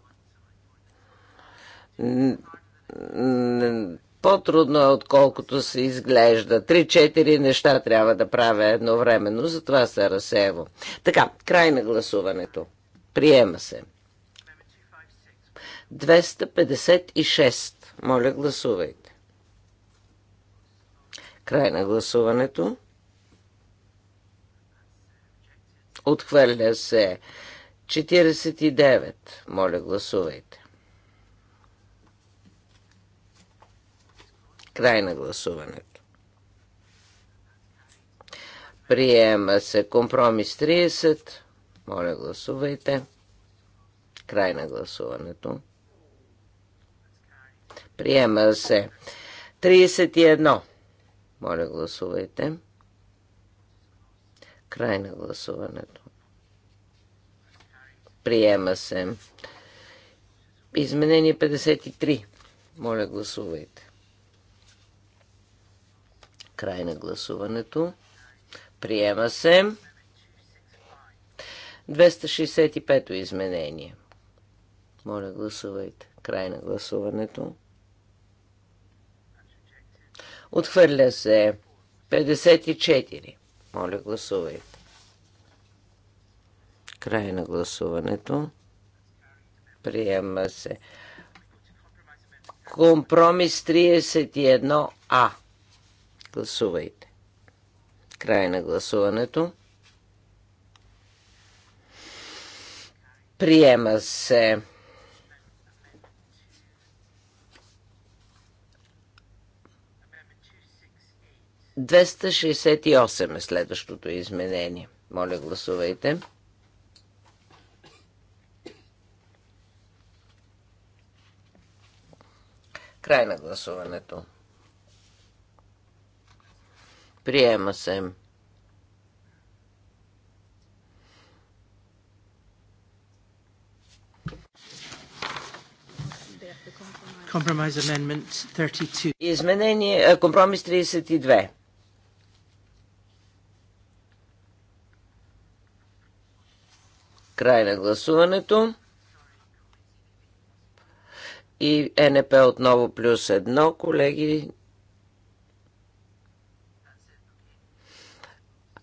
по-трудно е, отколкото се изглежда. Три-четири неща трябва да правя едновременно, затова се разсеявам. Така, край на гласуването. Приема се. 256. Моля, гласувайте. Край на гласуването. Отхвърля се 49. Моля, гласувайте. Край на гласуването. Приема се компромис 30. Моля, гласувайте. Край на гласуването. Приема се 31. Моля, гласувайте. Край на гласуването. Приема се. Изменение 53. Моля, гласувайте. Край на гласуването. Приема се. 265-то изменение. Моля, гласувайте. Край на гласуването. Отхвърля се 54. Моля, гласувайте. Край на гласуването. Приема се. Компромис 31А. Гласувайте. Край на гласуването. Приема се. Двеста шестьдесят и осем е следващото изменение. Моля, гласувайте. Край на гласуването. Приема се. Изменение, компромис 32. Край на гласуването. И НП отново плюс едно, колеги.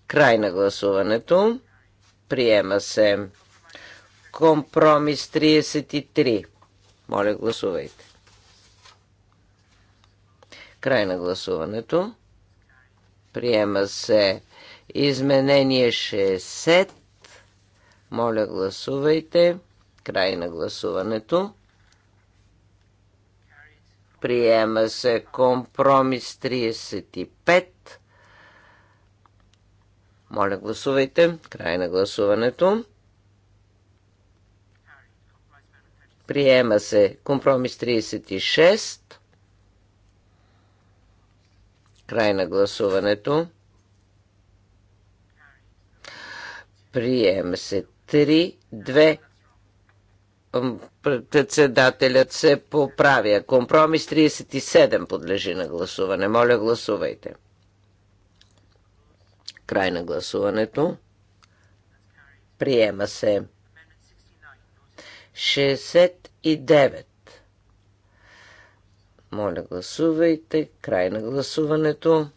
Край на гласуването. Приема се. Компромис 33. Моля, гласувайте. Край на гласуването. Приема се изменение 60. Моля, гласувайте. Край на гласуването. Приема се компромис 35. Моля, гласувайте. Край на гласуването. Приема се компромис 36. Край на гласуването. Приема се 3-2. Председателят се поправя. Компромис 37 подлежи на гласуване. Моля, гласувайте. Край на гласуването. Приема се. 69. Моля, гласувайте. Край на гласуването.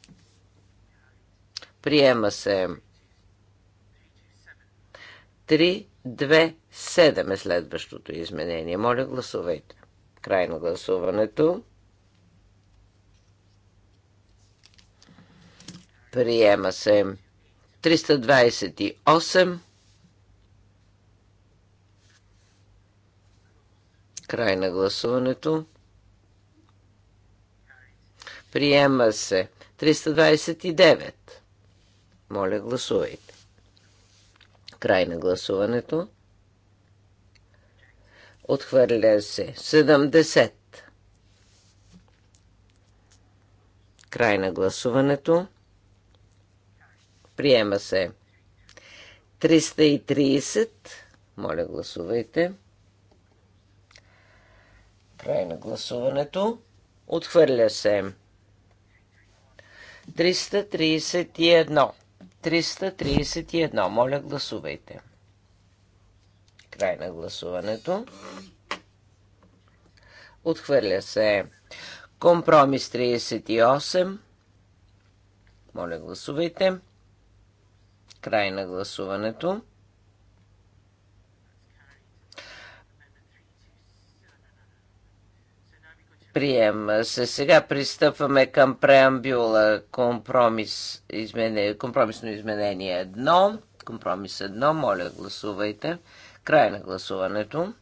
Приема се. 327 е следващото изменение. Моля, гласувайте. Край на гласуването. Приема се 328. Край на гласуването. Приема се 329. Моля, гласувайте. Край на гласуването. Отхвърля се 70. Край на гласуването. Приема се. 330. Моля, гласувайте. Край на гласуването. Отхвърля се. 331. 331. Моля, гласувайте. Край на гласуването. Отхвърля се. Компромис 38. Моля, гласувайте. Край на гласуването. приема се. Сега пристъпваме към преамбюла компромис, измене, компромисно изменение 1. Компромис 1. Моля, гласувайте. Край на гласуването.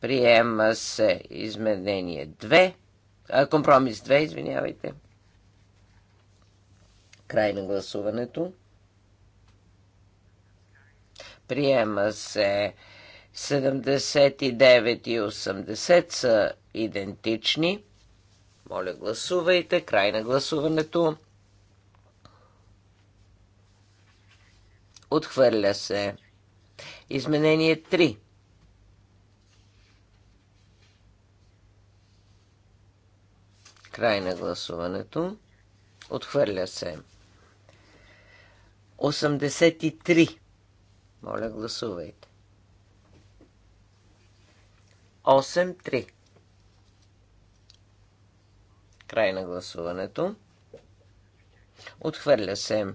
Приема се изменение 2. компромис 2, извинявайте. Край на гласуването. Приема се 79 и 80 са идентични. Моля, гласувайте. Край на гласуването. Отхвърля се. Изменение 3. Край на гласуването. Отхвърля се. 83. Моля, гласувайте. 8-3. Край на гласуването. Отхвърля се.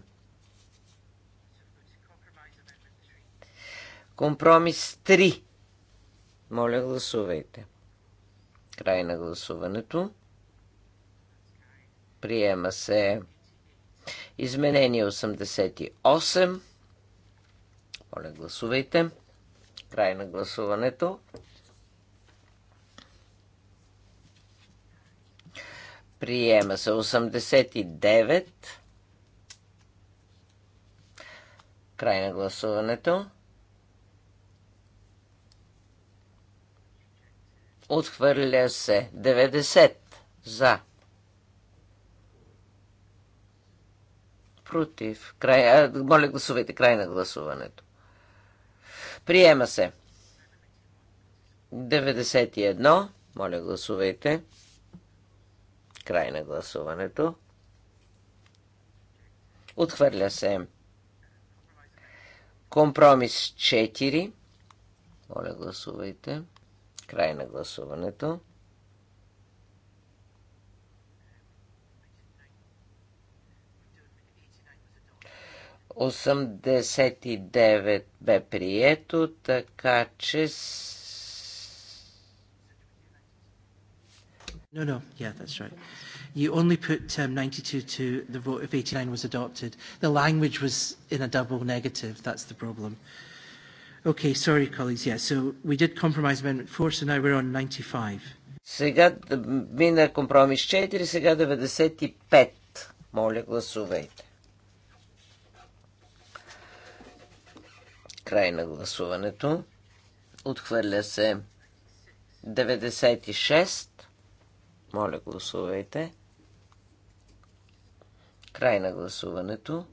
Компромис 3. Моля, гласувайте. Край на гласуването. Приема се. Изменение 88. Моля, гласувайте. Край на гласуването. Приема се 89. Край на гласуването. Отхвърля се 90 за. против. Край, а, моля, гласувайте край на гласуването. Приема се. 91. Моля, гласувайте. Край на гласуването. Отхвърля се. Компромис 4. Моля, гласувайте. Край на гласуването. 89 бе прието, така че... No, no, yeah, that's right. You only put um, 92 to the vote if 89 was adopted. The language was in a double negative, that's the problem. Okay, sorry, colleagues, yeah, so we did compromise amendment 4, so now we're on 95. Сега мина компромис 4, сега 95. Моля, гласувайте. Край на гласуването. Отхвърля се 96. Моля, гласувайте. Край на гласуването.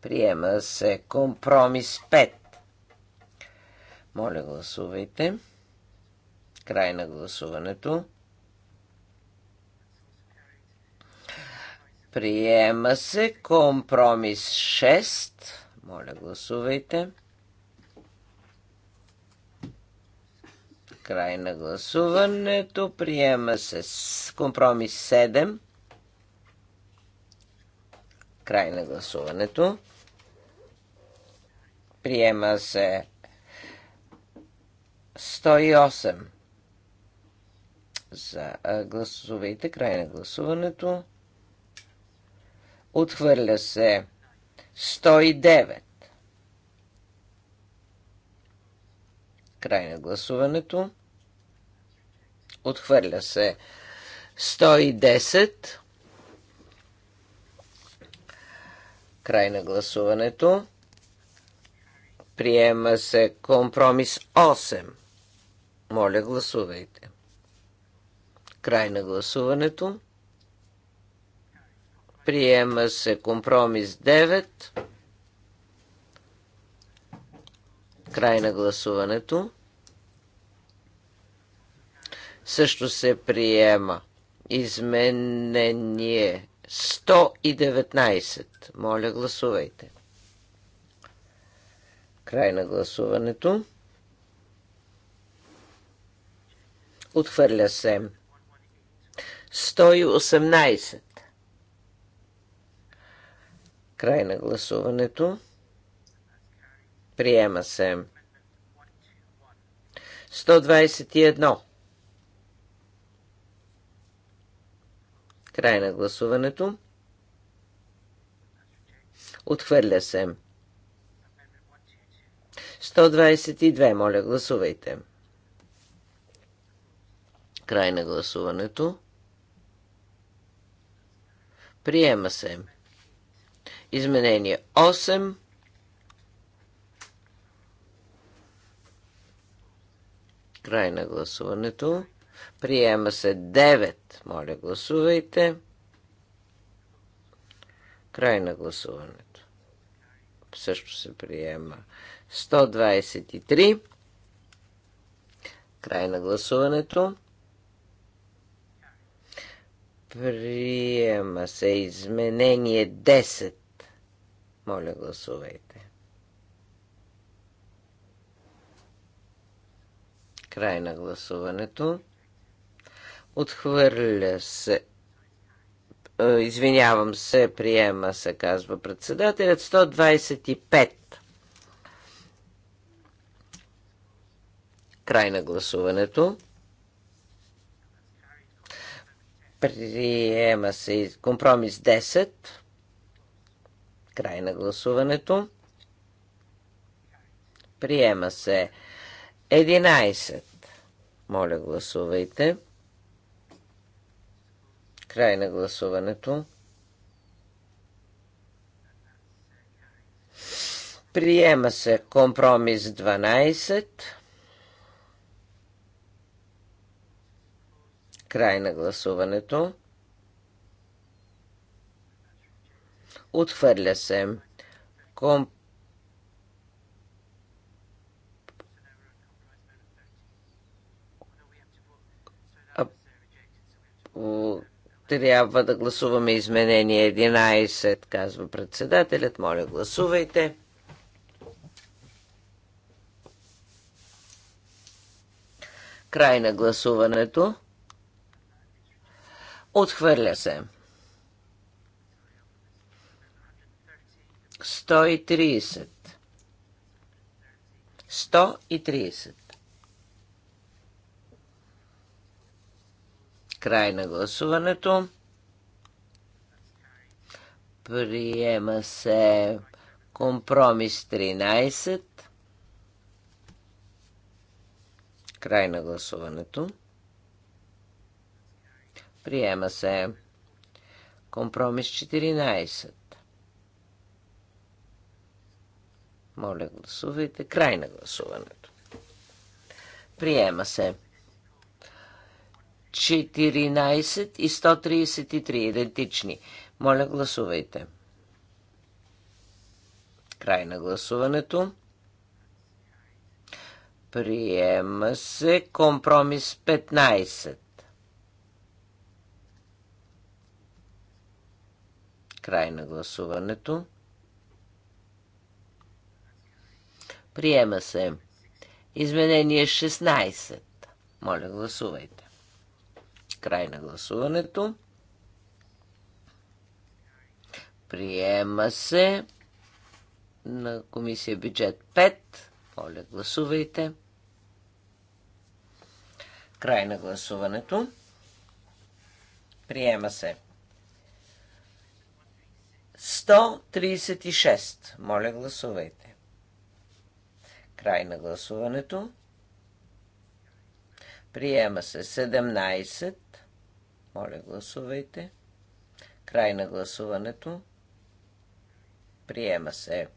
Приема се компромис 5. Моля, гласувайте. Край на гласуването. Приема се компромис 6. Моля, гласувайте. Край на гласуването. Приема се с компромис 7. Край на гласуването. Приема се 108 за гласовете. Край на гласуването. Отхвърля се 109. Край на гласуването. Отхвърля се 110. Край на гласуването. Приема се компромис 8. Моля, гласувайте. Край на гласуването. Приема се компромис 9. Край на гласуването. Също се приема изменение 119. Моля, гласувайте. Край на гласуването. Отхвърля се. 118. Край на гласуването. Приема се. 121. Край на гласуването. Отхвърля се. 122. Моля, гласувайте. Край на гласуването. Приема се. Изменение 8. Край на гласуването. Приема се 9. Моля, гласувайте. Край на гласуването. Също се приема 123. Край на гласуването. Приема се изменение 10. Моля, гласувайте. Край на гласуването. Отхвърля се. Е, извинявам се, приема се, казва председателят. 125. Край на гласуването. Приема се компромис 10. Край на гласуването. Приема се 11. Моля, гласувайте. Край на гласуването. Приема се компромис 12. Край на гласуването. Отхвърля се. А... Трябва да гласуваме изменение 11, казва председателят. Моля, гласувайте. Край на гласуването. Отхвърля се. 130. 130. Край на гласуването. Приема се компромис 13. Край на гласуването. Приема се компромис 14. Моля, гласувайте. Край на гласуването. Приема се. 14 и 133 идентични. Моля, гласувайте. Край на гласуването. Приема се компромис 15. Край на гласуването. Приема се. Изменение 16. Моля, гласувайте. Край на гласуването. Приема се на комисия бюджет 5. Моля, гласувайте. Край на гласуването. Приема се. 136. Моля, гласувайте. Край на гласуването. Приема се 17. Моля, гласувайте. Край на гласуването. Приема се.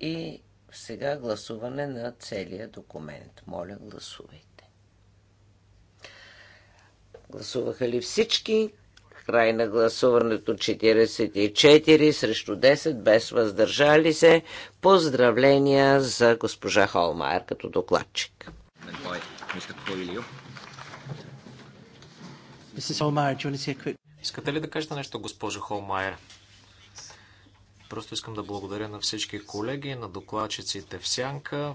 И сега гласуване на целия документ. Моля, гласувайте. Гласуваха ли всички? Край на гласуването 44 срещу 10 без въздържали се. Поздравления за госпожа Холмайер като докладчик. Искате ли да кажете нещо, госпожа Холмайер? Просто искам да благодаря на всички колеги, на докладчиците в Сянка.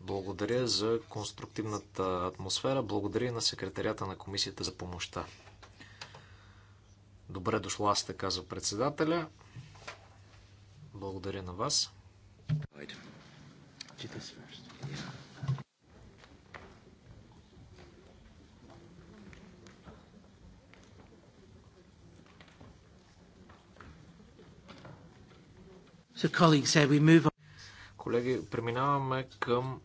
Благодаря за конструктивната атмосфера. Благодаря и на секретарята на комисията за помощта. Добре дошла сте, казва председателя. Благодаря на вас. Uh, Колеги, преминаваме към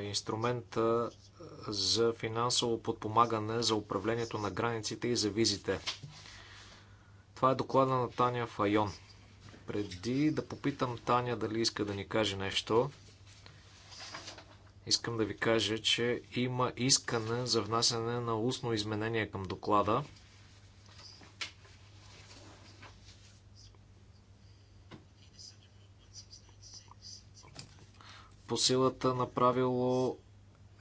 инструмента за финансово подпомагане за управлението на границите и за визите. Това е доклада на Таня Файон. Преди да попитам Таня дали иска да ни каже нещо, искам да ви кажа, че има искане за внасяне на устно изменение към доклада. По силата на правило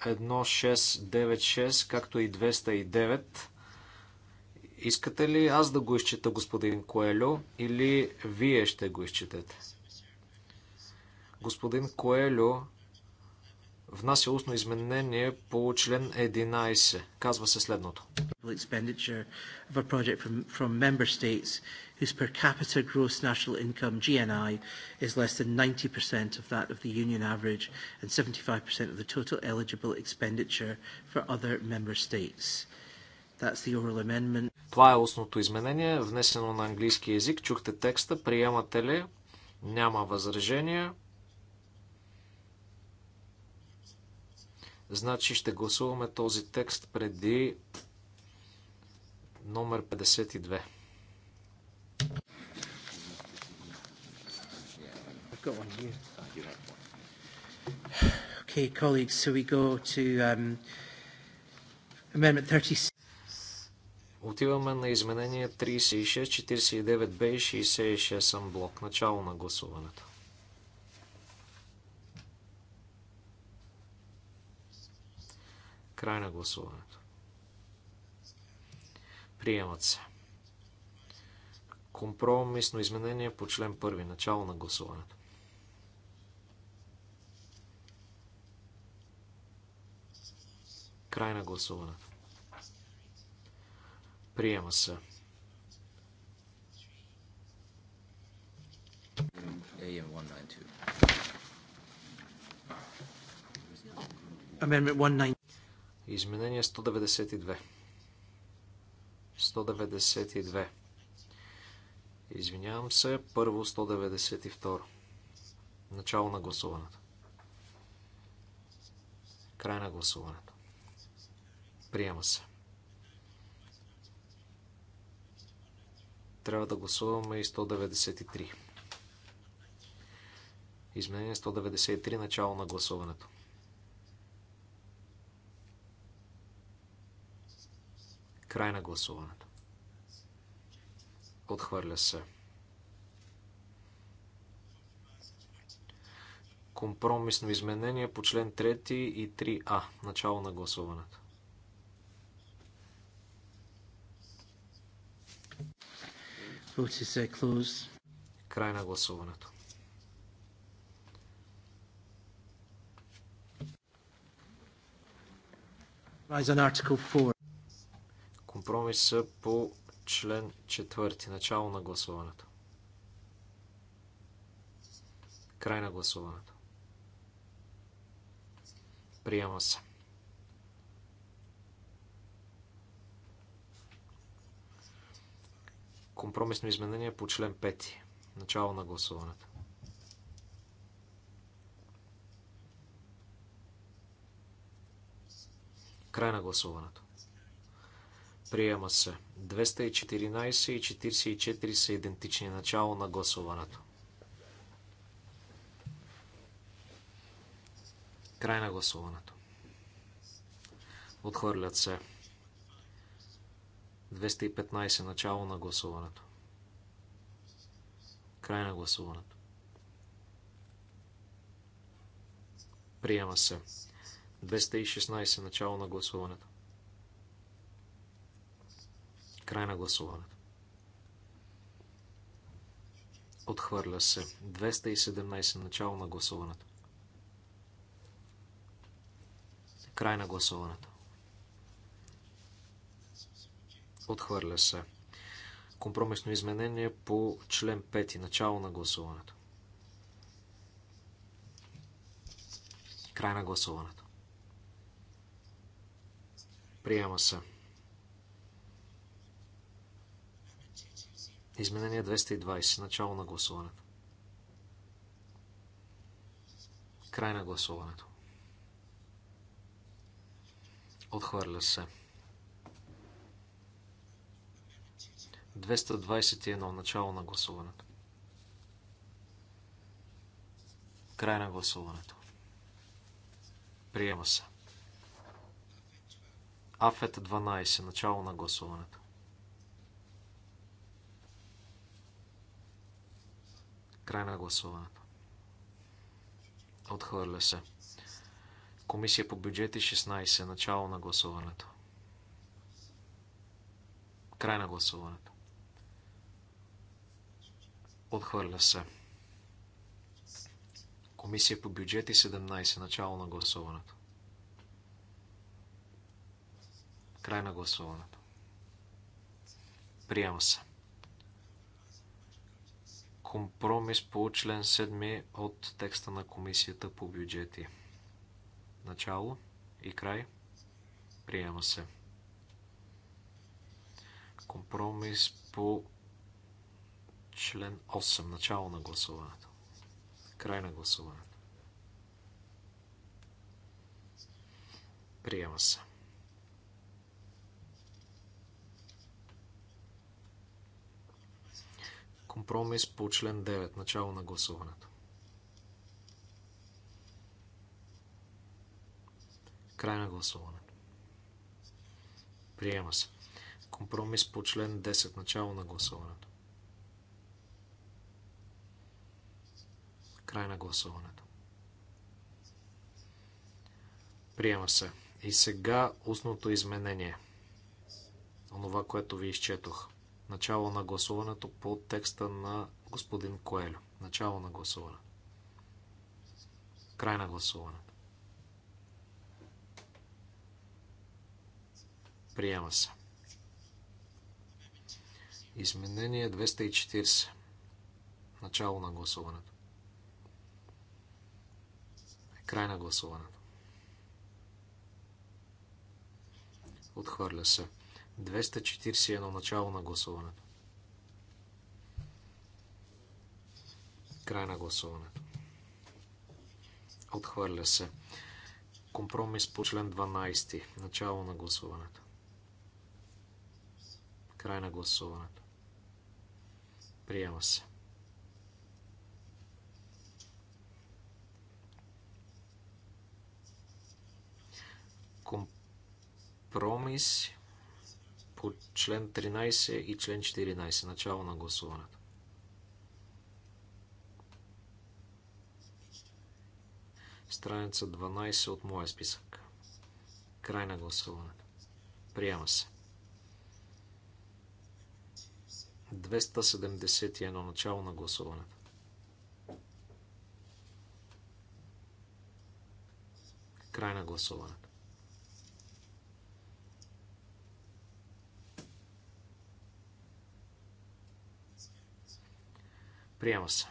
1696, както и 209. Искате ли аз да го изчета, господин Коелю, или вие ще го изчетете? Господин Коелю внася устно изменение по член 11. Казва се следното. whose per capita gross national income GNI is less than 90% of that of the union average and 75% of the total eligible expenditure for other member states. That's the oral amendment. Това е устното изменение, внесено на английски язик. Чухте текста, приемате ли? Няма възражения. Значи ще гласуваме този текст преди номер 52. Okay, colleagues, so we go to um, Amendment 36. Отиваме на изменения 36, 49b и 66 блок. Начало на гласуването. Край на гласуването. Приемат се. Компромисно изменение по член 1. Начало на гласуването. Край на гласуването. Приема се. Amendment Изменение 192. 192. Извинявам се. Първо 192. Начало на гласуването. Край на гласуването. Приема се. Трябва да гласуваме и 193. Изменение 193. Начало на гласуването. Край на гласуването. Отхвърля се. Компромисно изменение по член 3 и 3а. Начало на гласуването. Uh, Край на гласуването. Rise on Article 4 компромиса по член 4. Начало на гласуването. Край на гласуването. Приема се. Компромисно изменение по член 5. Начало на гласуването. Край на гласуването. Приема се. 214 и 44 са идентични. Начало на гласуването. Край на гласуването. Отхвърлят се. 215 начало на гласуването. Край на гласуването. Приема се. 216 начало на гласуването. Край на гласуването. Отхвърля се. 217. Начало на гласуването. Край на гласуването. Отхвърля се. Компромисно изменение по член 5. Начало на гласуването. Край на гласуването. Приема се. Изменение 220. Начало на гласуването. Край на гласуването. Отхвърля се. 221. Начало на гласуването. Край на гласуването. Приема се. Афет 12. Начало на гласуването. Край на гласуването. Отхвърля се. Комисия по бюджети 16. Начало на гласуването. Край на гласуването. Отхвърля се. Комисия по бюджети 17. Начало на гласуването. Край на гласуването. Приема се. Компромис по член 7 от текста на комисията по бюджети. Начало и край. Приема се. Компромис по член 8. Начало на гласуването. Край на гласуването. Приема се. Компромис по член 9. Начало на гласуването. Край на гласуването. Приема се. Компромис по член 10. Начало на гласуването. Край на гласуването. Приема се. И сега устното изменение. Онова, което ви изчетох. Начало на гласуването по текста на господин Коелю. Начало на гласуване. Край на гласуване. Приема се. Изменение 240. Начало на гласуването. Край на гласуването. Отхвърля се. 241 начало на гласуването. Край на гласуването. Отхвърля се. Компромис по член 12. Начало на гласуването. Край на гласуването. Приема се. Компромис по член 13 и член 14. Начало на гласуването. Страница 12 от моя списък. Край на гласуването. Приема се. 271. Начало на гласуването. Край на гласуването. Приема се.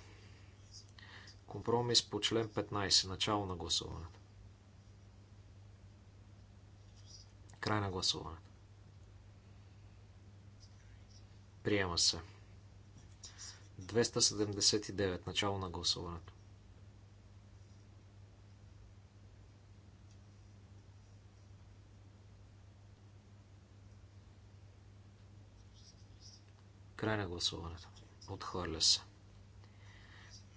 Компромис по член 15. Начало на гласуването. Край на гласуването. Приема се. 279. Начало на гласуването. Край на гласуването. Отхвърля се.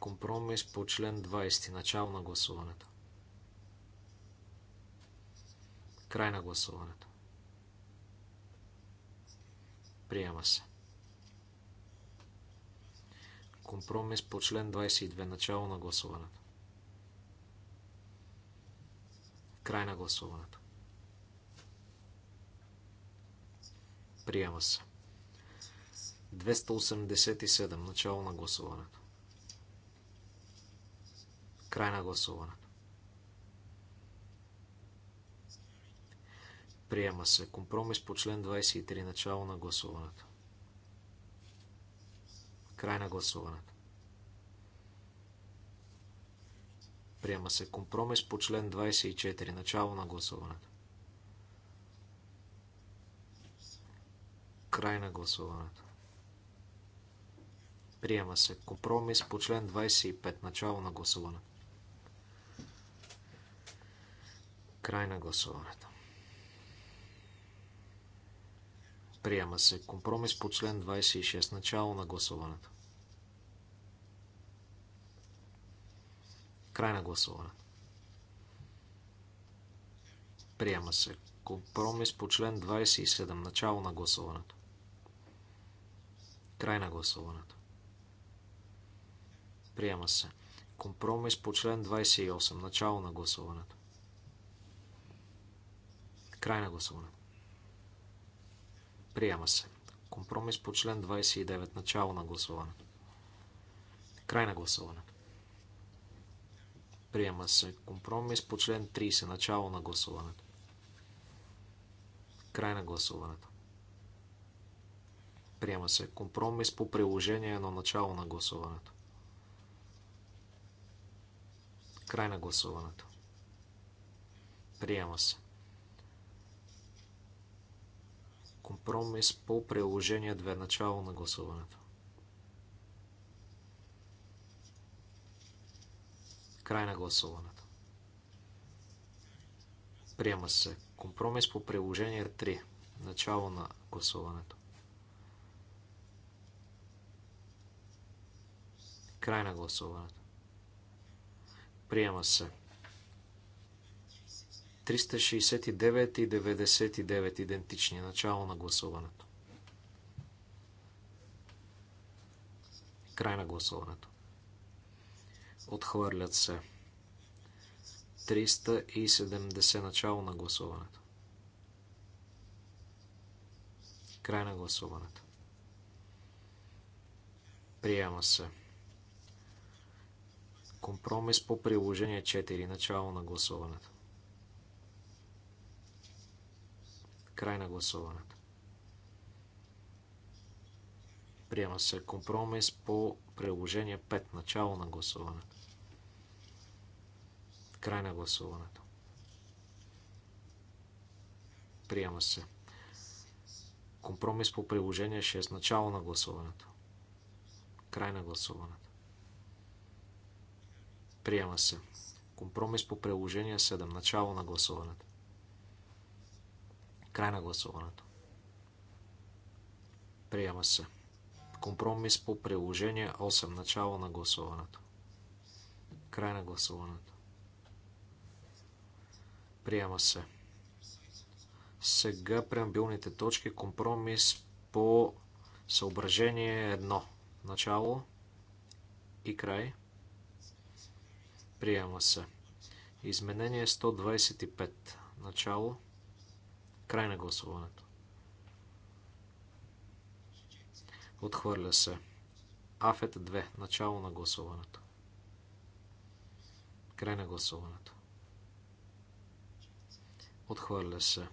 Компромис по член 20. Начало на гласуването. Край на гласуването. Приема се. Компромис по член 22. Начало на гласуването. Край на гласуването. Приема се. 287. Начало на гласуването. Край на гласуването. Приема се. Компромис по член 23. Начало на гласуването. Край на гласуването. Приема се. Компромис по член 24. Начало на гласуването. Край на гласуването. Приема се. Компромис по член 25. Начало на гласуването. Край на гласуването. Приема се компромис по член 26. Начало на гласуването. Край на гласуването. Приема се компромис по член 27. Начало на гласуването. Край на гласуването. Приема се компромис по член 28. Начало на гласуването. Край на гласуване. Приема се. Компромис по член 29. Начало на гласуване. Край на гласуване. Приема се. Компромис по член 30. Начало на гласуването. Край на гласуването. Приема се. Компромис по приложение на начало на гласуването. Край на гласуването. Приема се. Компромис по приложение 2. Начало на гласуването. Край на гласуването. Приема се. Компромис по приложение 3. Начало на гласуването. Край на гласуването. Приема се. 369 и 99 идентични. Начало на гласуването. Край на гласуването. Отхвърлят се. 370 начало на гласуването. Край на гласуването. Приема се. Компромис по приложение 4. Начало на гласуването. Край на гласуването. Приема се компромис по приложение 5. Начало на гласуването. Край на гласуването. Приема се. Компромис по приложение 6. Начало на гласуването. Край на гласуването. Приема се. Компромис по приложение 7. Начало на гласуването. Край на гласуването. Приема се. Компромис по приложение 8. Начало на гласуването. Край на гласуването. Приема се. Сега преамбилните точки. Компромис по съображение 1. Начало и край. Приема се. Изменение 125. Начало. Край на гласуването. Отхвърля се. Афет 2. Начало на гласуването. Край на гласуването. Отхвърля се.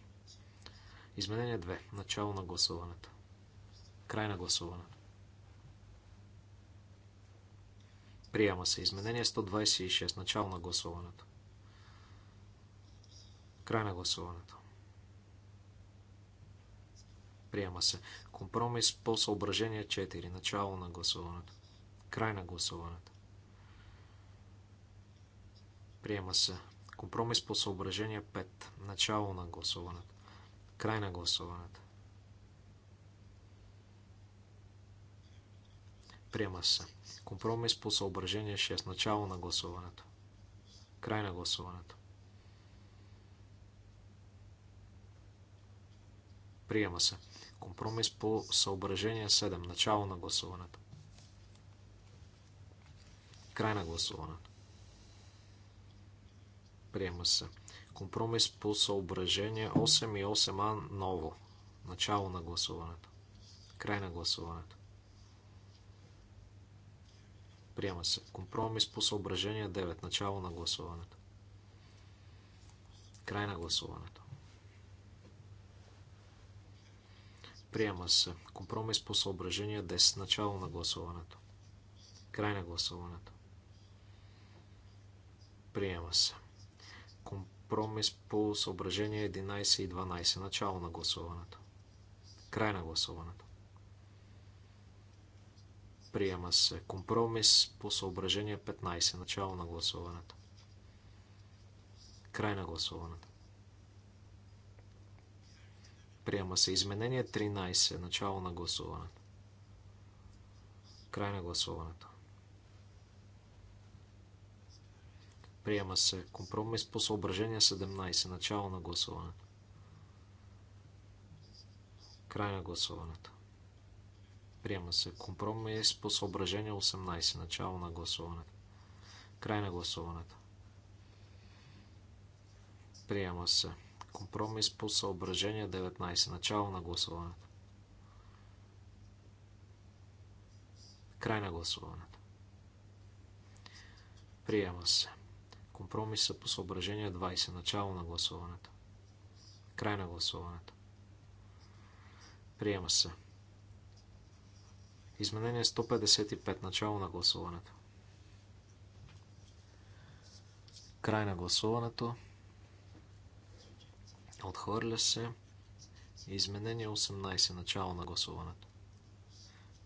Изменение 2. Начало на гласуването. Край на гласуването. Приема се. Изменение 126. Начало на гласуването. Край на гласуването. Приема се. Компромис по съображение 4. Начало на гласуването. Край на гласуването. Приема се. Компромис по съображение 5. Начало на гласуването. Край на гласуването. Приема се. Компромис по съображение 6. Начало на гласуването. Край на гласуването. Приема се. Компромис по съображение 7. Начало на гласуването. Край на гласуването. Приема се. Компромис по съображение 8 и 8а ново. Начало на гласуването. Край на гласуването. Приема се. Компромис по съображение 9. Начало на гласуването. Край на гласуването. Приема се. Компромис по съображение 10. Начало на гласуването. Край на гласуването. Приема се. Компромис по съображение 11 и 12. Начало на гласуването. Край на гласуването. Приема се. Компромис по съображение 15. Начало на гласуването. Край на гласуването. Приема се изменение 13. Начало на гласуването. Край на гласуването. Приема се компромис по съображение 17. Начало на гласуването. Край на гласуването. Приема се компромис по съображение 18. Начало на гласуването. Край на гласуването. Приема се. Компромис по съображение 19. Начало на гласуването. Край на гласуването. Приема се. Компромиса по съображение 20. Начало на гласуването. Край на гласуването. Приема се. Изменение 155. Начало на гласуването. Край на гласуването. Отхвърля се. Изменение 18. Начало на гласуването.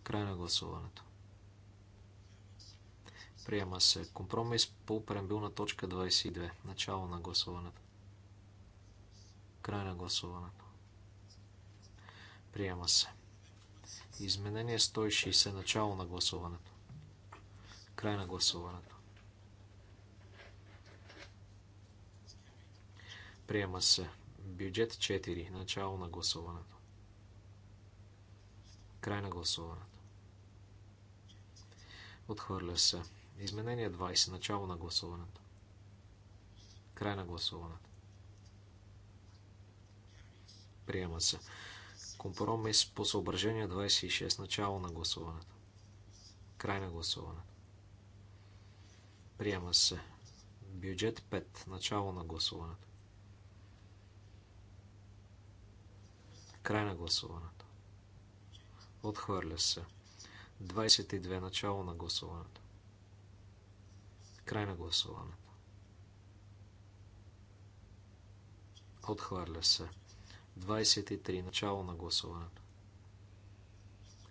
Край на гласуването. Приема се. Компромис по преамбилна точка 22. Начало на гласуването. Край на гласуването. Приема се. Изменение 160. Начало на гласуването. Край на гласуването. Приема се. Бюджет 4. Начало на гласуването. Край на гласуването. Отхвърля се. Изменение 20. Начало на гласуването. Край на гласуването. Приема се. Компромис по съображение 26. Начало на гласуването. Край на гласуването. Приема се. Бюджет 5. Начало на гласуването. Край на гласуването. Отхвърля се. 22. Начало на гласуването. Край на гласуването. Отхвърля се. 23. Начало на гласуването.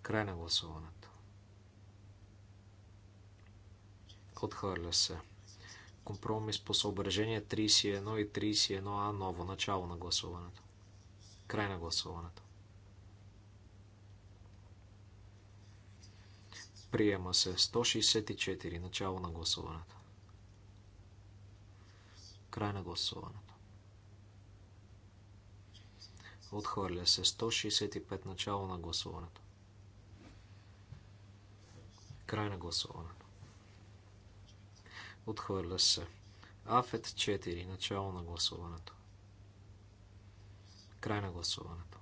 Край на гласуването. Отхвърля се. Компромис по съображение 31 и 31А ново начало на гласуването. Край на гласуването. Приема се 164. Начало на гласуването. Край на гласуването. Отхвърля се 165. Начало на гласуването. Край на гласуването. Отхвърля се. Афет 4. Начало на гласуването. Край на гласуването.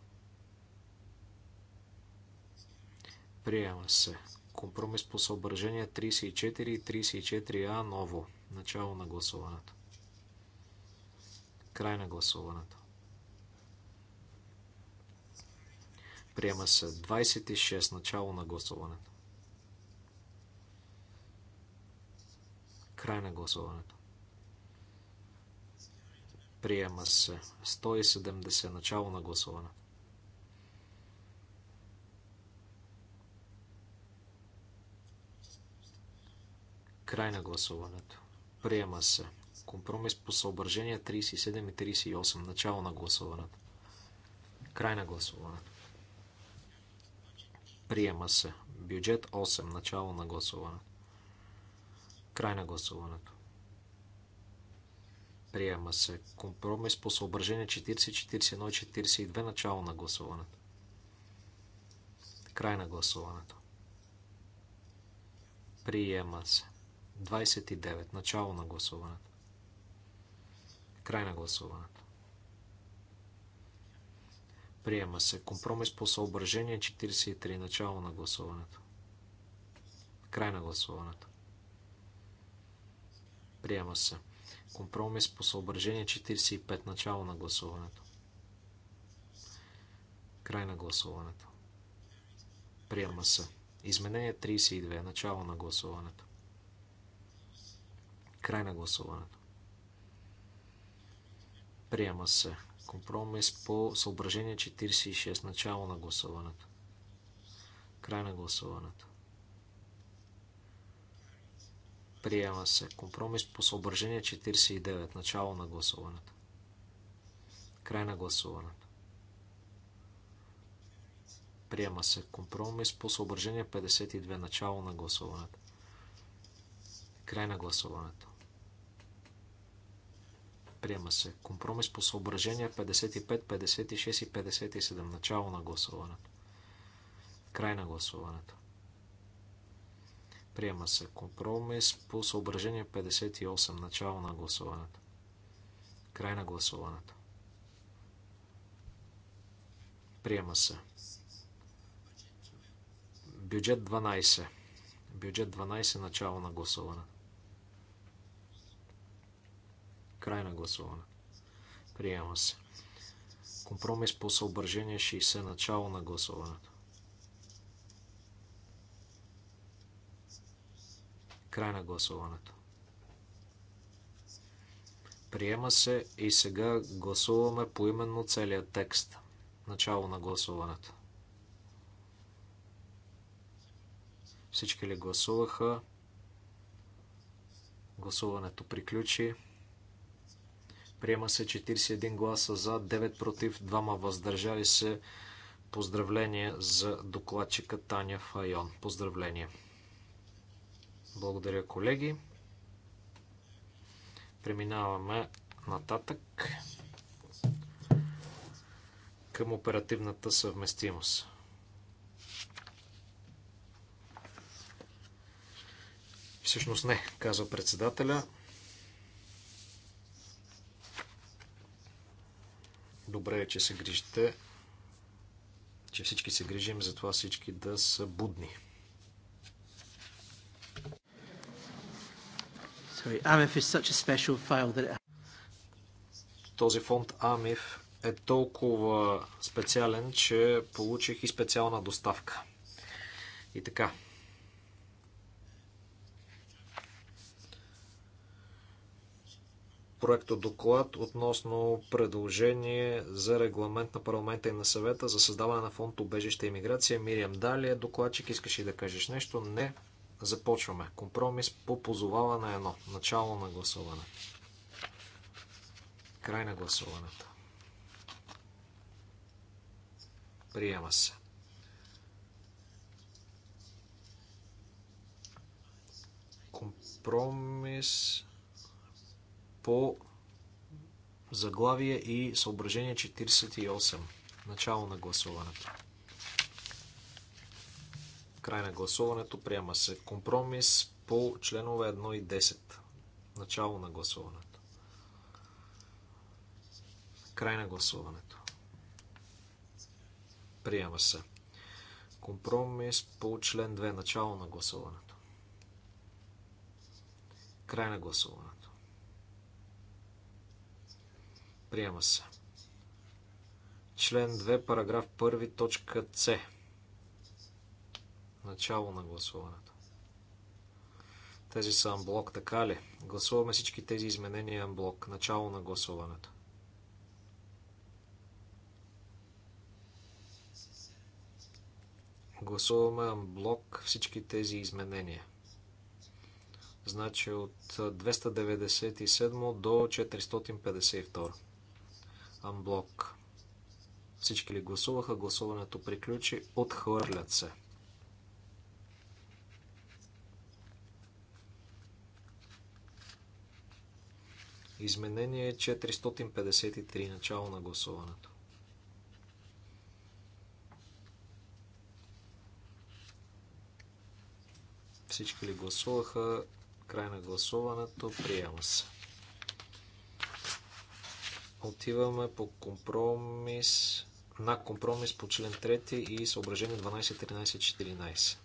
Приема се. Компромис по съображение 34 и 34А ново. Начало на гласуването. Край на гласуването. Приема се 26 начало на гласуването. Край на гласуването. Приема се. 170. Начало на гласуване. Край на гласуването. Приема се. Компромис по съображения 37 и 38. Начало на гласуването. Край на гласуването. Приема се. Бюджет 8. Начало на гласуването. Край на гласуването. Приема се. Компромис по съображение 40, 41 и 42. Начало на гласуването. Край на гласуването. Приема се. 29. Начало на гласуването. Край на гласуването. Приема се. Компромис по съображение 43. Начало на гласуването. Край на гласуването. Приема се. Компромис по съображение 45. Начало на гласуването. Край на гласуването. Приема се. Изменение 32. Начало на гласуването. Край на гласуването. Приема се. Компромис по съображение 46. Начало на гласуването. Край на гласуването. Приема се. Компромис по съображение 49. Начало на гласуването. Край на гласуването. Приема се. Компромис по съображение 52. Начало на гласуването. Край на гласуването. Приема се. Компромис по съображение 55, 56 и 57. Начало на гласуването. Край на гласуването. Приема се компромис по съображение 58. Начало на гласуването. Край на гласуването. Приема се. Бюджет 12. Бюджет 12. Начало на гласуване. Край на гласуване. Приема се. Компромис по съображение 60. Начало на гласуването. Край на гласуването. Приема се и сега гласуваме по именно целия текст. Начало на гласуването. Всички ли гласуваха? Гласуването приключи. Приема се 41 гласа за, 9 против, 2 въздържали се. Поздравление за докладчика Таня Файон. Поздравление! Благодаря, колеги. Преминаваме нататък към оперативната съвместимост. Всъщност не, казва председателя. Добре е, че се грижите, че всички се грижим, затова всички да са будни. sorry, is such a special file that it... Този фонд AMIF е толкова специален, че получих и специална доставка. И така. Проектът доклад относно предложение за регламент на парламента и на съвета за създаване на фонд обежище и миграция. Мириам Дали е докладчик. Искаш и да кажеш нещо? Не. Започваме. Компромис по позовава на едно. Начало на гласуване. Край на гласуването. Приема се. Компромис по заглавие и съображение 48. Начало на гласуването. Край на гласуването. Приема се. Компромис по членове 1 и 10. Начало на гласуването. Край на гласуването. Приема се. Компромис по член 2. Начало на гласуването. Край на гласуването. Приема се. Член 2, параграф 1, точка С. Начало на гласуването. Тези са анблок, така ли? Гласуваме всички тези изменения анблок. Начало на гласуването. Гласуваме анблок всички тези изменения. Значи от 297 до 452. Анблок. Всички ли гласуваха? Гласуването приключи. Отхвърлят се. Изменение 453. Начало на гласуването. Всички ли гласуваха? Край на гласуването. Приема се. Отиваме по компромис, на компромис по член 3 и съображение 12, 13, 14.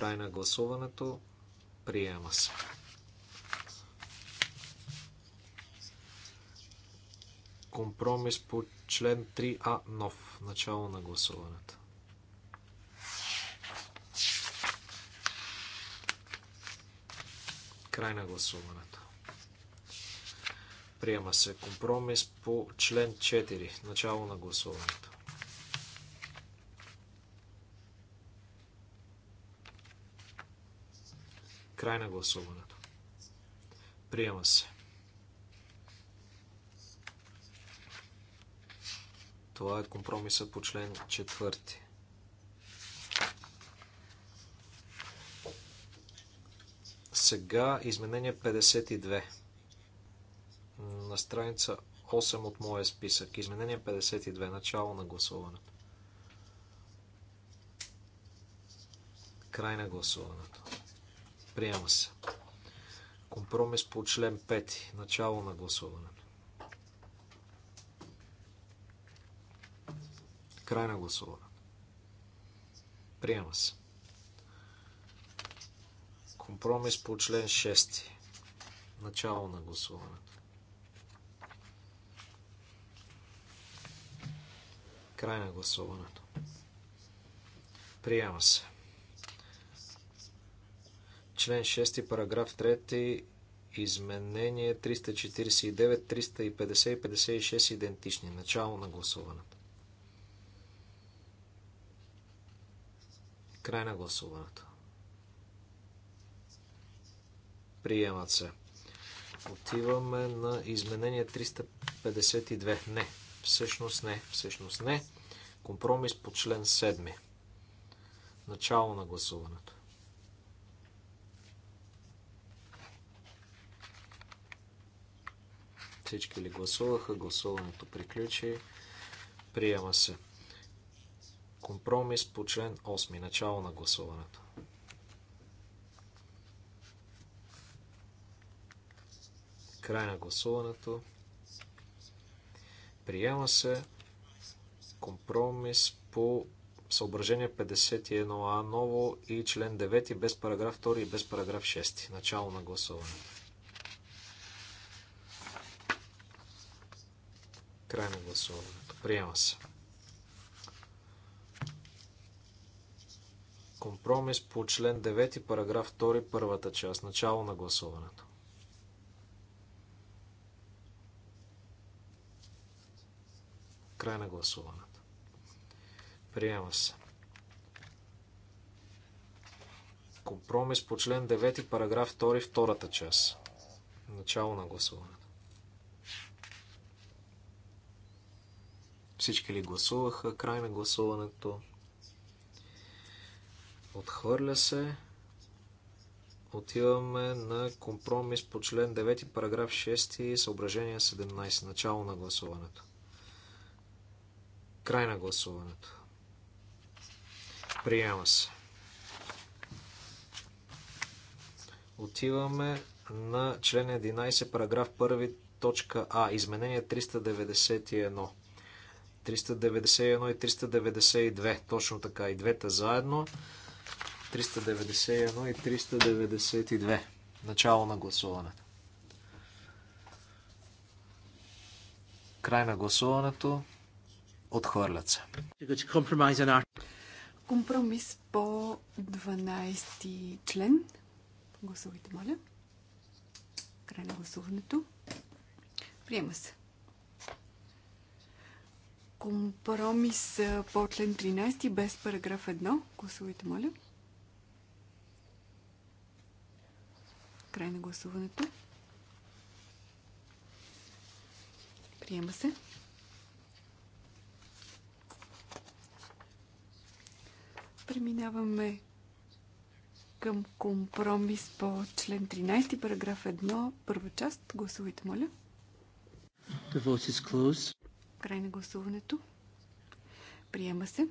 Край на гласуването. Приема се. Компромис по член 3А нов. Начало на гласуването. Край на гласуването. Приема се компромис по член 4. Начало на гласуването. Край на гласуването. Приема се. Това е компромиса по член 4. Сега изменение 52 на страница 8 от моя списък. Изменение 52. Начало на гласуването. Край на гласуването. Приема се. Компромис по член 5. Начало на гласуването. Край на гласуването. Приема се. Компромис по член 6. Начало на гласуването. Край на гласуването. Приема се. Член 6, параграф 3, изменение 349, 350 и 56 идентични. Начало на гласуването. Край на гласуването. Приемат се. Отиваме на изменение 352. Не. Всъщност не. Всъщност не. Компромис по член 7. Начало на гласуването. Всички ли гласуваха? Гласуването приключи. Приема се. Компромис по член 8. Начало на гласуването. Край на гласуването. Приема се компромис по съображение 51а ново и член 9 без параграф 2 и без параграф 6. Начало на гласуването. Край на гласуването. Приема се. Компромис по член 9, параграф 2, първата част. Начало на гласуването. Край на гласуването. Приема се. Компромис по член 9, параграф 2, втората част. Начало на гласуването. Всички ли гласуваха? Край на гласуването. Отхвърля се. Отиваме на компромис по член 9, параграф 6 и съображение 17. Начало на гласуването. Край на гласуването. Приема се. Отиваме на член 11, параграф 1, точка А. Изменение 391. 391 и 392. Точно така. И двете заедно. 391 и 392. Начало на гласуването. Край на гласуването. Отхвърлят се. Компромис по 12 член. Гласувайте, моля. Край на гласуването. Приема се. Компромис по член 13 без параграф 1. Гласувайте, моля. Край на гласуването. Приема се. Преминаваме към компромис по член 13, параграф 1, първа част. Гласувайте, моля. The vote is closed. Край на гласуването. Приема се.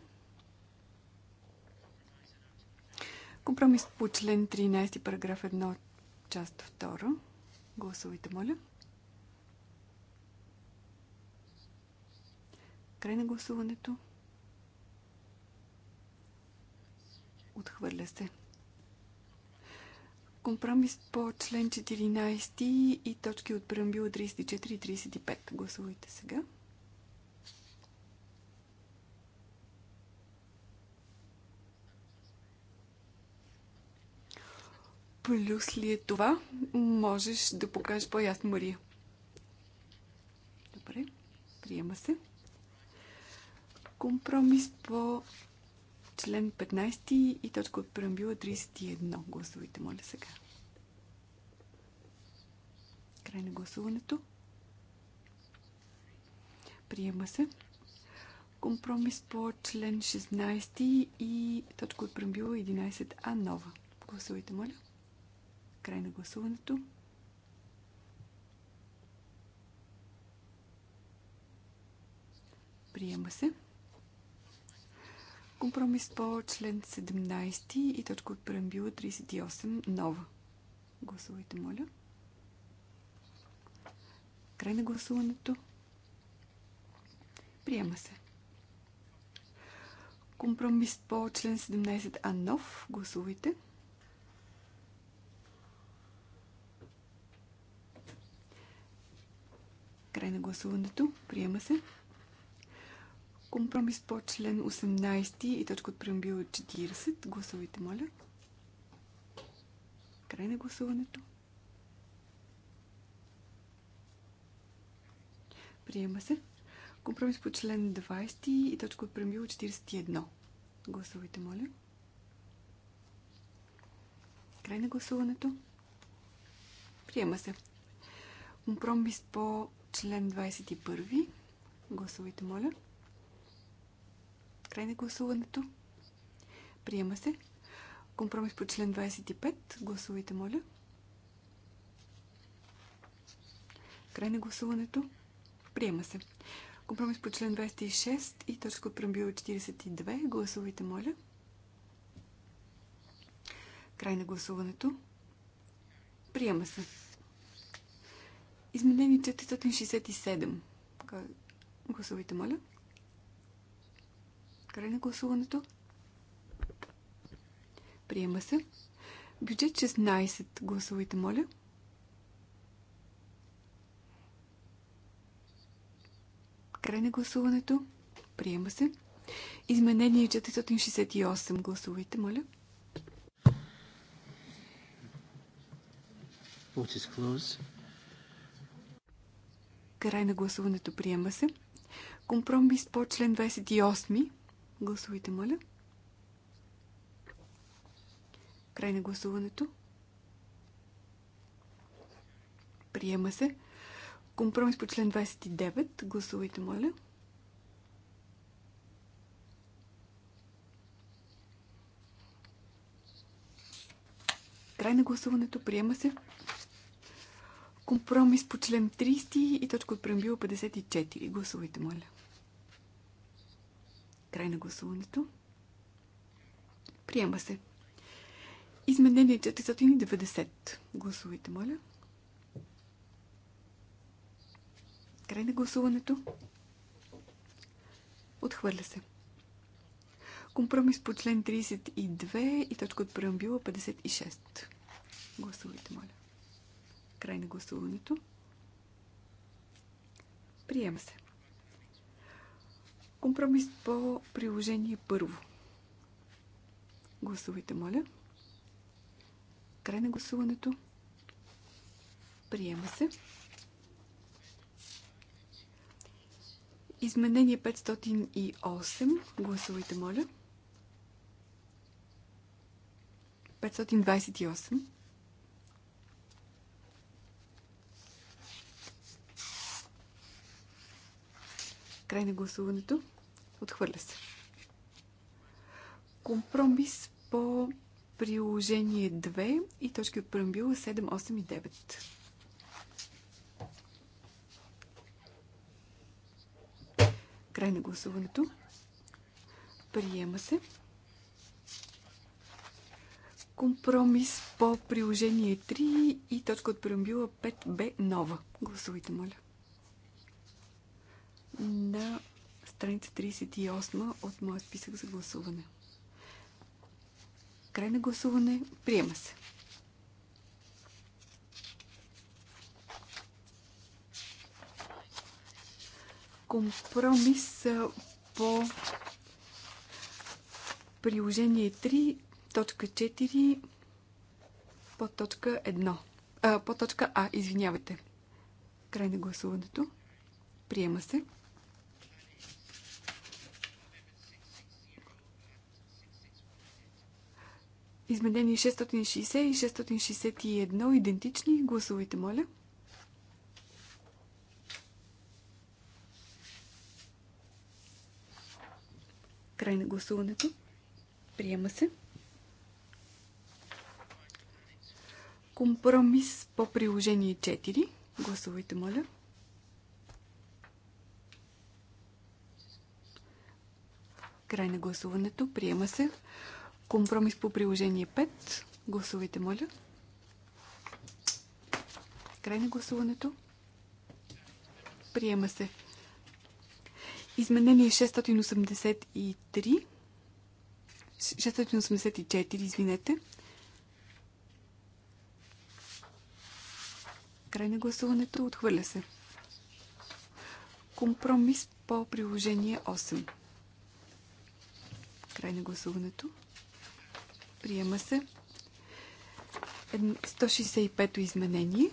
Компромис по член 13, параграф 1, част 2. Гласувайте, моля. Край на гласуването. Отхвърля се. Компромис по член 14 и точки от преамбила 34 и 35. Гласувайте сега. Плюс е това можеш да покажеш по-ясно Мария. Добре, приема се. Компромис по член 15 и точка от преамбила 31. Гласувайте, моля сега. Край на гласуването. Приема се. Компромис по член 16 и точка от преамбила 11а нова. Гласувайте, моля. Край на гласуването. Приема се. Компромис по член 17 и точка от преамбила 38 нова. Гласувайте, моля. Край на гласуването. Приема се. Компромис по член 17 а нов. Гласувайте. Гласувайте. Край на гласуването. Приема се. Компромис по член 18 и точка от преамбил 40. Гласувайте, моля. Край на гласуването. Приема се. Компромис по член 20 и точка от преамбил 41. Гласувайте, моля. Край на гласуването. Приема се. Компромис по Член 21. Гласувайте, моля. Край на гласуването. Приема се. Компромис по член 25. Гласувайте, моля. Край на гласуването. Приема се. Компромис по член 26 и точка от прембила 42. Гласувайте, моля. Край на гласуването. Приема се. Изменение 467. Гласувайте, моля. Край на гласуването. Приема се. Бюджет 16. Гласувайте, моля. Край на гласуването. Приема се. Изменение 468. Гласувайте, моля. What is closed? Край на гласуването приема се. Компромис по член 28. Гласувайте, моля. Край на гласуването. Приема се. Компромис по член 29. Гласувайте, моля. Край на гласуването. Приема се. Компромис по член 30 и точка от преамбила 54. Гласувайте, моля. Край на гласуването. Приема се. Изменение 490. Гласувайте, моля. Край на гласуването. Отхвърля се. Компромис по член 32 и точка от преамбила 56. Гласувайте, моля. Край на гласуването. Приема се. Компромис по приложение първо. Гласувайте, моля. Край на гласуването. Приема се. Изменение 508. Гласувайте, моля. 528. Край на гласуването. Отхвърля се. Компромис по приложение 2 и точки от преамбила 7, 8 и 9. Край на гласуването. Приема се. Компромис по приложение 3 и точка от преамбила 5 б нова. Гласувайте, моля на страница 38 от моя списък за гласуване. Край на гласуване. Приема се. Компромис по приложение 3, точка 4, по точка 1. А, по точка А, извинявайте. Край на гласуването. Приема се. Изменени 660 и 661 идентични. Гласувайте, моля. Край на гласуването. Приема се. Компромис по приложение 4. Гласувайте, моля. Край на гласуването. Приема се. Компромис по приложение 5. Гласувайте, моля. Край на гласуването. Приема се. Изменение 683. 684, извинете. Край на гласуването. Отхвърля се. Компромис по приложение 8. Край на гласуването. Приема се. 165-то изменение.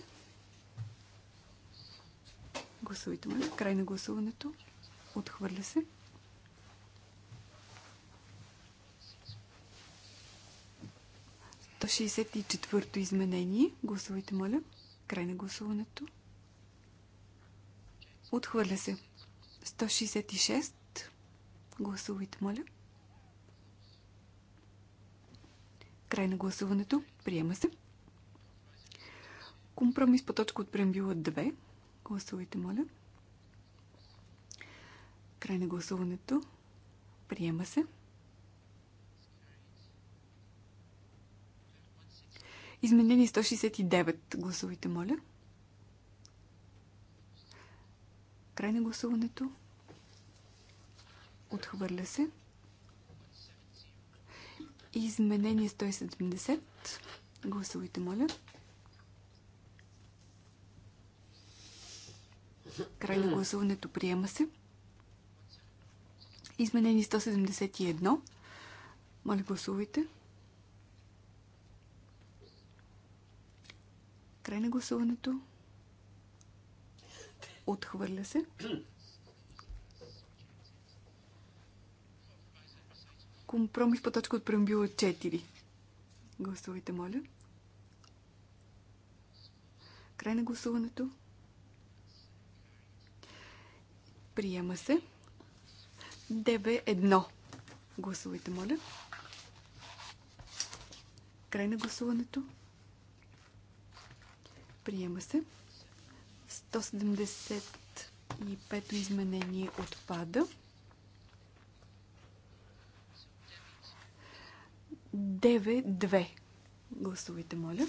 Гласувайте ме. Край на гласуването. Отхвърля се. До 64-то изменение. Гласувайте, моля. Край на гласуването. Отхвърля се. 166. Гласувайте, моля. Край на гласуването. Приема се. Компромис по точка от преамбюла 2. Гласувайте, моля. Край на гласуването. Приема се. Изменени 169. Гласувайте, моля. Край на гласуването. Отхвърля се. Изменение 170. Гласувайте, моля. Край на гласуването приема се. Изменение 171. Моля, гласувайте. Край на гласуването. Отхвърля се. Компромис по точка от преамбюла 4. Гласувайте, моля. Край на гласуването. Приема се. ДБ1. Гласувайте, моля. Край на гласуването. Приема се. 175 изменение отпада. 9-2. Гласувайте, моля.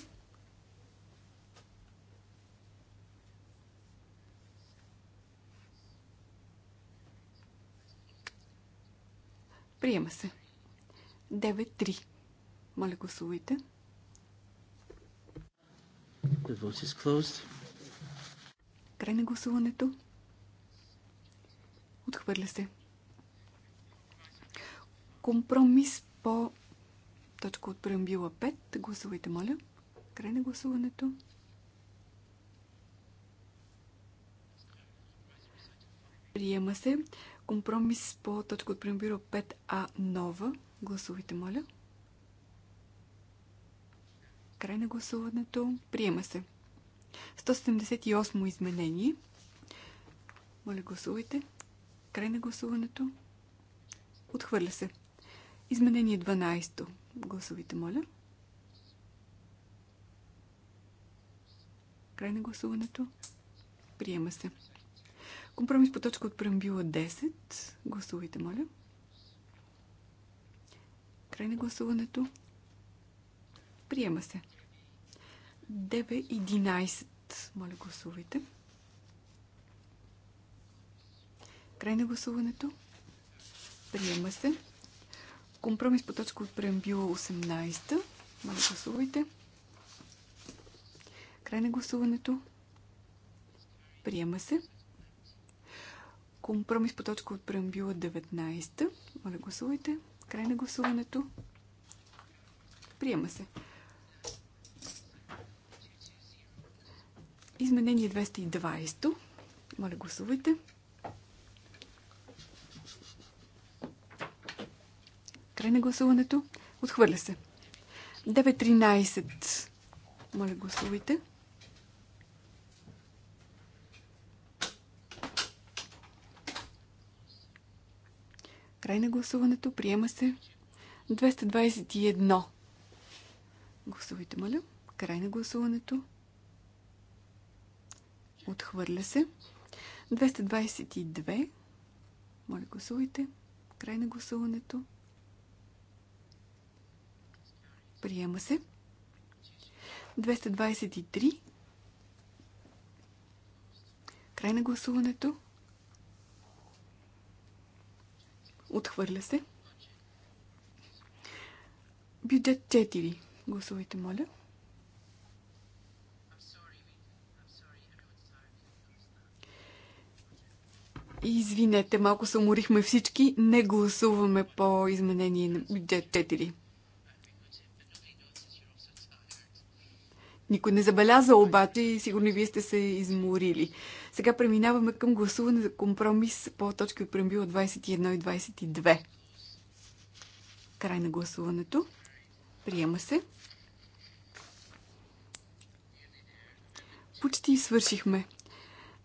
Приема се. 9-3. Моля, гласувайте. The vote is closed. Край на гласуването. Отхвърля се. Компромис по точка от преамбила 5. Гласувайте, моля. Край на гласуването. Приема се компромис по точка от преамбила 5А нова. Гласувайте, моля. Край на гласуването. Приема се. 178 изменение. Моля, гласувайте. Край на гласуването. Отхвърля се. Изменение 12 гласовите, моля. Край на гласуването. Приема се. Компромис по точка от преамбила 10. Гласувайте, моля. Край на гласуването. Приема се. 11. Моля, гласувайте. Край на гласуването. Приема се. Компромис по точка от преамбюла 18. Мали гласувайте. Край на гласуването. Приема се. Компромис по точка от преамбюла 19. Мали гласувайте. Край на гласуването. Приема се. Изменение 220. Моля, гласувайте. Край на гласуването. Отхвърля се. 9.13. Моля, гласувайте. Край на гласуването. Приема се. 221. Гласувайте, моля. Край на гласуването. Отхвърля се. 222. Моля, гласувайте. Край на гласуването. Приема се. 223. Край на гласуването. Отхвърля се. Бюджет 4. Гласувайте, моля. Извинете, малко се уморихме всички. Не гласуваме по изменение на бюджет 4. Никой не забеляза обаче и сигурно вие сте се изморили. Сега преминаваме към гласуване за компромис по точки от прембила 21 и 22. Край на гласуването. Приема се. Почти свършихме.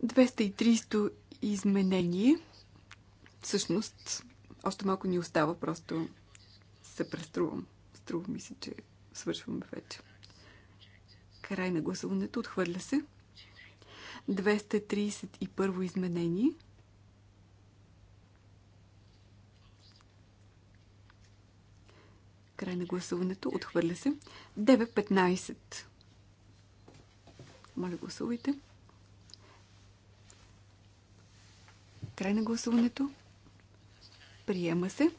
230 изменение. Всъщност, още малко ни остава, просто се преструвам. Струва ми се, че свършваме вече. Край на гласуването. Отхвърля се. 231 изменение. Край на гласуването. Отхвърля се. 9.15. Моля, гласувайте. Край на гласуването. Приема се.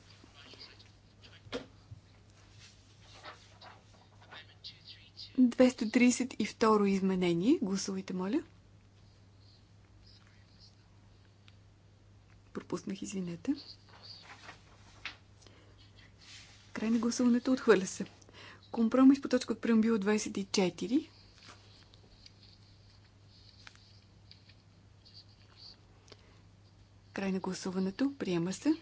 232 изменение. Гласувайте, моля. Пропуснах, извинете. Край на гласуването отхвърля се. Компромис по точка от преамбила 24. Край на гласуването. Приема се.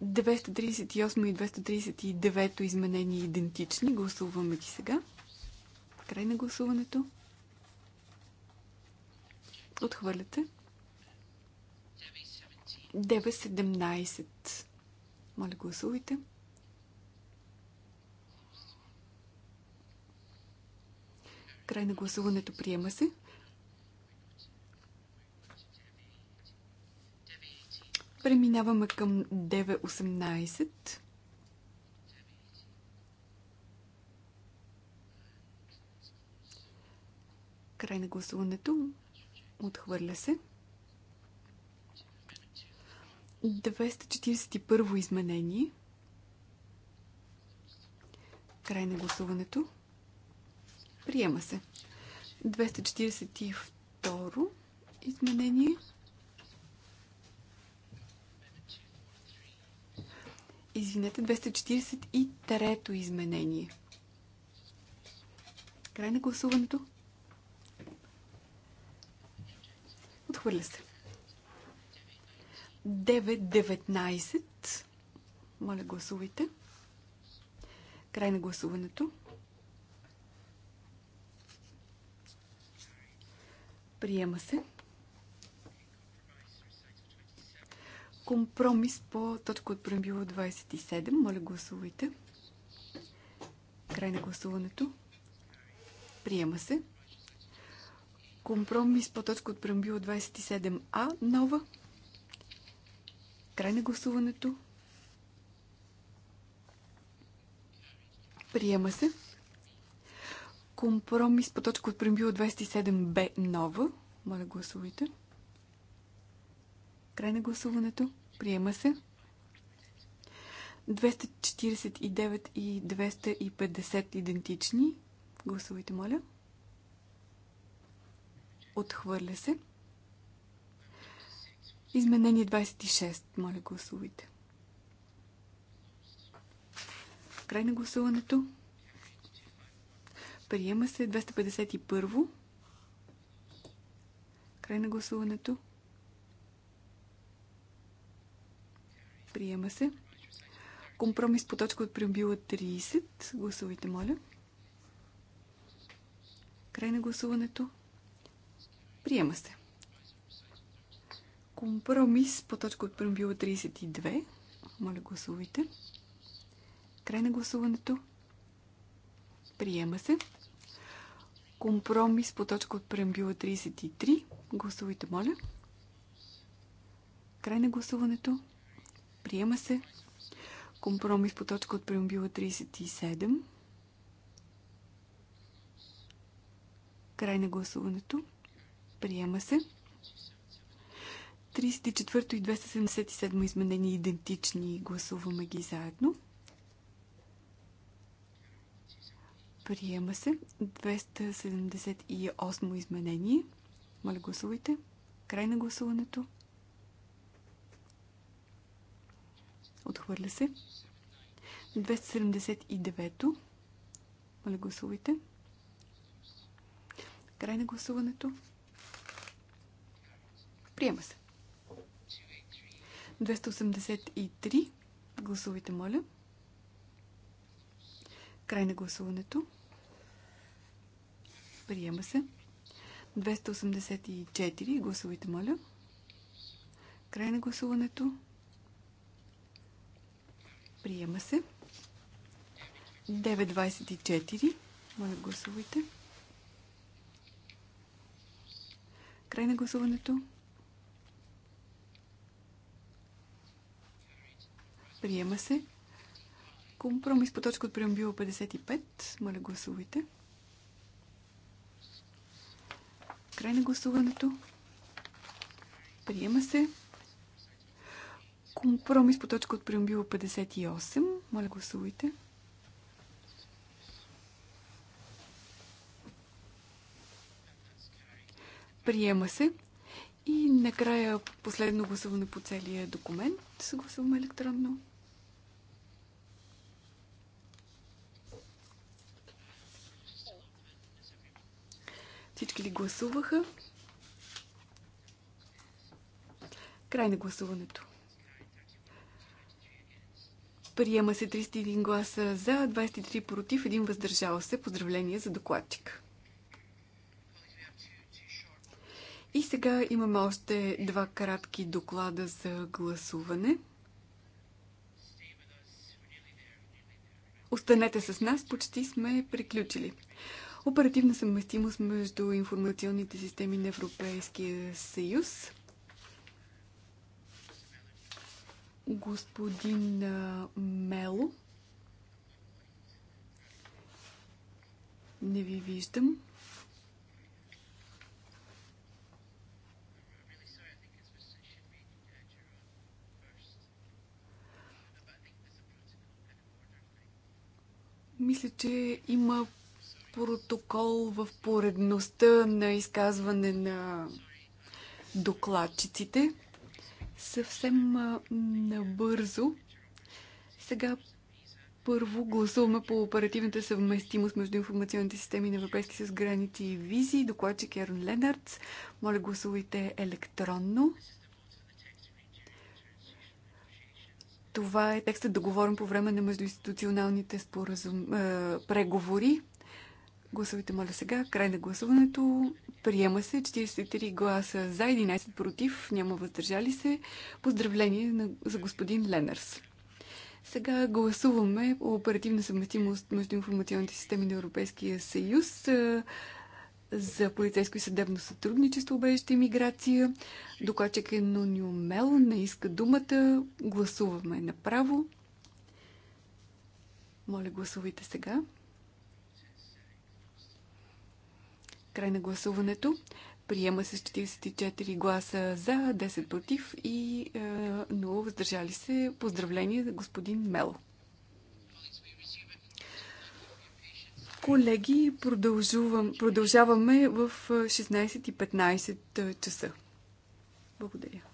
238 и 239 изменения е идентични. Гласуваме ги сега. Край на гласуването. Отхвърляте. 9.17. Моля, гласувайте. Край на гласуването приема се. Преминаваме към 9.18. Край на гласуването. Отхвърля се. 241 изменение. Край на гласуването. Приема се. 242 изменение. Извинете, 243-то изменение. Край на гласуването. Отхвърля се. 9.19. Моля, гласувайте. Край на гласуването. Приема се. Компромис по точка от преамбила 27. Моля, гласувайте. Край на гласуването. Приема се. Компромис по точка от преамбила 27А. Нова. Край на гласуването. Приема се. Компромис по точка от преамбила 27Б. Нова. Моля, гласувайте. Край на гласуването. Приема се. 249 и 250 идентични. Гласувайте, моля. Отхвърля се. Изменение 26. Моля, гласувайте. Край на гласуването. Приема се 251. Край на гласуването. Приема се. Компромис по точка от преамбила 30. Гласувайте, моля. Край на гласуването. Приема се. Компромис по точка от преамбила 32. Моля, гласувайте. Край на гласуването. Приема се. Компромис по точка от преамбила 33. Гласувайте, моля. Край на гласуването. Приема се. Компромис по точка от преамбила 37. Край на гласуването. Приема се. 34 и 277 изменени идентични. Гласуваме ги заедно. Приема се. 278 изменение. Моля гласувайте. Край на гласуването. Отхвърля се. 279-то. Моля, гласувайте. Край на гласуването. Приема се. 283. Гласувайте, моля. Край на гласуването. Приема се. 284. Гласувайте, моля. Край на гласуването. Приема се. 9.24. Моля, гласувайте. Край на гласуването. Приема се. Компромис по точка от преамбила 55. Моля, гласувайте. Край на гласуването. Приема се. Компромис по точка от преамбила 58. Моля, гласувайте. Приема се. И накрая последно гласуване по целия документ. Се Гласуваме електронно. Всички ли гласуваха? Край на гласуването. Приема се 31 гласа за, 23 против, 1 въздържал се. Поздравление за докладчик. И сега имаме още два кратки доклада за гласуване. Останете с нас, почти сме приключили. Оперативна съвместимост между информационните системи на Европейския съюз – господин Мело. Не ви виждам. Мисля, че има протокол в поредността на изказване на докладчиците. Съвсем набързо. Сега първо гласуваме по оперативната съвместимост между информационните системи на Европейски с граници и визи. Докладчик е Ерон Ленардс. Моля, гласувайте електронно. Това е текстът да говорим по време на междуинституционалните споразум... преговори. Гласовете, моля сега. Край на гласуването. Приема се 43 гласа за, 11 против, няма въздържали се. Поздравление на, за господин Ленърс. Сега гласуваме оперативна съвместимост между информационните системи на Европейския съюз за полицейско и съдебно сътрудничество, обежище и миграция. Докладчик е Нунио Мел, не иска думата. Гласуваме направо. Моля, гласувайте сега. Край на гласуването. Приема се с 44 гласа за, 10 против и е, 0 въздържали се. Поздравление за господин Мело. Колеги, продължаваме в 16.15 е, е, часа. Благодаря.